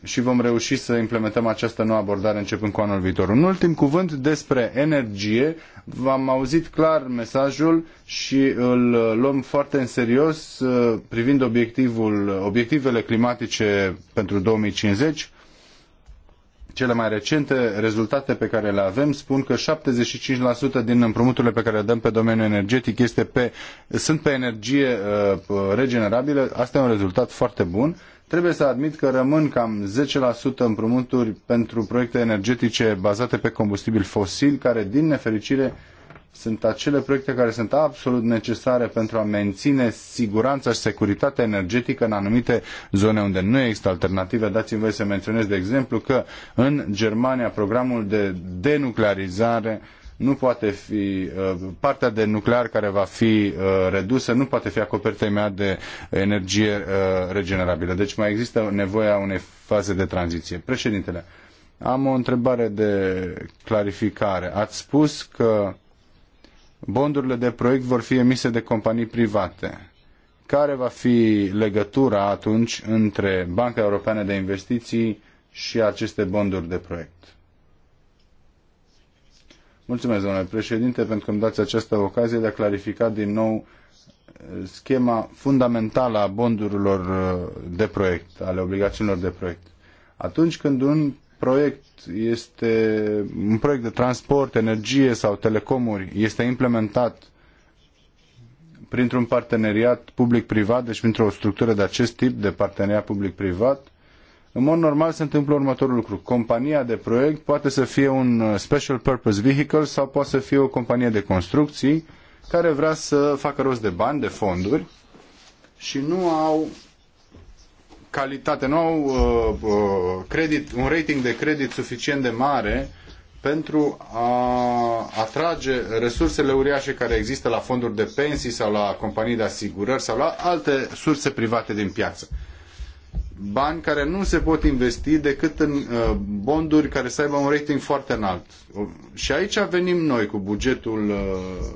și vom reuși să implementăm această nouă abordare începând cu anul viitor. Un ultim cuvânt despre energie. V-am auzit clar mesajul și îl luăm foarte în serios uh, privind obiectivul, obiectivele climatice pentru 2050 cele mai recente rezultate pe care le avem spun că 75% din împrumuturile pe care le dăm pe domeniul energetic este pe, sunt pe energie uh, regenerabilă. Asta e un rezultat foarte bun. Trebuie să admit că rămân cam 10% împrumuturi pentru proiecte energetice bazate pe combustibil fosil, care, din nefericire, sunt acele proiecte care sunt absolut necesare pentru a menține siguranța și securitatea energetică în anumite zone unde nu există alternative. Dați-mi voi să menționez, de exemplu, că în Germania programul de denuclearizare nu poate fi, uh, partea de nuclear care va fi uh, redusă nu poate fi acoperită imediat de energie uh, regenerabilă. Deci mai există nevoia unei faze de tranziție. Președintele, am o întrebare de clarificare. Ați spus că bondurile de proiect vor fi emise de companii private. Care va fi legătura atunci între Banca Europeană de Investiții și aceste bonduri de proiect? Mulțumesc, domnule președinte, pentru că îmi dați această ocazie de a clarifica din nou eh, schema fundamentală a bondurilor eh, de proiect, ale obligațiunilor de proiect. Atunci când un proiect este un proiect de transport, energie sau telecomuri este implementat printr-un parteneriat public-privat, deci printr-o structură de acest tip de parteneriat public-privat, în mod normal se întâmplă următorul lucru. Compania de proiect poate să fie un uh, special purpose vehicle sau poate să fie o companie de construcții care vrea să facă rost de bani, de fonduri și nu au calitate, nu au uh, uh, credit, un rating de credit suficient de mare pentru a atrage resursele uriașe care există la fonduri de pensii sau la companii de asigurări sau la alte surse private din piață. Bani care nu se pot investi decât în uh, bonduri care să aibă un rating foarte înalt. Și aici venim noi cu bugetul uh,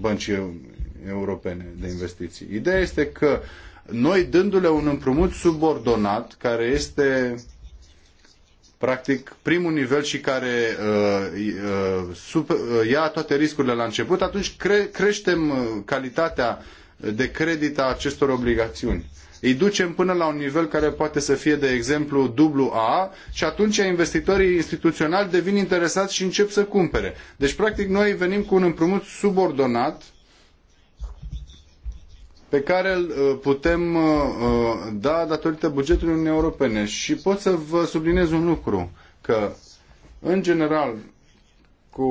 băncii europene de investiții. Ideea este că uh, noi dându-le un împrumut subordonat care este practic primul nivel și care uh, uh, uh ia toate riscurile la început, atunci cre- creștem uh, calitatea de credit a acestor obligațiuni. Îi ducem până la un nivel care poate să fie, de exemplu, dublu A și atunci investitorii instituționali devin interesați și încep să cumpere. Deci, practic, noi venim cu un împrumut subordonat pe care îl uh, putem uh, uh, da datorită bugetului Uniunii Europene. Și pot să vă subliniez un lucru, că în general cu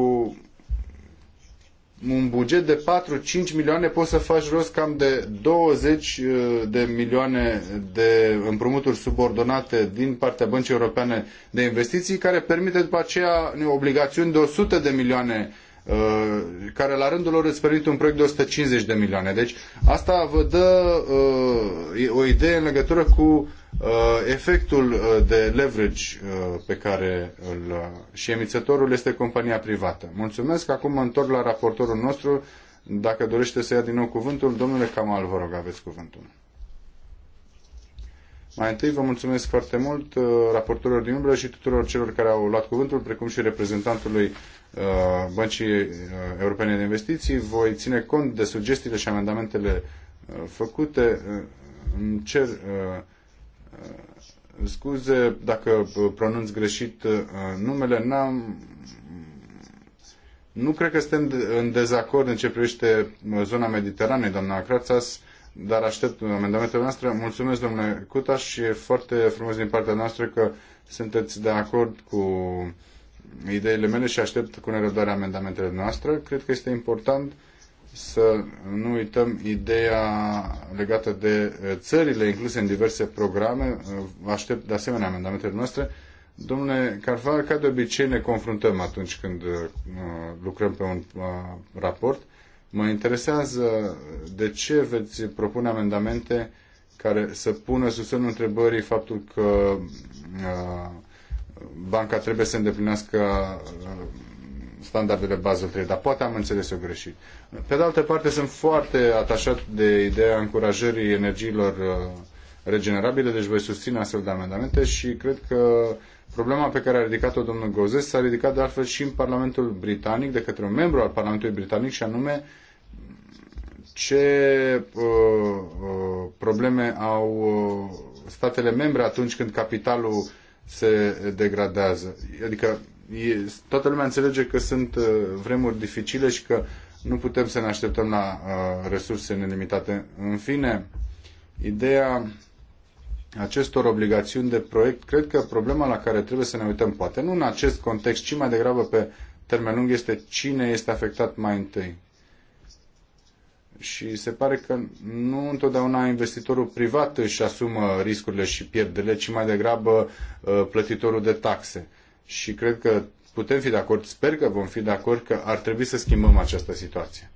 un buget de 4-5 milioane poți să faci rost cam de 20 de milioane de împrumuturi subordonate din partea Băncii Europene de Investiții, care permite după aceea obligațiuni de 100 de milioane Uh, care la rândul lor îți permit un proiect de 150 de milioane. Deci asta vă dă uh, o idee în legătură cu uh, efectul de leverage pe care îl... și emițătorul este compania privată. Mulțumesc, acum mă întorc la raportorul nostru. Dacă dorește să ia din nou cuvântul, domnule Kamal, vă rog, aveți cuvântul. Mai întâi vă mulțumesc foarte mult raportorilor din umbră și tuturor celor care au luat cuvântul, precum și reprezentantului Uh, Băncii uh, Europene de Investiții. Voi ține cont de sugestiile și amendamentele uh, făcute. Îmi cer scuze dacă pronunț greșit numele. N-am nu cred că suntem în dezacord în ce privește zona Mediteranei, doamna Crațas, dar aștept amendamentele noastre. Mulțumesc, domnule Cutaș, și e foarte frumos din partea noastră că sunteți de acord cu ideile mele și aștept cu nerăbdare amendamentele noastre. Cred că este important să nu uităm ideea legată de eh, țările incluse în diverse programe. Eh, aștept de asemenea amendamentele noastre. Domnule Carval, ca de obicei ne confruntăm atunci când eh, lucrăm pe un raport. Mă interesează de ce veți propune amendamente care să pună sub semnul întrebării faptul că uh, banca trebuie să îndeplinească uh, standardele Basel 3, dar poate am înțeles eu greșit. Pe de altă parte, sunt foarte atașat de ideea încurajării energiilor uh, regenerabile, deci voi susține astfel de amendamente și cred că problema pe care a ridicat-o domnul Gozes s-a ridicat de altfel și în Parlamentul Britanic, de către un membru al Parlamentului Britanic și anume ce uh, uh, probleme au uh, statele membre atunci când capitalul se degradează. Adică e, toată lumea înțelege că sunt uh, vremuri dificile și că nu putem să ne așteptăm la uh, resurse nelimitate. În fine, ideea acestor obligațiuni de proiect, cred că problema la care trebuie să ne uităm, poate nu în acest context, ci mai degrabă pe termen lung, este cine este afectat mai întâi și se pare că nu întotdeauna investitorul privat își asumă riscurile și pierderile, ci mai degrabă uh, plătitorul de taxe. Și cred că putem fi de acord, sper că vom fi de acord că ar trebui să schimbăm această situație.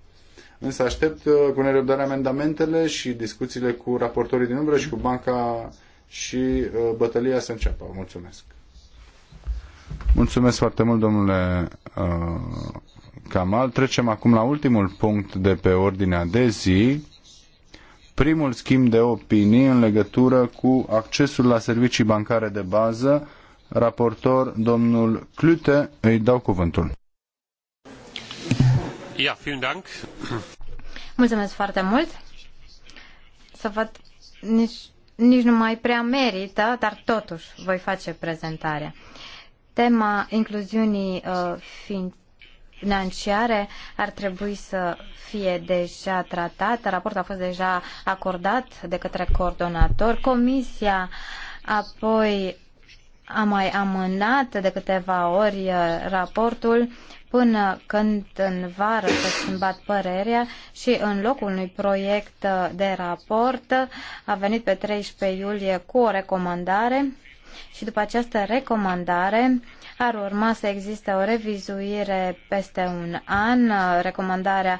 Însă aștept uh, cu nerăbdare amendamentele și discuțiile cu raportorii din umbră și cu banca și uh, bătălia să înceapă. Mulțumesc! Mulțumesc foarte mult, domnule Kamal. Trecem acum la ultimul punct de pe ordinea de zi, primul schimb de opinii în legătură cu accesul la servicii bancare de bază. Raportor, domnul Clute, îi dau cuvântul. Ja, vielen Dank. Mulțumesc foarte mult. Să văd nici, nici nu mai prea merită, dar totuși voi face prezentarea. Tema incluziunii uh, fin, financiare ar trebui să fie deja tratată. Raportul a fost deja acordat de către coordonator. Comisia apoi a mai amânat de câteva ori uh, raportul până când în vară s-a schimbat părerea și în locul unui proiect uh, de raport uh, a venit pe 13 iulie cu o recomandare și după această recomandare ar urma să existe o revizuire peste un an. Recomandarea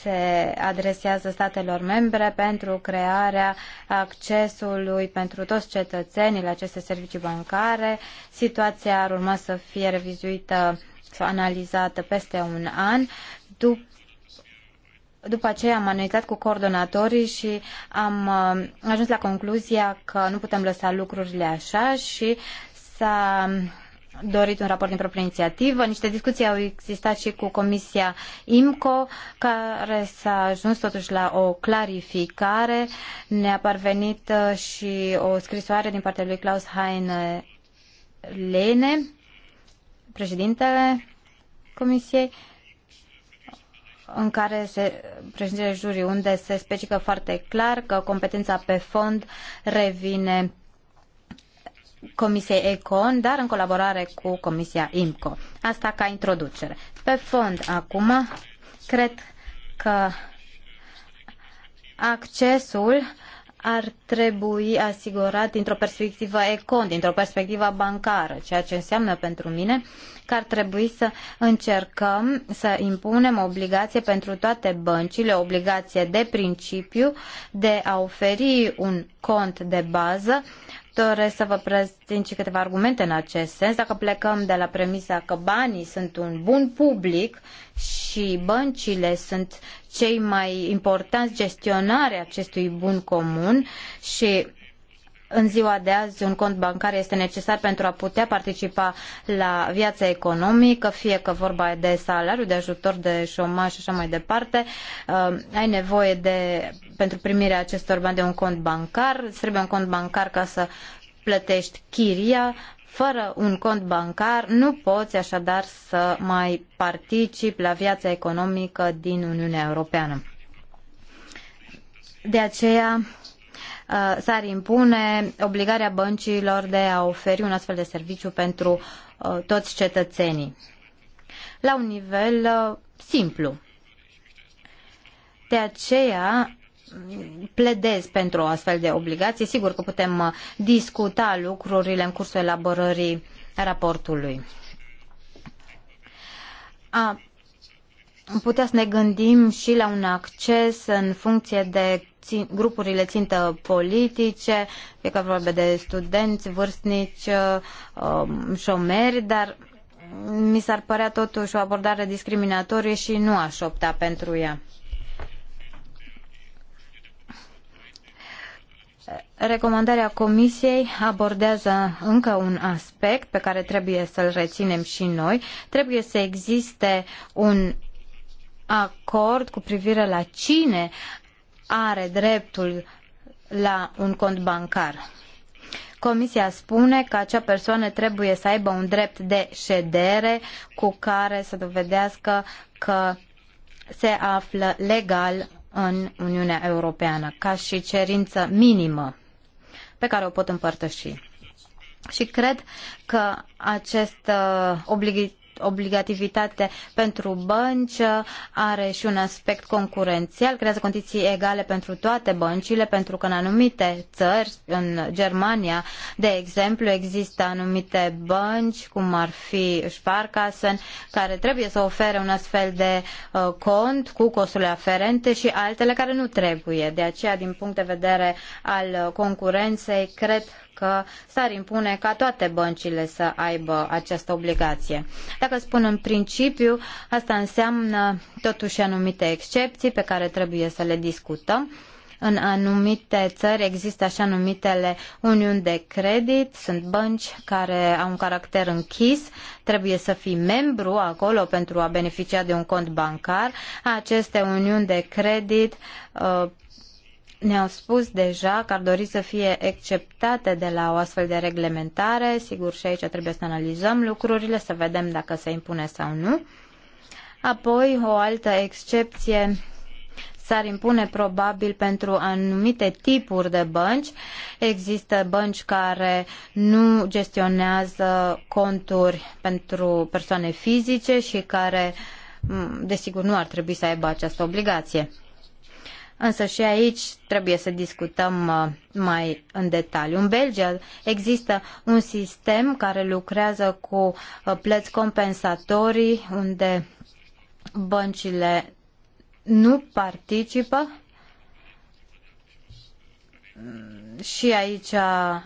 se adresează statelor membre pentru crearea accesului pentru toți cetățenii la aceste servicii bancare. Situația ar urma să fie revizuită sau analizată peste un an. După după aceea am analizat cu coordonatorii și am uh, ajuns la concluzia că nu putem lăsa lucrurile așa și s-a dorit un raport din proprie inițiativă. Niște discuții au existat și cu Comisia IMCO, care s-a ajuns totuși la o clarificare. Ne-a parvenit uh, și o scrisoare din partea lui Klaus Heine, uh, Lene, președintele Comisiei, în care se, președintele juriu unde se specifică foarte clar că competența pe fond revine Comisiei Econ, dar în colaborare cu Comisia IMCO. Asta ca introducere. Pe fond, acum, cred că accesul ar trebui asigurat dintr-o perspectivă econ, dintr-o perspectivă bancară, ceea ce înseamnă pentru mine că ar trebui să încercăm să impunem obligație pentru toate băncile, obligație de principiu de a oferi un cont de bază Doresc să vă prezint și câteva argumente în acest sens. Dacă plecăm de la premisa că banii sunt un bun public și băncile sunt cei mai importanți gestionare acestui bun comun și în ziua de azi un cont bancar este necesar pentru a putea participa la viața economică, fie că vorba e de salariu, de ajutor de șomaj și așa mai departe, uh, ai nevoie de pentru primirea acestor bani de un cont bancar, îți trebuie un cont bancar ca să plătești chiria, fără un cont bancar nu poți așadar să mai participi la viața economică din Uniunea Europeană. De aceea uh, s-ar impune obligarea băncilor de a oferi un astfel de serviciu pentru uh, toți cetățenii, la un nivel uh, simplu. De aceea pledez pentru o astfel de obligație. Sigur că putem uh, discuta lucrurile în cursul elaborării raportului. A putea să ne gândim și la un acces în funcție de țin, grupurile țintă politice, fie că vorbe de studenți, vârstnici, uh, um, șomeri, dar mi s-ar părea totuși o abordare discriminatorie și nu aș opta pentru ea. Recomandarea Comisiei abordează încă un aspect pe care trebuie să-l reținem și noi. Trebuie să existe un acord cu privire la cine are dreptul la un cont bancar. Comisia spune că acea persoană trebuie să aibă un drept de ședere cu care să dovedească că se află legal în Uniunea Europeană, ca și cerință minimă pe care o pot împărtăși. Și cred că acest uh, obligație obligativitate pentru bănci, are și un aspect concurențial, creează condiții egale pentru toate băncile, pentru că în anumite țări, în Germania, de exemplu, există anumite bănci, cum ar fi Sparkassen, care trebuie să ofere un astfel de uh, cont cu costurile aferente și altele care nu trebuie. De aceea, din punct de vedere al concurenței, cred că s-ar impune ca toate băncile să aibă această obligație. Dacă spun în principiu, asta înseamnă totuși anumite excepții pe care trebuie să le discutăm. În anumite țări există așa numitele uniuni de credit, sunt bănci care au un caracter închis, trebuie să fii membru acolo pentru a beneficia de un cont bancar. Aceste uniuni de credit uh, ne-au spus deja că ar dori să fie exceptate de la o astfel de reglementare. Sigur, și aici trebuie să analizăm lucrurile, să vedem dacă se impune sau nu. Apoi, o altă excepție s-ar impune probabil pentru anumite tipuri de bănci. Există bănci care nu gestionează conturi pentru persoane fizice și care, desigur, nu ar trebui să aibă această obligație. Însă și aici trebuie să discutăm uh, mai în detaliu. În Belgia există un sistem care lucrează cu uh, plăți compensatorii unde băncile nu participă și aici uh,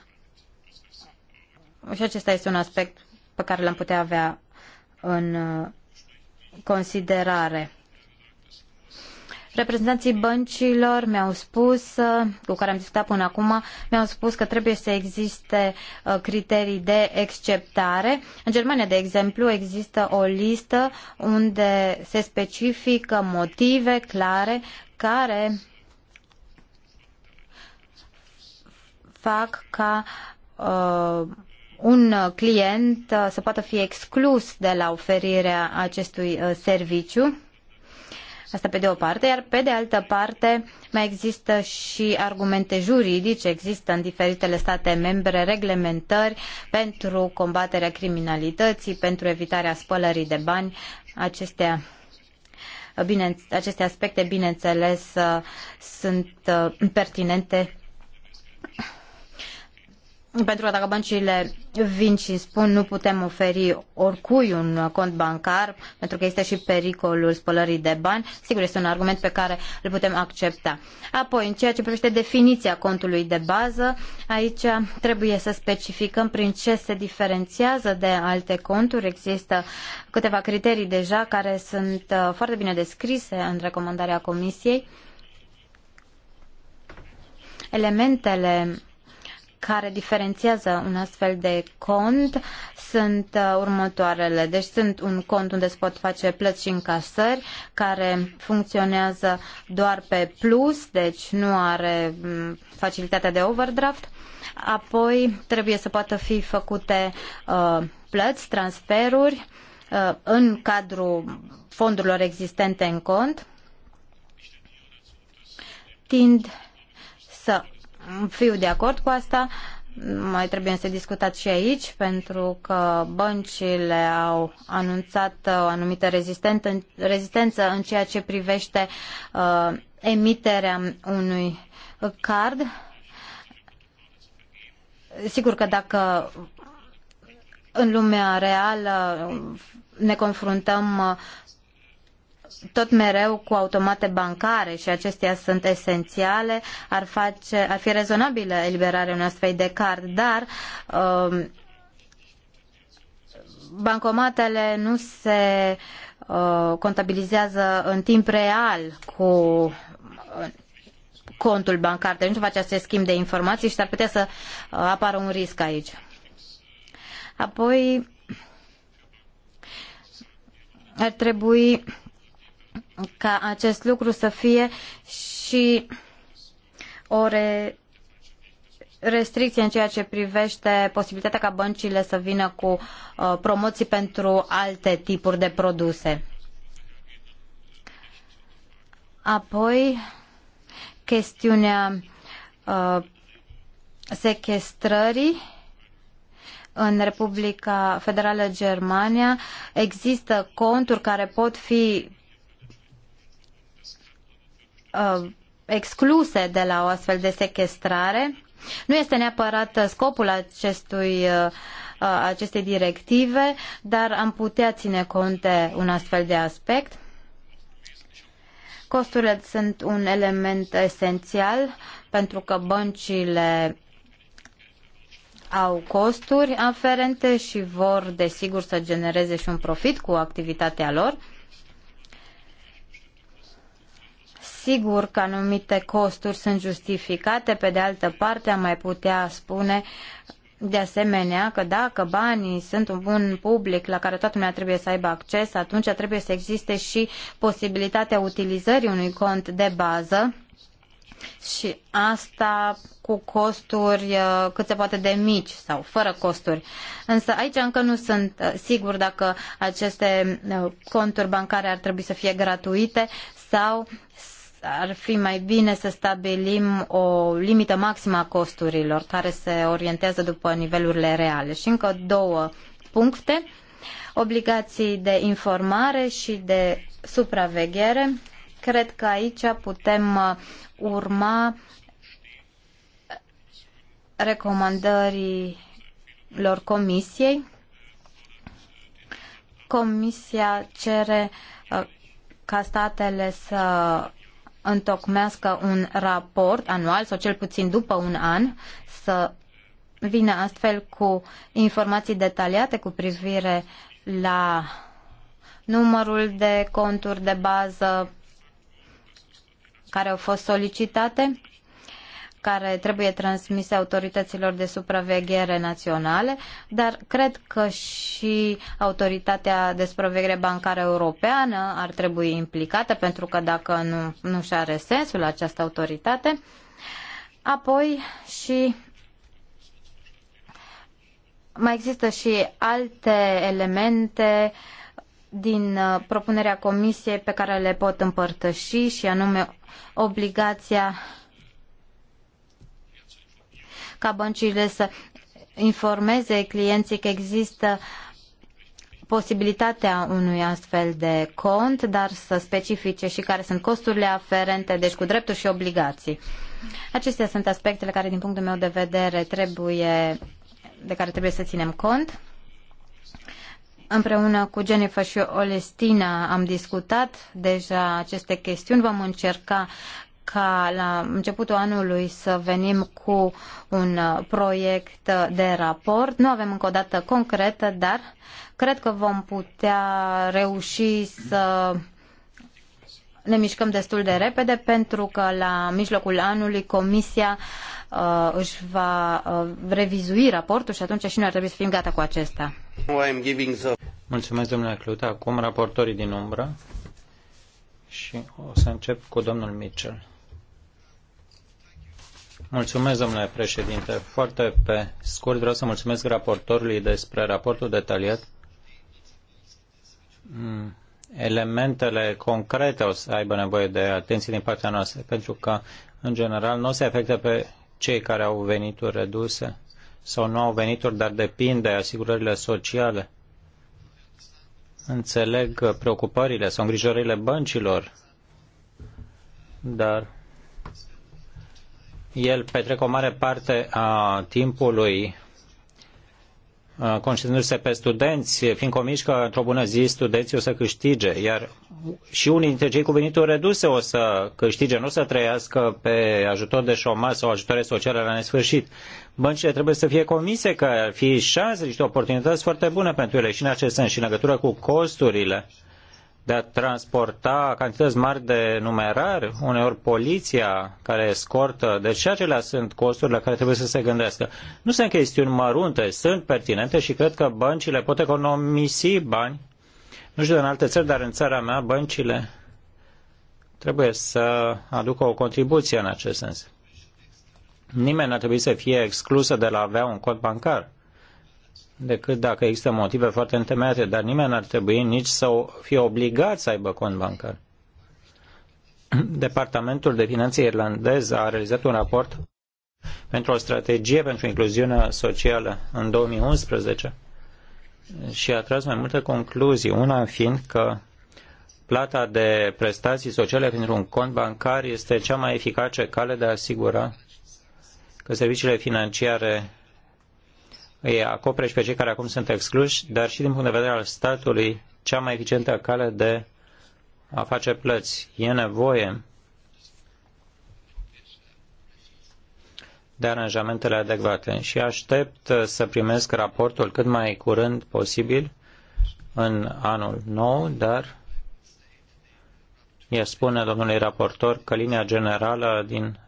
și acesta este un aspect pe care l-am putea avea în considerare. Reprezentanții băncilor mi-au spus, uh, cu care am discutat până acum, mi-au spus că trebuie să existe uh, criterii de exceptare. În Germania, de exemplu, există o listă unde se specifică motive clare care fac ca uh, un client să poată fi exclus de la oferirea acestui serviciu. Asta pe de o parte, iar pe de altă parte mai există și argumente juridice, există în diferitele state membre reglementări pentru combaterea criminalității, pentru evitarea spălării de bani. Acestea Bine, aceste aspecte, bineînțeles, sunt uh, pertinente pentru că dacă băncile vin și spun nu putem oferi oricui un cont bancar, pentru că este și pericolul spălării de bani, sigur este un argument pe care îl putem accepta. Apoi, în ceea ce privește definiția contului de bază, aici trebuie să specificăm prin ce se diferențiază de alte conturi. Există câteva criterii deja care sunt uh, foarte bine descrise în recomandarea Comisiei. Elementele care diferențiază un astfel de cont sunt uh, următoarele. Deci sunt un cont unde se pot face plăți și încasări care funcționează doar pe plus, deci nu are mm, facilitatea de overdraft. Apoi trebuie să poată fi făcute uh, plăți, transferuri uh, în cadrul fondurilor existente în cont. Tind să fiu de acord cu asta. Mai trebuie să discutat și aici, pentru că băncile au anunțat uh, o anumită rezistență în ceea ce privește uh, emiterea unui card. Sigur că dacă în lumea reală ne confruntăm uh, tot mereu cu automate bancare și acestea sunt esențiale, ar, face, ar fi rezonabilă eliberarea unui astfel de card, dar um, bancomatele nu se uh, contabilizează în timp real cu uh, contul bancar, deci nu face acest schimb de informații și ar putea să uh, apară un risc aici. Apoi ar trebui ca acest lucru să fie și o re- restricție în ceea ce privește posibilitatea ca băncile să vină cu uh, promoții pentru alte tipuri de produse. Apoi, chestiunea uh, sequestrării în Republica Federală Germania există conturi care pot fi uh, excluse de la o astfel de sequestrare. Nu este neapărat scopul acestui, uh, uh, acestei directive, dar am putea ține cont de un astfel de aspect. Costurile sunt un element esențial pentru că băncile au costuri aferente și vor, desigur, să genereze și un profit cu activitatea lor. Sigur că anumite costuri sunt justificate, pe de altă parte am mai putea spune de asemenea că dacă banii sunt un bun public la care toată lumea trebuie să aibă acces, atunci trebuie să existe și posibilitatea utilizării unui cont de bază și asta cu costuri uh, cât se poate de mici sau fără costuri. Însă aici încă nu sunt uh, sigur dacă aceste uh, conturi bancare ar trebui să fie gratuite sau ar fi mai bine să stabilim o limită maximă a costurilor care se orientează după nivelurile reale. Și încă două puncte, obligații de informare și de supraveghere. Cred că aici putem uh, urma uh, recomandărilor comisiei. Comisia cere uh, ca statele să întocmească un raport anual sau cel puțin după un an să vină astfel cu informații detaliate cu privire la numărul de conturi de bază care au fost solicitate care trebuie transmise autorităților de supraveghere naționale, dar cred că și autoritatea de supraveghere bancară europeană ar trebui implicată, pentru că dacă nu, nu și are sensul această autoritate, apoi și mai există și alte elemente din uh, propunerea comisiei pe care le pot împărtăși și anume obligația ca băncile să informeze clienții că există posibilitatea unui astfel de cont, dar să specifice și care sunt costurile aferente, deci cu drepturi și obligații. Acestea sunt aspectele care, din punctul meu de vedere, trebuie, de care trebuie să ținem cont. Împreună cu Jennifer și Olestina am discutat deja aceste chestiuni. Vom încerca ca la începutul anului să venim cu un uh, proiect uh, de raport. Nu avem încă o dată concretă, dar cred că vom putea reuși să ne mișcăm destul de repede pentru că la mijlocul anului Comisia uh, își va uh, revizui raportul și atunci și noi ar trebui să fim gata cu acesta. Mulțumesc, domnule Clute. Acum raportorii din umbră și o să încep cu domnul Mitchell. Mulțumesc, domnule președinte. Foarte pe scurt vreau să mulțumesc raportorului despre raportul detaliat. Mm, elementele concrete o să aibă nevoie de atenție din partea noastră, pentru că, în general, nu se afectă pe cei care au venituri reduse sau nu au venituri, dar depinde de asigurările sociale. Înțeleg preocupările sau îngrijorările băncilor, dar el petrece o mare parte a timpului uh, concentrându-se pe studenți, fiind convinși că într-o bună zi studenții o să câștige, iar și unii dintre cei cu venituri reduse o să câștige, nu o să trăiască pe ajutor de șomaj sau ajutoare sociale la nesfârșit. Băncile trebuie să fie convinse că ar fi șanse, niște oportunități foarte bune pentru ele și în acest sens și în legătură cu costurile de a transporta cantități mari de numerar, uneori poliția care escortă, deci și acelea sunt costuri la care trebuie să se gândească. Nu sunt chestiuni mărunte, sunt pertinente și cred că băncile pot economisi bani. Nu știu în alte țări, dar în țara mea băncile trebuie să aducă o contribuție în acest sens. Nimeni nu ar trebui să fie exclusă de la a avea un cont bancar decât dacă există motive foarte întemeiate, dar nimeni n-ar trebui nici să fie obligat să aibă cont bancar. Departamentul de Finanțe irlandez a realizat un raport pentru o strategie pentru incluziunea socială în 2011 și a tras mai multe concluzii, una fiind că plata de prestații sociale pentru un cont bancar este cea mai eficace cale de a asigura că serviciile financiare îi acopere și pe cei care acum sunt excluși, dar și din punct de vedere al statului, cea mai eficientă cale de a face plăți. E nevoie de aranjamentele adecvate și aștept să primesc raportul cât mai curând posibil în anul nou, dar el spune domnului raportor că linia generală din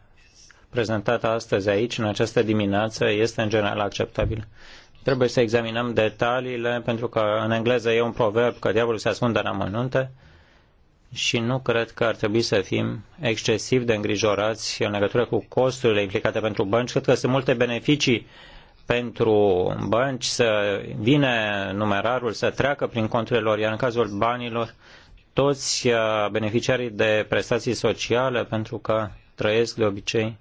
prezentată astăzi aici, în această dimineață, este în general acceptabilă. Trebuie să examinăm detaliile, pentru că în engleză e un proverb că diavolul se ascunde în mănunte și nu cred că ar trebui să fim excesiv de îngrijorați în legătură cu costurile implicate pentru bănci. Cred că sunt multe beneficii pentru bănci să vină numerarul, să treacă prin conturile lor, iar în cazul banilor, toți uh, beneficiarii de prestații sociale, pentru că trăiesc de obicei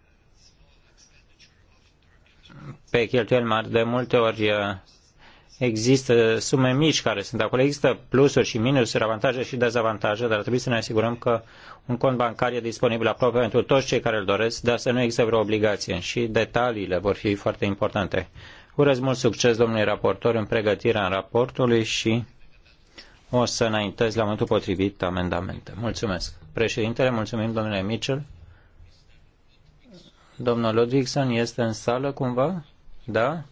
pe cheltuieli mari. De multe ori uh, există sume mici care sunt acolo. Există plusuri și minusuri, avantaje și dezavantaje, dar trebuie să ne asigurăm că un cont bancar e disponibil aproape pentru toți cei care îl doresc, dar să nu există vreo obligație și detaliile vor fi foarte importante. Urez mult succes domnului raportor în pregătirea raportului și o să înaintez la momentul potrivit amendamente. Mulțumesc. Președintele, mulțumim domnule Mitchell. Domnul Ludvigson este în sală cumva? Da?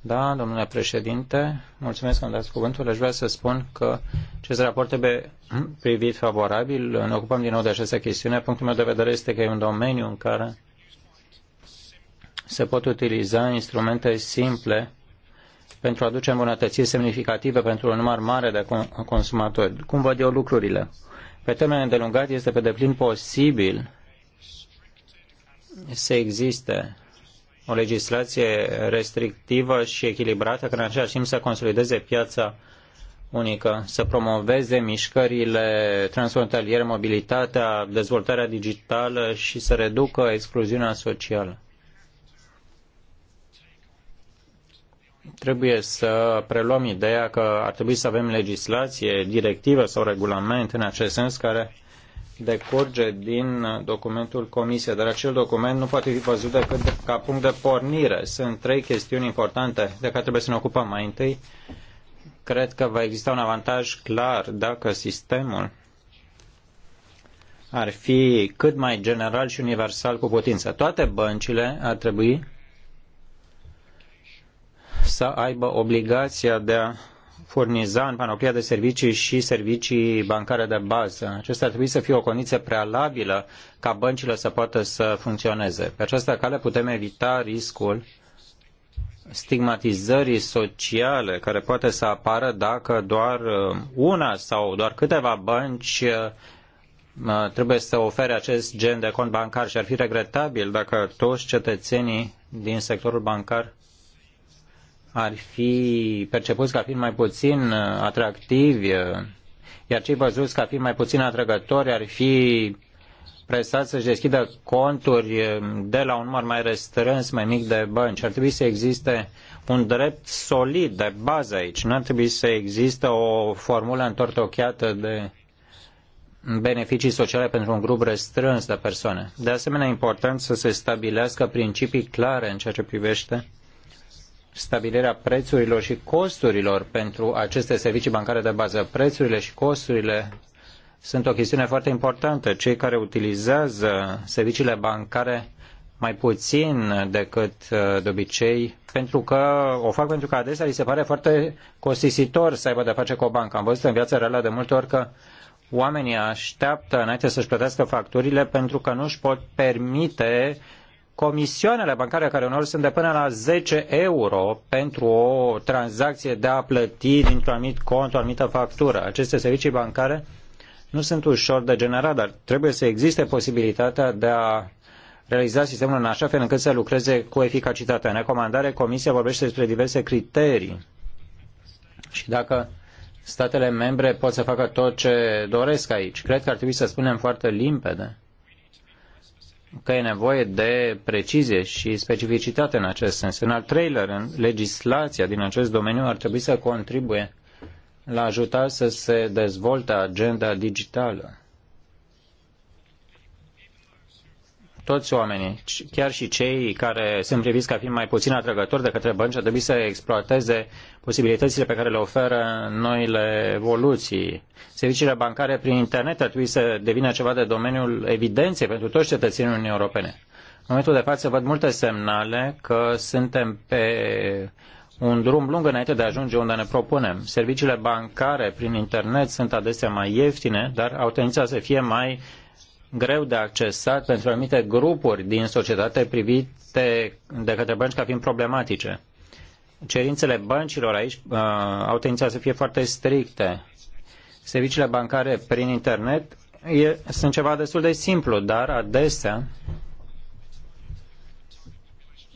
Da, domnule președinte, mulțumesc că îmi dați cuvântul. Aș vrea să spun că acest raport trebuie privit favorabil. Ne ocupăm din nou de această chestiune. Punctul meu de vedere este că e un domeniu în care se pot utiliza instrumente simple pentru a aduce îmbunătățiri semnificative pentru un număr mare de consumatori. Cum văd eu lucrurile? Pe termen îndelungat este pe deplin posibil să existe o legislație restrictivă și echilibrată care în același timp să consolideze piața unică, să promoveze mișcările transfrontaliere, mobilitatea, dezvoltarea digitală și să reducă excluziunea socială. trebuie să preluăm ideea că ar trebui să avem legislație, directivă sau regulament în acest sens care decurge din documentul Comisiei, dar acel document nu poate fi văzut decât ca punct de pornire. Sunt trei chestiuni importante de care trebuie să ne ocupăm mai întâi. Cred că va exista un avantaj clar dacă sistemul ar fi cât mai general și universal cu putință. Toate băncile ar trebui să aibă obligația de a furniza în panoplia de servicii și servicii bancare de bază. Acesta ar trebui să fie o condiție prealabilă ca băncile să poată să funcționeze. Pe această cale putem evita riscul stigmatizării sociale care poate să apară dacă doar uh, una sau doar câteva bănci uh, uh, trebuie să ofere acest gen de cont bancar și ar fi regretabil dacă toți cetățenii din sectorul bancar ar fi percepuți ca fiind mai puțin uh, atractivi, uh, iar cei văzuți ca fiind mai puțin atrăgători ar fi prestați să-și deschidă conturi uh, de la un număr mai restrâns, mai mic de bănci. Ar trebui să existe un drept solid de bază aici. Nu ar trebui să existe o formulă întortocheată de beneficii sociale pentru un grup restrâns de persoane. De asemenea, important să se stabilească principii clare în ceea ce privește stabilirea prețurilor și costurilor pentru aceste servicii bancare de bază. Prețurile și costurile sunt o chestiune foarte importantă. Cei care utilizează serviciile bancare mai puțin decât uh, de obicei, pentru că o fac pentru că adesea li se pare foarte costisitor să aibă de face cu o bancă. Am văzut în viața reală de multe ori că oamenii așteaptă înainte să-și plătească facturile pentru că nu își pot permite comisioanele bancare care uneori sunt de până la 10 euro pentru o tranzacție de a plăti dintr-un anumit cont, o anumită factură. Aceste servicii bancare nu sunt ușor de generat, dar trebuie să existe posibilitatea de a realiza sistemul în așa fel încât să lucreze cu eficacitate. În recomandare, Comisia vorbește despre diverse criterii și dacă statele membre pot să facă tot ce doresc aici. Cred că ar trebui să spunem foarte limpede că e nevoie de precizie și specificitate în acest sens. În al treilea rând, legislația din acest domeniu ar trebui să contribuie la ajuta să se dezvolte agenda digitală. toți oamenii, chiar și cei care sunt priviți ca fiind mai puțin atrăgători de către bănci, ar trebui să exploateze posibilitățile pe care le oferă noile evoluții. Serviciile bancare prin internet ar trebui să devină ceva de domeniul evidenței pentru toți cetățenii Uniunii Europene. În momentul de față văd multe semnale că suntem pe un drum lung înainte de a ajunge unde ne propunem. Serviciile bancare prin internet sunt adesea mai ieftine, dar au tendința să fie mai greu de accesat pentru anumite grupuri din societate privite de către bănci ca fiind problematice. Cerințele băncilor aici uh, au tendința să fie foarte stricte. Serviciile bancare prin internet e, sunt ceva destul de simplu, dar adesea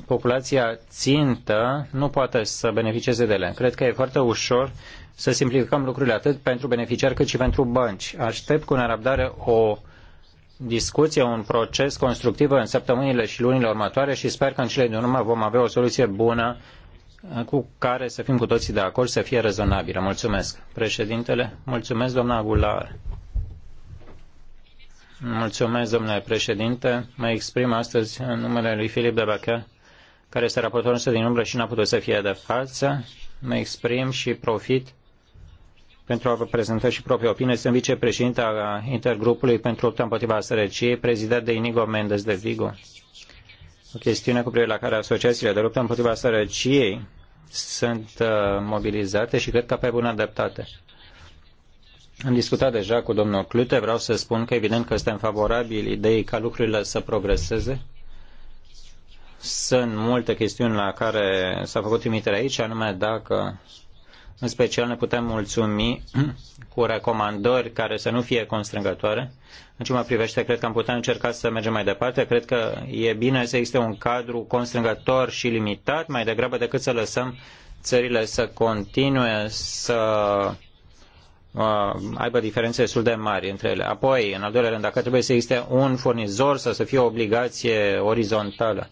populația țintă nu poate să beneficieze de ele. Cred că e foarte ușor să simplificăm lucrurile atât pentru beneficiari cât și pentru bănci. Aștept cu nerăbdare o discuție, un proces constructiv în săptămânile și lunile următoare și sper că în cele din urmă vom avea o soluție bună cu care să fim cu toții de acord, să fie rezonabilă. Mulțumesc. Președintele, mulțumesc, doamna Aguilar. Mulțumesc, domnule președinte. Mă exprim astăzi în numele lui Filip de Bacăr, care este raportorul nostru din umbră și n-a putut să fie de față. Mă exprim și profit pentru a vă prezenta și propria opinie. Sunt vicepreședinte al intergrupului pentru lupta împotriva sărăciei, prezidat de Inigo Mendes de Vigo. O chestiune cu privire la care asociațiile de luptă împotriva sărăciei sunt uh, mobilizate și cred că pe bună adaptate. Am discutat deja cu domnul Clute, vreau să spun că evident că suntem favorabili ideii ca lucrurile să progreseze. Sunt multe chestiuni la care s-a făcut trimitere aici, anume dacă în special ne putem mulțumi cu recomandări care să nu fie constrângătoare. În ce mă privește, cred că am putea încerca să mergem mai departe. Cred că e bine să existe un cadru constrângător și limitat, mai degrabă decât să lăsăm țările să continue să uh, aibă diferențe destul de mari între ele. Apoi, în al doilea rând, dacă trebuie să existe un furnizor sau să fie o obligație orizontală.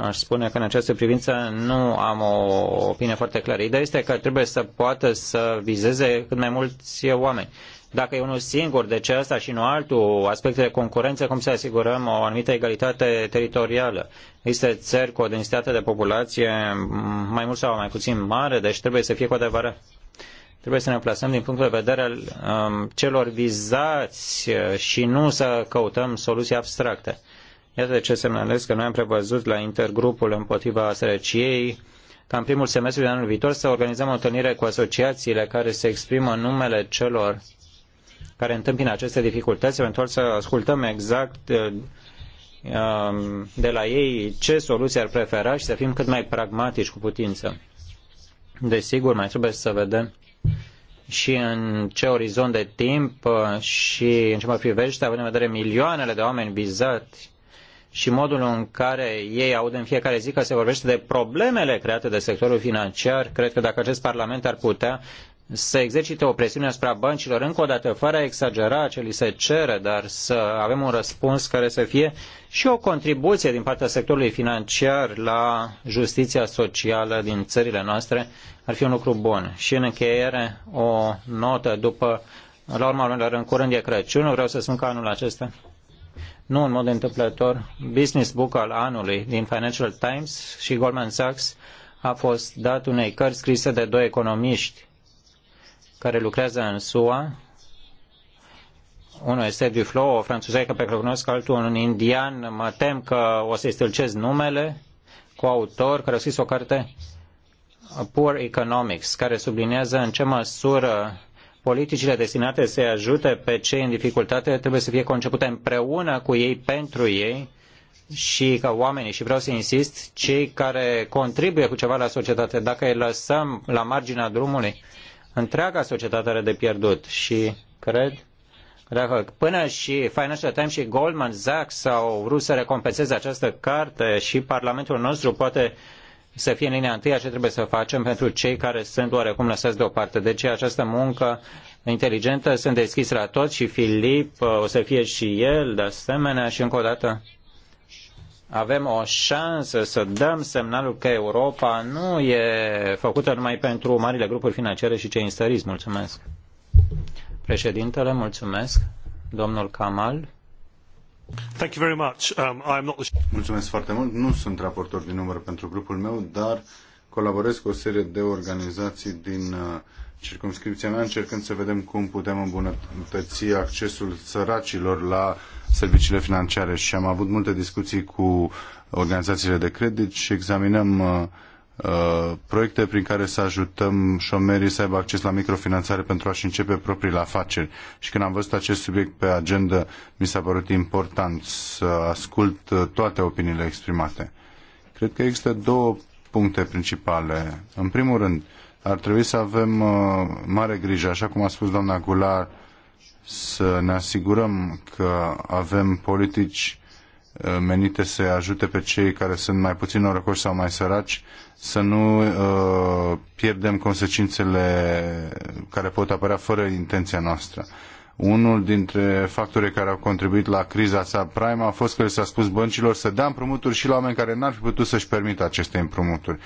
Aș spune că în această privință nu am o opinie foarte clară. Ideea este că trebuie să poată să vizeze cât mai mulți oameni. Dacă e unul singur, de ce asta și nu altul? Aspecte de concurență, cum să asigurăm o anumită egalitate teritorială? Este țări cu o densitate de populație mai mult sau mai puțin mare, deci trebuie să fie cu adevărat trebuie să ne plasăm din punct de vedere al um, celor vizați și nu să căutăm soluții abstracte. Iată de ce semnalez că noi am prevăzut la intergrupul împotriva sărăciei ca în primul semestru din anul viitor să organizăm o întâlnire cu asociațiile care se exprimă în numele celor care întâmpină aceste dificultăți, eventual să ascultăm exact uh, um, de la ei ce soluții ar prefera și să fim cât mai pragmatici cu putință. Desigur, mai trebuie să vedem și în ce orizont de timp uh, și în ce mă privește, având în vedere milioanele de oameni vizați și modul în care ei aud în fiecare zi că se vorbește de problemele create de sectorul financiar, cred că dacă acest Parlament ar putea să exercite o presiune asupra băncilor, încă o dată, fără a exagera ce li se cere, dar să avem un răspuns care să fie și o contribuție din partea sectorului financiar la justiția socială din țările noastre, ar fi un lucru bun. Și în încheiere, o notă după, la urma urmelor, în curând e Crăciun, vreau să spun că anul acesta nu în mod întâmplător, business book al anului din Financial Times și Goldman Sachs a fost dat unei cărți scrise de doi economiști care lucrează în SUA. Unul este Duflo, o franțuzeică pe care o cunosc, altul un indian. Mă tem că o să-i stâlcez numele cu autor care a scris o carte Poor Economics, care subliniază în ce măsură politicile destinate să ajute pe cei în dificultate trebuie să fie concepute împreună cu ei, pentru ei și ca oamenii, și vreau să insist, cei care contribuie cu ceva la societate, dacă îi lăsăm la marginea drumului, întreaga societate are de pierdut și cred dacă până și Financial Times și Goldman Sachs au vrut să recompenseze această carte și Parlamentul nostru poate uh, să fie în linia întâi ce trebuie să facem pentru cei care sunt oarecum lăsați deoparte. Deci această muncă inteligentă sunt deschis la toți și Filip uh, o să fie și el de asemenea și încă o dată avem o șansă să dăm semnalul că Europa nu e făcută numai pentru marile grupuri financiare și cei înstăriți. Mulțumesc. Președintele, mulțumesc. Domnul Kamal. Mulțumesc foarte mult. Nu sunt raportor din număr pentru grupul meu, dar colaborez cu o serie de organizații din uh, circumscripția mea, încercând să vedem cum putem îmbunătăți accesul săracilor la serviciile financiare și am avut multe discuții cu organizațiile de credit și examinăm uh, Uh, proiecte prin care să ajutăm șomerii să aibă acces la microfinanțare pentru a-și începe propriile afaceri. Și când am văzut acest subiect pe agenda, mi s-a părut important să ascult uh, toate opiniile exprimate. Cred că există două puncte principale. În primul rând, ar trebui să avem uh, mare grijă, așa cum a spus doamna Gular, să ne asigurăm că avem politici Uh, menite să ajute pe cei care sunt mai puțin norocoși sau mai săraci să nu uh, pierdem consecințele care pot apărea fără intenția noastră. Unul dintre factorii care au contribuit la criza sa prime a fost că le s-a spus băncilor să dea împrumuturi și la oameni care n-ar fi putut să-și permită aceste împrumuturi.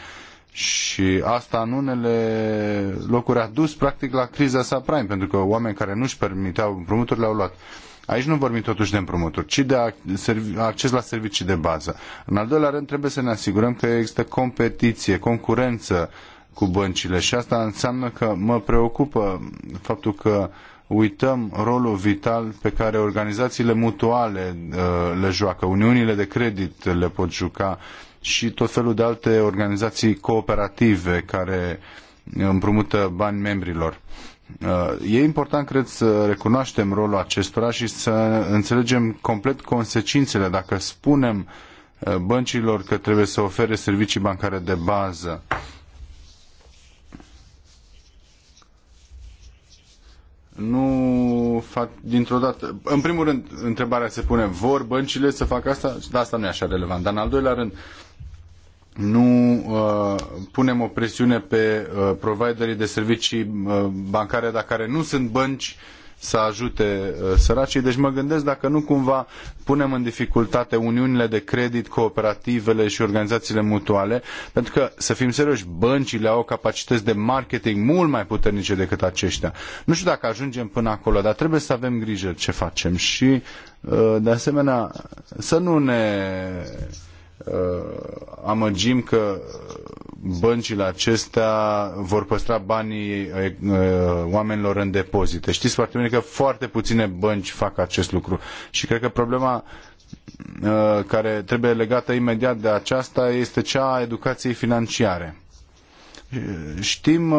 Și asta în unele locuri a dus practic la criza sa prime, pentru că oameni care nu-și permiteau le au luat. Uh, Aici nu vorbim totuși de împrumuturi, ci de acces la servicii de bază. În al doilea rând, trebuie să ne asigurăm că există competiție, concurență cu băncile și asta înseamnă că mă preocupă faptul că uităm rolul vital pe care organizațiile mutuale uh, le joacă, uniunile de credit le pot juca și tot felul de alte organizații cooperative care împrumută bani membrilor. Uh, e important, cred, să recunoaștem rolul acestora și să înțelegem complet consecințele dacă spunem uh, băncilor că trebuie să ofere servicii bancare de bază. Nu fac dintr-o dată. În primul rând, întrebarea se pune, vor băncile să facă asta? Da, asta nu e așa relevant. Dar în al doilea rând, nu uh, punem o presiune pe uh, providerii de servicii uh, bancare, dar care nu sunt bănci, să ajute uh, săracii. Deci mă gândesc dacă nu cumva punem în dificultate uniunile de credit, cooperativele și organizațiile mutuale, pentru că, să fim serioși, băncile au capacități de marketing mult mai puternice decât aceștia. Nu știu dacă ajungem până acolo, dar trebuie să avem grijă ce facem și, uh, de asemenea, să nu ne Uh, amăgim că băncile acestea vor păstra banii uh, uh, oamenilor în depozite. Știți foarte bine că foarte puține bănci fac acest lucru și cred că problema care trebuie legată imediat de aceasta este cea a educației financiare. Știm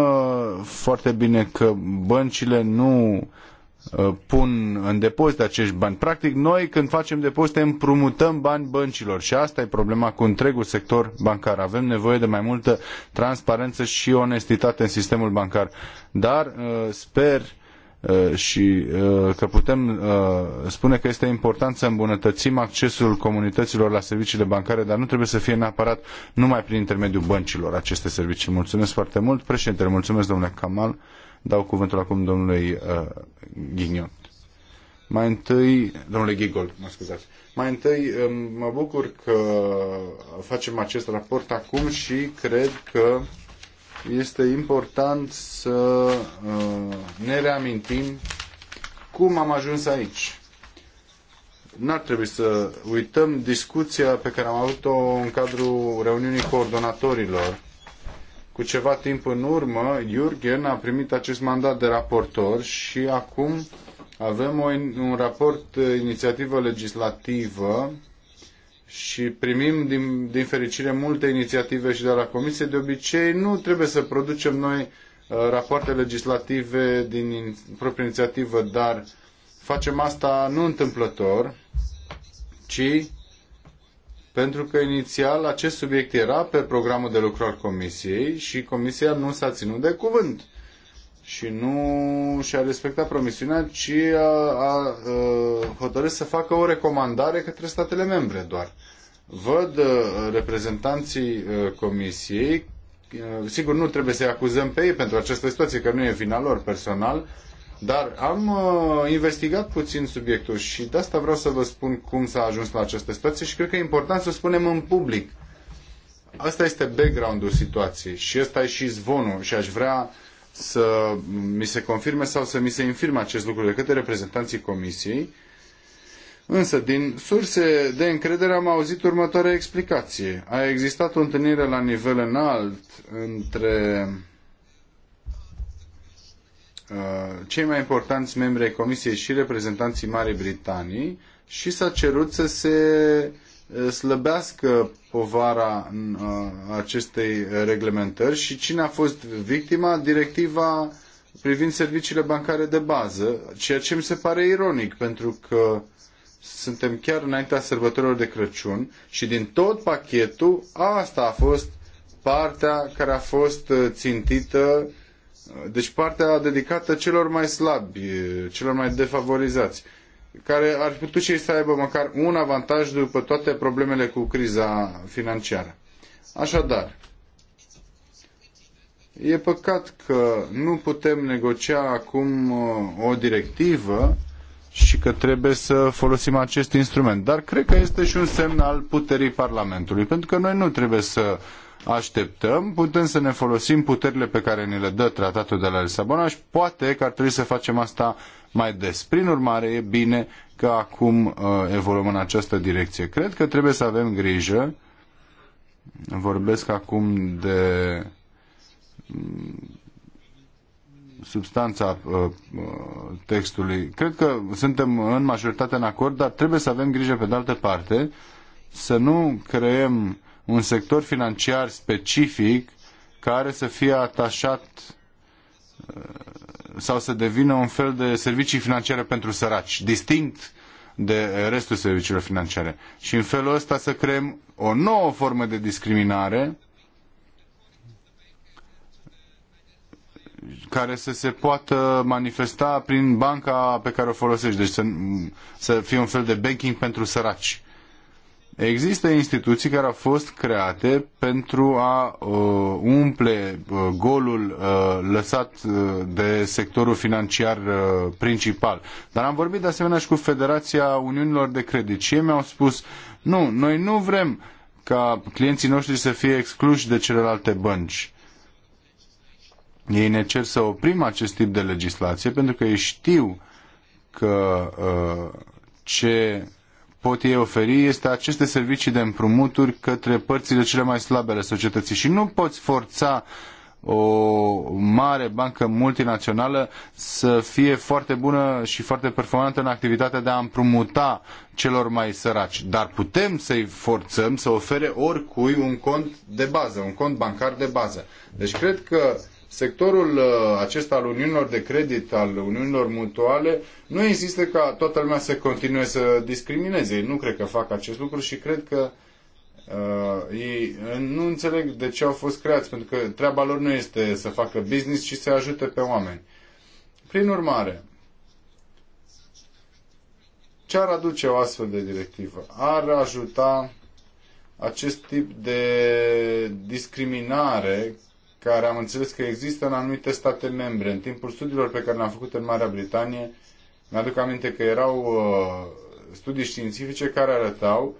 foarte bine că băncile nu Uh, pun în depozit acești bani. Practic, noi când facem depozite împrumutăm bani băncilor și asta e problema cu întregul sector bancar. Avem nevoie de mai multă transparență și onestitate în sistemul bancar. Dar uh, sper uh, și că putem spune că este important să îmbunătățim accesul comunităților la serviciile bancare, dar nu trebuie să fie neapărat numai prin intermediul băncilor aceste servicii. Mulțumesc foarte mult, președintele, mulțumesc domnule Kamal. Dau cuvântul acum domnului uh, Ghignon. Mai întâi, domnule Gigol, mă scuzați. Mai întâi, um, mă bucur că facem acest raport acum și cred că este important să uh, ne reamintim cum am ajuns aici. N-ar trebui să uităm discuția pe care am avut-o în cadrul reuniunii coordonatorilor cu ceva timp în urmă, Jürgen a primit acest mandat de raportor și acum avem o, un raport uh, inițiativă legislativă și primim din, din fericire multe inițiative și de la Comisie. De obicei nu trebuie să producem noi uh, rapoarte legislative din proprie inițiativă, dar facem asta nu întâmplător, ci pentru că inițial acest subiect era pe programul de lucru al Comisiei și Comisia nu s-a ținut de cuvânt și nu și-a respectat promisiunea, ci a, a, a hotărât să facă o recomandare către statele membre doar. Văd uh, reprezentanții uh, Comisiei, uh, sigur nu trebuie să-i acuzăm pe ei pentru această situație, că nu e vina lor personal, dar am uh, investigat puțin subiectul și de asta vreau să vă spun cum s-a ajuns la această situație și cred că e important să spunem în public. Asta este background-ul situației și ăsta e și zvonul și aș vrea să mi se confirme sau să mi se infirme acest lucru de către reprezentanții comisiei. Însă, din surse de încredere am auzit următoarea explicație. A existat o întâlnire la nivel înalt între Uh, cei mai importanți membri ai Comisiei și reprezentanții Marii Britanii și s-a cerut să se uh, slăbească povara uh, acestei reglementări și cine a fost victima? Directiva privind serviciile bancare de bază, ceea ce mi se pare ironic, pentru că suntem chiar înaintea sărbătorilor de Crăciun și din tot pachetul asta a fost partea care a fost țintită deci partea dedicată celor mai slabi, celor mai defavorizați, care ar putea și ei să aibă măcar un avantaj după toate problemele cu criza financiară. Așadar, e păcat că nu putem negocia acum uh, o directivă și că trebuie să folosim acest instrument. Dar cred că este și un semn al puterii Parlamentului, pentru că noi nu trebuie să așteptăm, putem să ne folosim puterile pe care ne le dă tratatul de la Lisabona și poate că ar trebui să facem asta mai des. Prin urmare, e bine că acum uh, evoluăm în această direcție. Cred că trebuie să avem grijă. Vorbesc acum de mm, substanța uh, uh, textului. Cred că suntem în majoritate în acord, dar trebuie să avem grijă pe de altă parte să nu creăm un sector financiar specific care să fie atașat uh, sau să devină un fel de servicii financiare pentru săraci, distinct de restul serviciilor financiare. Și în felul ăsta să creăm o nouă formă de discriminare care să se poată manifesta prin banca pe care o folosești. Deci să, să fie un fel de banking pentru săraci. Există instituții care au fost create pentru a uh, umple uh, golul uh, lăsat uh, de sectorul financiar uh, principal. Dar am vorbit de asemenea și cu Federația Uniunilor de Credit și ei mi-au spus nu, noi nu vrem ca clienții noștri să fie excluși de celelalte bănci. Ei ne cer să oprim acest tip de legislație pentru că ei știu că uh, ce pot ei oferi este aceste servicii de împrumuturi către părțile cele mai slabe ale societății și nu poți forța o mare bancă multinațională să fie foarte bună și foarte performantă în activitatea de a împrumuta celor mai săraci. Dar putem să-i forțăm să ofere oricui un cont de bază, un cont bancar de bază. Deci cred că sectorul uh, acesta al uniunilor de credit, al uniunilor mutuale, nu insistă ca toată lumea să continue să discrimineze. Ei nu cred că fac acest lucru și cred că uh, ei uh, nu înțeleg de ce au fost creați, pentru că treaba lor nu este să facă business, ci să ajute pe oameni. Prin urmare, ce ar aduce o astfel de directivă? Ar ajuta acest tip de discriminare care am înțeles că există în anumite state membre. În timpul studiilor pe care le-am făcut în Marea Britanie, mi-aduc aminte că erau uh, studii științifice care arătau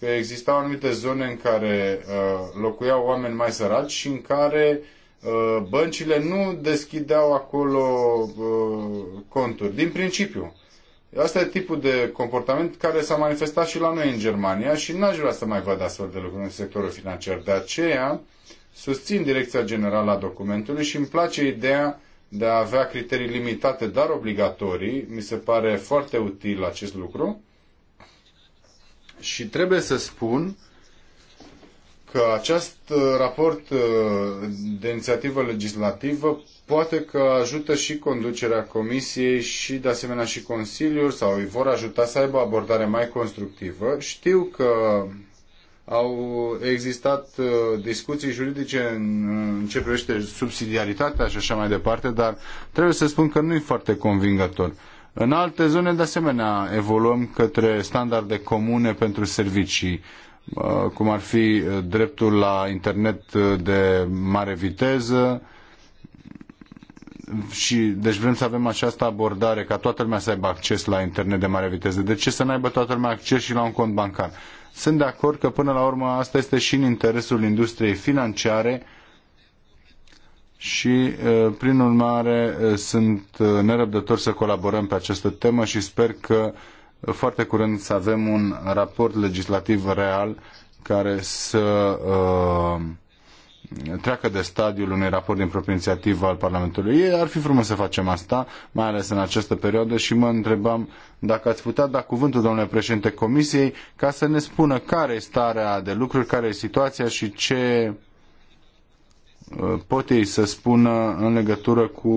că existau anumite zone în care uh, locuiau oameni mai săraci și în care uh, băncile nu deschideau acolo uh, conturi, din principiu. Asta e tipul de comportament care s-a manifestat și la noi în Germania și n-aș vrea să mai văd astfel de lucruri în sectorul financiar. De aceea, uh, Susțin direcția generală a documentului și îmi place ideea de a avea criterii limitate, dar obligatorii. Mi se pare foarte util acest lucru. Și trebuie să spun că acest uh, raport uh, de inițiativă legislativă poate că ajută și conducerea Comisiei și de asemenea și Consiliul sau îi vor ajuta să aibă o abordare mai constructivă. Știu că au existat uh, discuții juridice în, în ce privește subsidiaritatea și așa mai departe, dar trebuie să spun că nu e foarte convingător. În alte zone, de asemenea, evoluăm către standarde comune pentru servicii, uh, cum ar fi uh, dreptul la internet de mare viteză, și deci vrem să avem această abordare ca toată lumea să aibă acces la internet de mare viteză. De ce să n-aibă toată lumea acces și la un cont bancar? Sunt de acord că până la urmă asta este și în interesul industriei financiare și prin urmare sunt nerăbdător să colaborăm pe această temă și sper că foarte curând să avem un raport legislativ real care să uh, treacă de stadiul unui raport din proprie inițiativă al Parlamentului. E, ar fi frumos să facem asta, mai ales în această perioadă și mă întrebam dacă ați putea da cuvântul, domnule președinte Comisiei, ca să ne spună care e starea de lucruri, care e situația și ce uh, pot ei să spună în legătură cu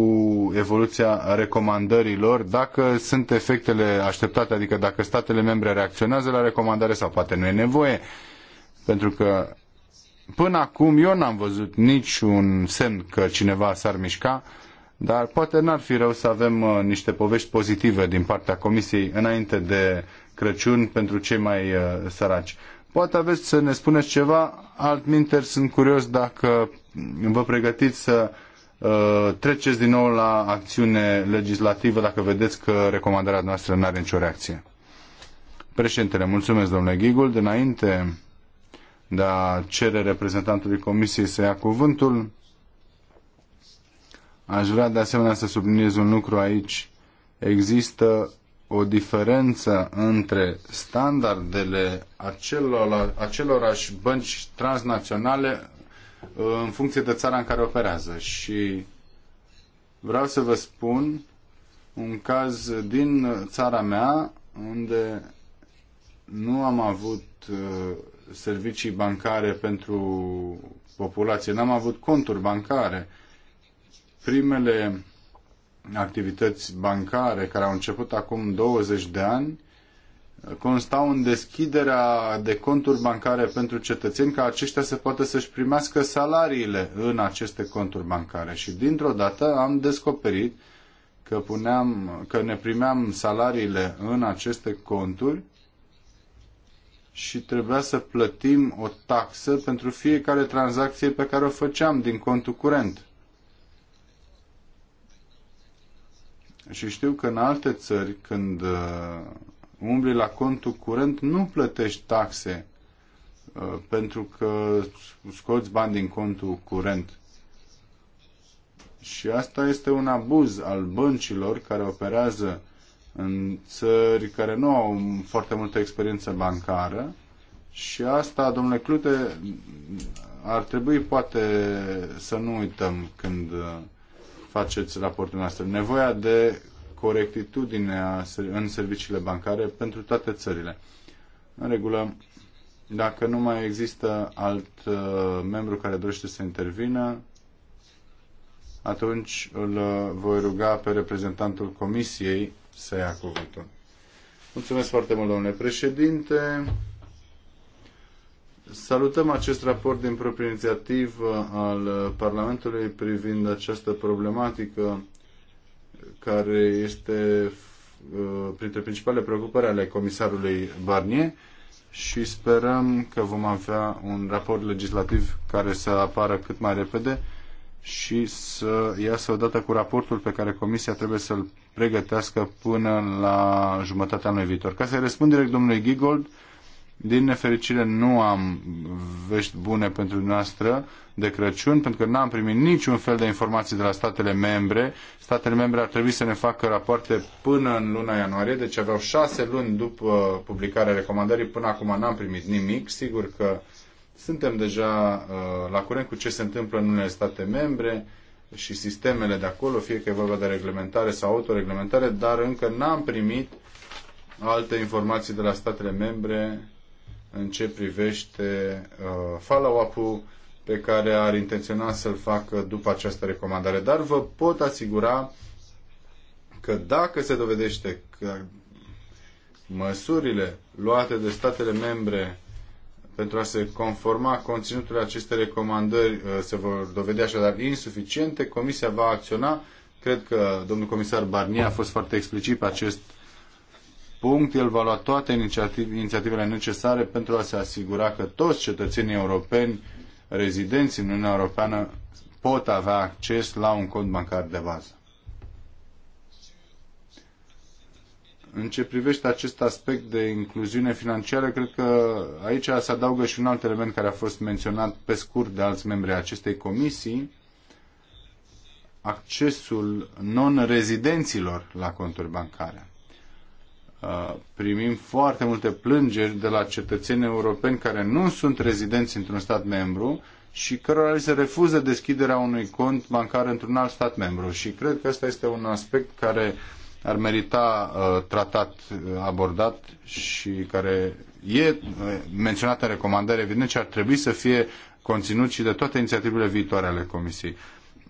evoluția recomandărilor, dacă sunt efectele așteptate, adică dacă statele membre reacționează la recomandare sau poate nu e nevoie, pentru că Până acum eu n-am văzut niciun semn că cineva s-ar mișca, dar poate n-ar fi rău să avem uh, niște povești pozitive din partea Comisiei înainte de Crăciun pentru cei mai uh, săraci. Poate aveți să ne spuneți ceva, altminteri sunt curios dacă vă pregătiți să uh, treceți din nou la acțiune legislativă dacă vedeți că recomandarea noastră nu are nicio reacție. Președintele, mulțumesc domnule Ghigul. Înainte de a cere reprezentantului Comisiei să ia cuvântul. Aș vrea de asemenea să subliniez un lucru aici. Există o diferență între standardele acelor, acelorași bănci transnaționale uh, în funcție de țara în care operează. Și vreau să vă spun un caz din țara mea unde nu am avut uh, servicii bancare pentru populație. N-am avut conturi bancare. Primele activități bancare care au început acum 20 de ani constau în deschiderea de conturi bancare pentru cetățeni ca aceștia să poată să-și primească salariile în aceste conturi bancare. Și dintr-o dată am descoperit că, puneam, că ne primeam salariile în aceste conturi și trebuia să plătim o taxă pentru fiecare tranzacție pe care o făceam din contul curent. Și știu că în alte țări, când uh, umbli la contul curent, nu plătești taxe uh, pentru că scoți bani din contul curent. Și asta este un abuz al băncilor care operează în țări care nu au foarte multă experiență bancară și asta, domnule Clute, ar trebui poate să nu uităm când uh, faceți raportul noastră. Nevoia de corectitudine în serviciile bancare pentru toate țările. În regulă, dacă nu mai există alt uh, membru care dorește să intervină, atunci îl uh, voi ruga pe reprezentantul Comisiei să ia cuvântul. Mulțumesc foarte mult, domnule președinte. Salutăm acest raport din proprie inițiativă al Parlamentului privind această problematică care este uh, printre principalele preocupări ale comisarului Barnier și sperăm că vom avea un raport legislativ care să apară cât mai repede și să iasă odată cu raportul pe care Comisia trebuie să-l pregătească până la jumătatea anului viitor. Ca să răspund direct domnului Gigold, din nefericire nu am vești bune pentru noastră de Crăciun, pentru că n-am primit niciun fel de informații de la statele membre. Statele membre ar trebui să ne facă rapoarte până în luna ianuarie, deci aveau șase luni după publicarea recomandării. Până acum n-am primit nimic. Sigur că suntem deja uh, la curent cu ce se întâmplă în unele state membre și sistemele de acolo, fie că e vorba de reglementare sau autoreglementare, dar încă n-am primit alte informații de la statele membre în ce privește uh, follow-up-ul pe care ar intenționa să-l facă după această recomandare. Dar vă pot asigura că dacă se dovedește că măsurile luate de statele membre pentru a se conforma conținutului acestei recomandări uh, se vor dovedi așadar insuficiente, Comisia va acționa. Cred că domnul comisar Barnier a fost foarte explicit pe acest punct. El va lua toate inițiativele necesare pentru a se asigura că toți cetățenii europeni rezidenți în Uniunea Europeană pot avea acces la un cont bancar de bază. În ce privește acest aspect de incluziune financiară, cred că aici se adaugă și un alt element care a fost menționat pe scurt de alți membri ai acestei comisii, accesul non-rezidenților la conturi bancare. Uh, primim foarte multe plângeri de la cetățeni europeni care nu sunt rezidenți într-un stat membru și cărora li se refuză deschiderea unui cont bancar într-un alt stat membru. Și cred că ăsta este un aspect care uh, ar merita uh, tratat, uh, abordat și care e uh, menționată în recomandare, evident, ce ar trebui să fie conținut și de toate inițiativele viitoare ale Comisiei.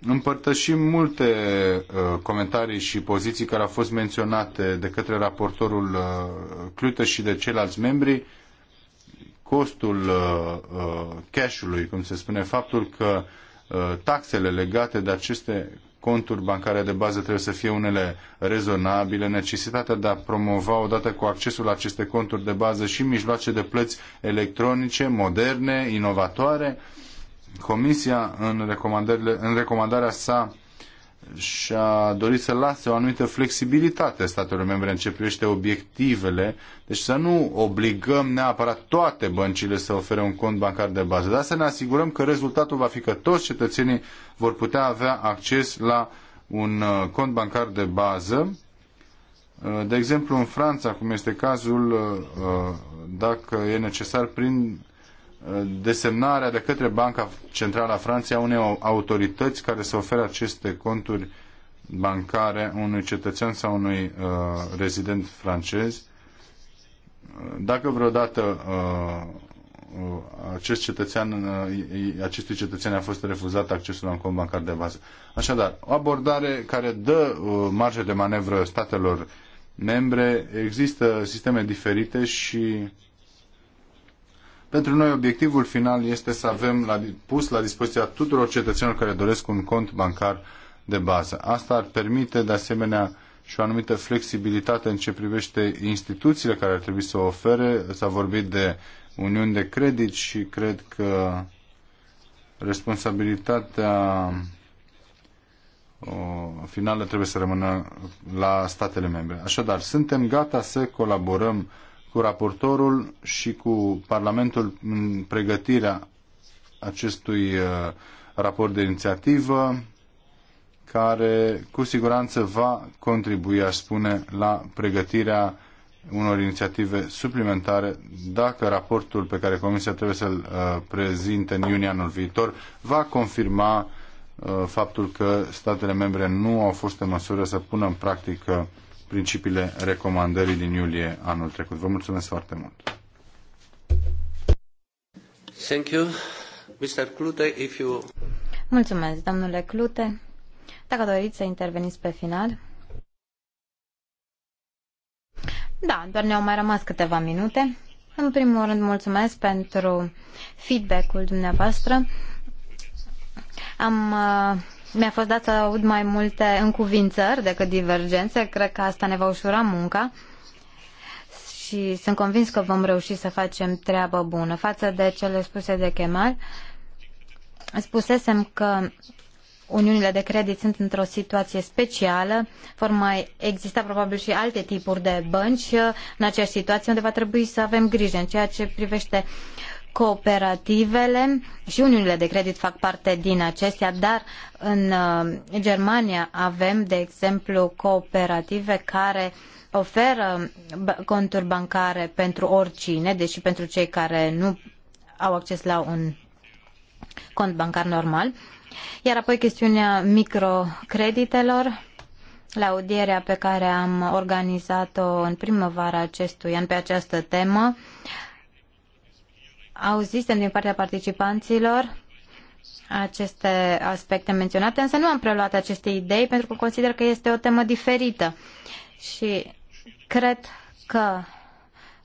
Împărtășim multe uh, comentarii și poziții care au fost menționate de către raportorul uh, Clută și de ceilalți membri. Costul uh, uh, cash-ului, cum se spune, faptul că uh, taxele legate de aceste conturi bancare de bază trebuie să fie unele rezonabile, necesitatea de a promova odată cu accesul la aceste conturi de bază și mijloace de plăți electronice, moderne, inovatoare. Comisia în, recomandările, în recomandarea sa și a dorit să lase o anumită flexibilitate statelor membre în ce privește obiectivele, deci să nu obligăm neapărat toate băncile să ofere un cont bancar de bază, dar să ne asigurăm că rezultatul va fi că toți cetățenii vor putea avea acces la un uh, cont bancar de bază. Uh, de exemplu, în Franța, cum este cazul, uh, dacă e necesar, prin desemnarea de către Banca Centrală a Franței a unei autorități care să ofere aceste conturi bancare unui cetățean sau unui uh, rezident francez. Dacă vreodată uh, uh acest cetățean, uh, acestui cetățean a fost refuzat accesul la un cont bancar de bază. Așadar, o abordare care dă uh, marge de manevră statelor membre, există sisteme diferite și pentru noi, obiectivul final este să avem la, pus la dispoziția tuturor cetățenilor care doresc un cont bancar de bază. Asta ar permite, de asemenea, și o anumită flexibilitate în ce privește instituțiile care ar trebui să o ofere. S-a vorbit de uniuni de credit și cred că responsabilitatea finală trebuie să rămână la statele membre. Așadar, suntem gata să colaborăm cu raportorul și cu Parlamentul în pregătirea acestui uh, raport de inițiativă care cu siguranță va contribui, aș spune, la pregătirea unor inițiative suplimentare dacă raportul pe care Comisia trebuie să-l uh, prezinte în iunie anul viitor va confirma uh, faptul că statele membre nu au fost în măsură să pună în practică principiile recomandării din iulie anul trecut. Vă mulțumesc foarte mult. Thank you. Mr. Clute, if you... Mulțumesc, domnule Clute. Dacă doriți să interveniți pe final. Da, doar ne-au mai rămas câteva minute. În primul rând, mulțumesc pentru feedback-ul dumneavoastră. Am uh, mi-a fost dat să aud mai multe încuvințări decât divergențe. Cred că asta ne va ușura munca și sunt convins că vom reuși să facem treabă bună. Față de cele spuse de Kemal, spusesem că uniunile de credit sunt într-o situație specială, vor mai exista probabil și alte tipuri de bănci în aceeași situație unde va trebui să avem grijă în ceea ce privește Cooperativele și uniunile de credit fac parte din acestea, dar în uh, Germania avem, de exemplu, cooperative care oferă conturi bancare pentru oricine, deși pentru cei care nu au acces la un cont bancar normal. Iar apoi chestiunea microcreditelor. La audierea pe care am organizat-o în primăvara acestui an pe această temă, auzisem din partea participanților aceste aspecte menționate, însă nu am preluat aceste idei pentru că consider că este o temă diferită și cred că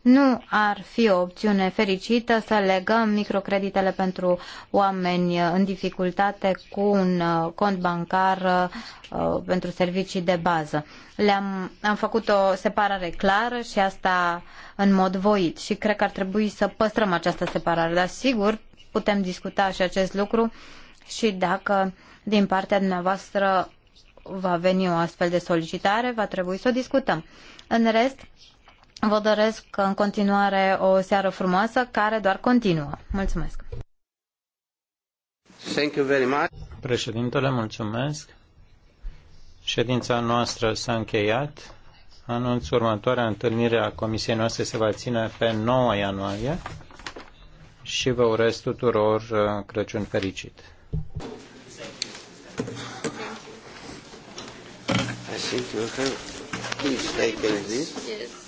nu ar fi o opțiune fericită să legăm microcreditele pentru oameni în dificultate cu un uh, cont bancar uh, pentru servicii de bază. Le-am am făcut o separare clară și asta în mod voit și cred că ar trebui să păstrăm această separare, dar sigur putem discuta și acest lucru și dacă din partea dumneavoastră va veni o astfel de solicitare, va trebui să o discutăm. În rest, Vă doresc în continuare o seară frumoasă care doar continuă. Mulțumesc! Thank you very much. Președintele, mulțumesc. Ședința noastră s-a încheiat. Anunț următoarea întâlnire a comisiei noastre se va ține pe 9 ianuarie și vă urez tuturor uh, Crăciun fericit. I think you have mistaken this. Yes.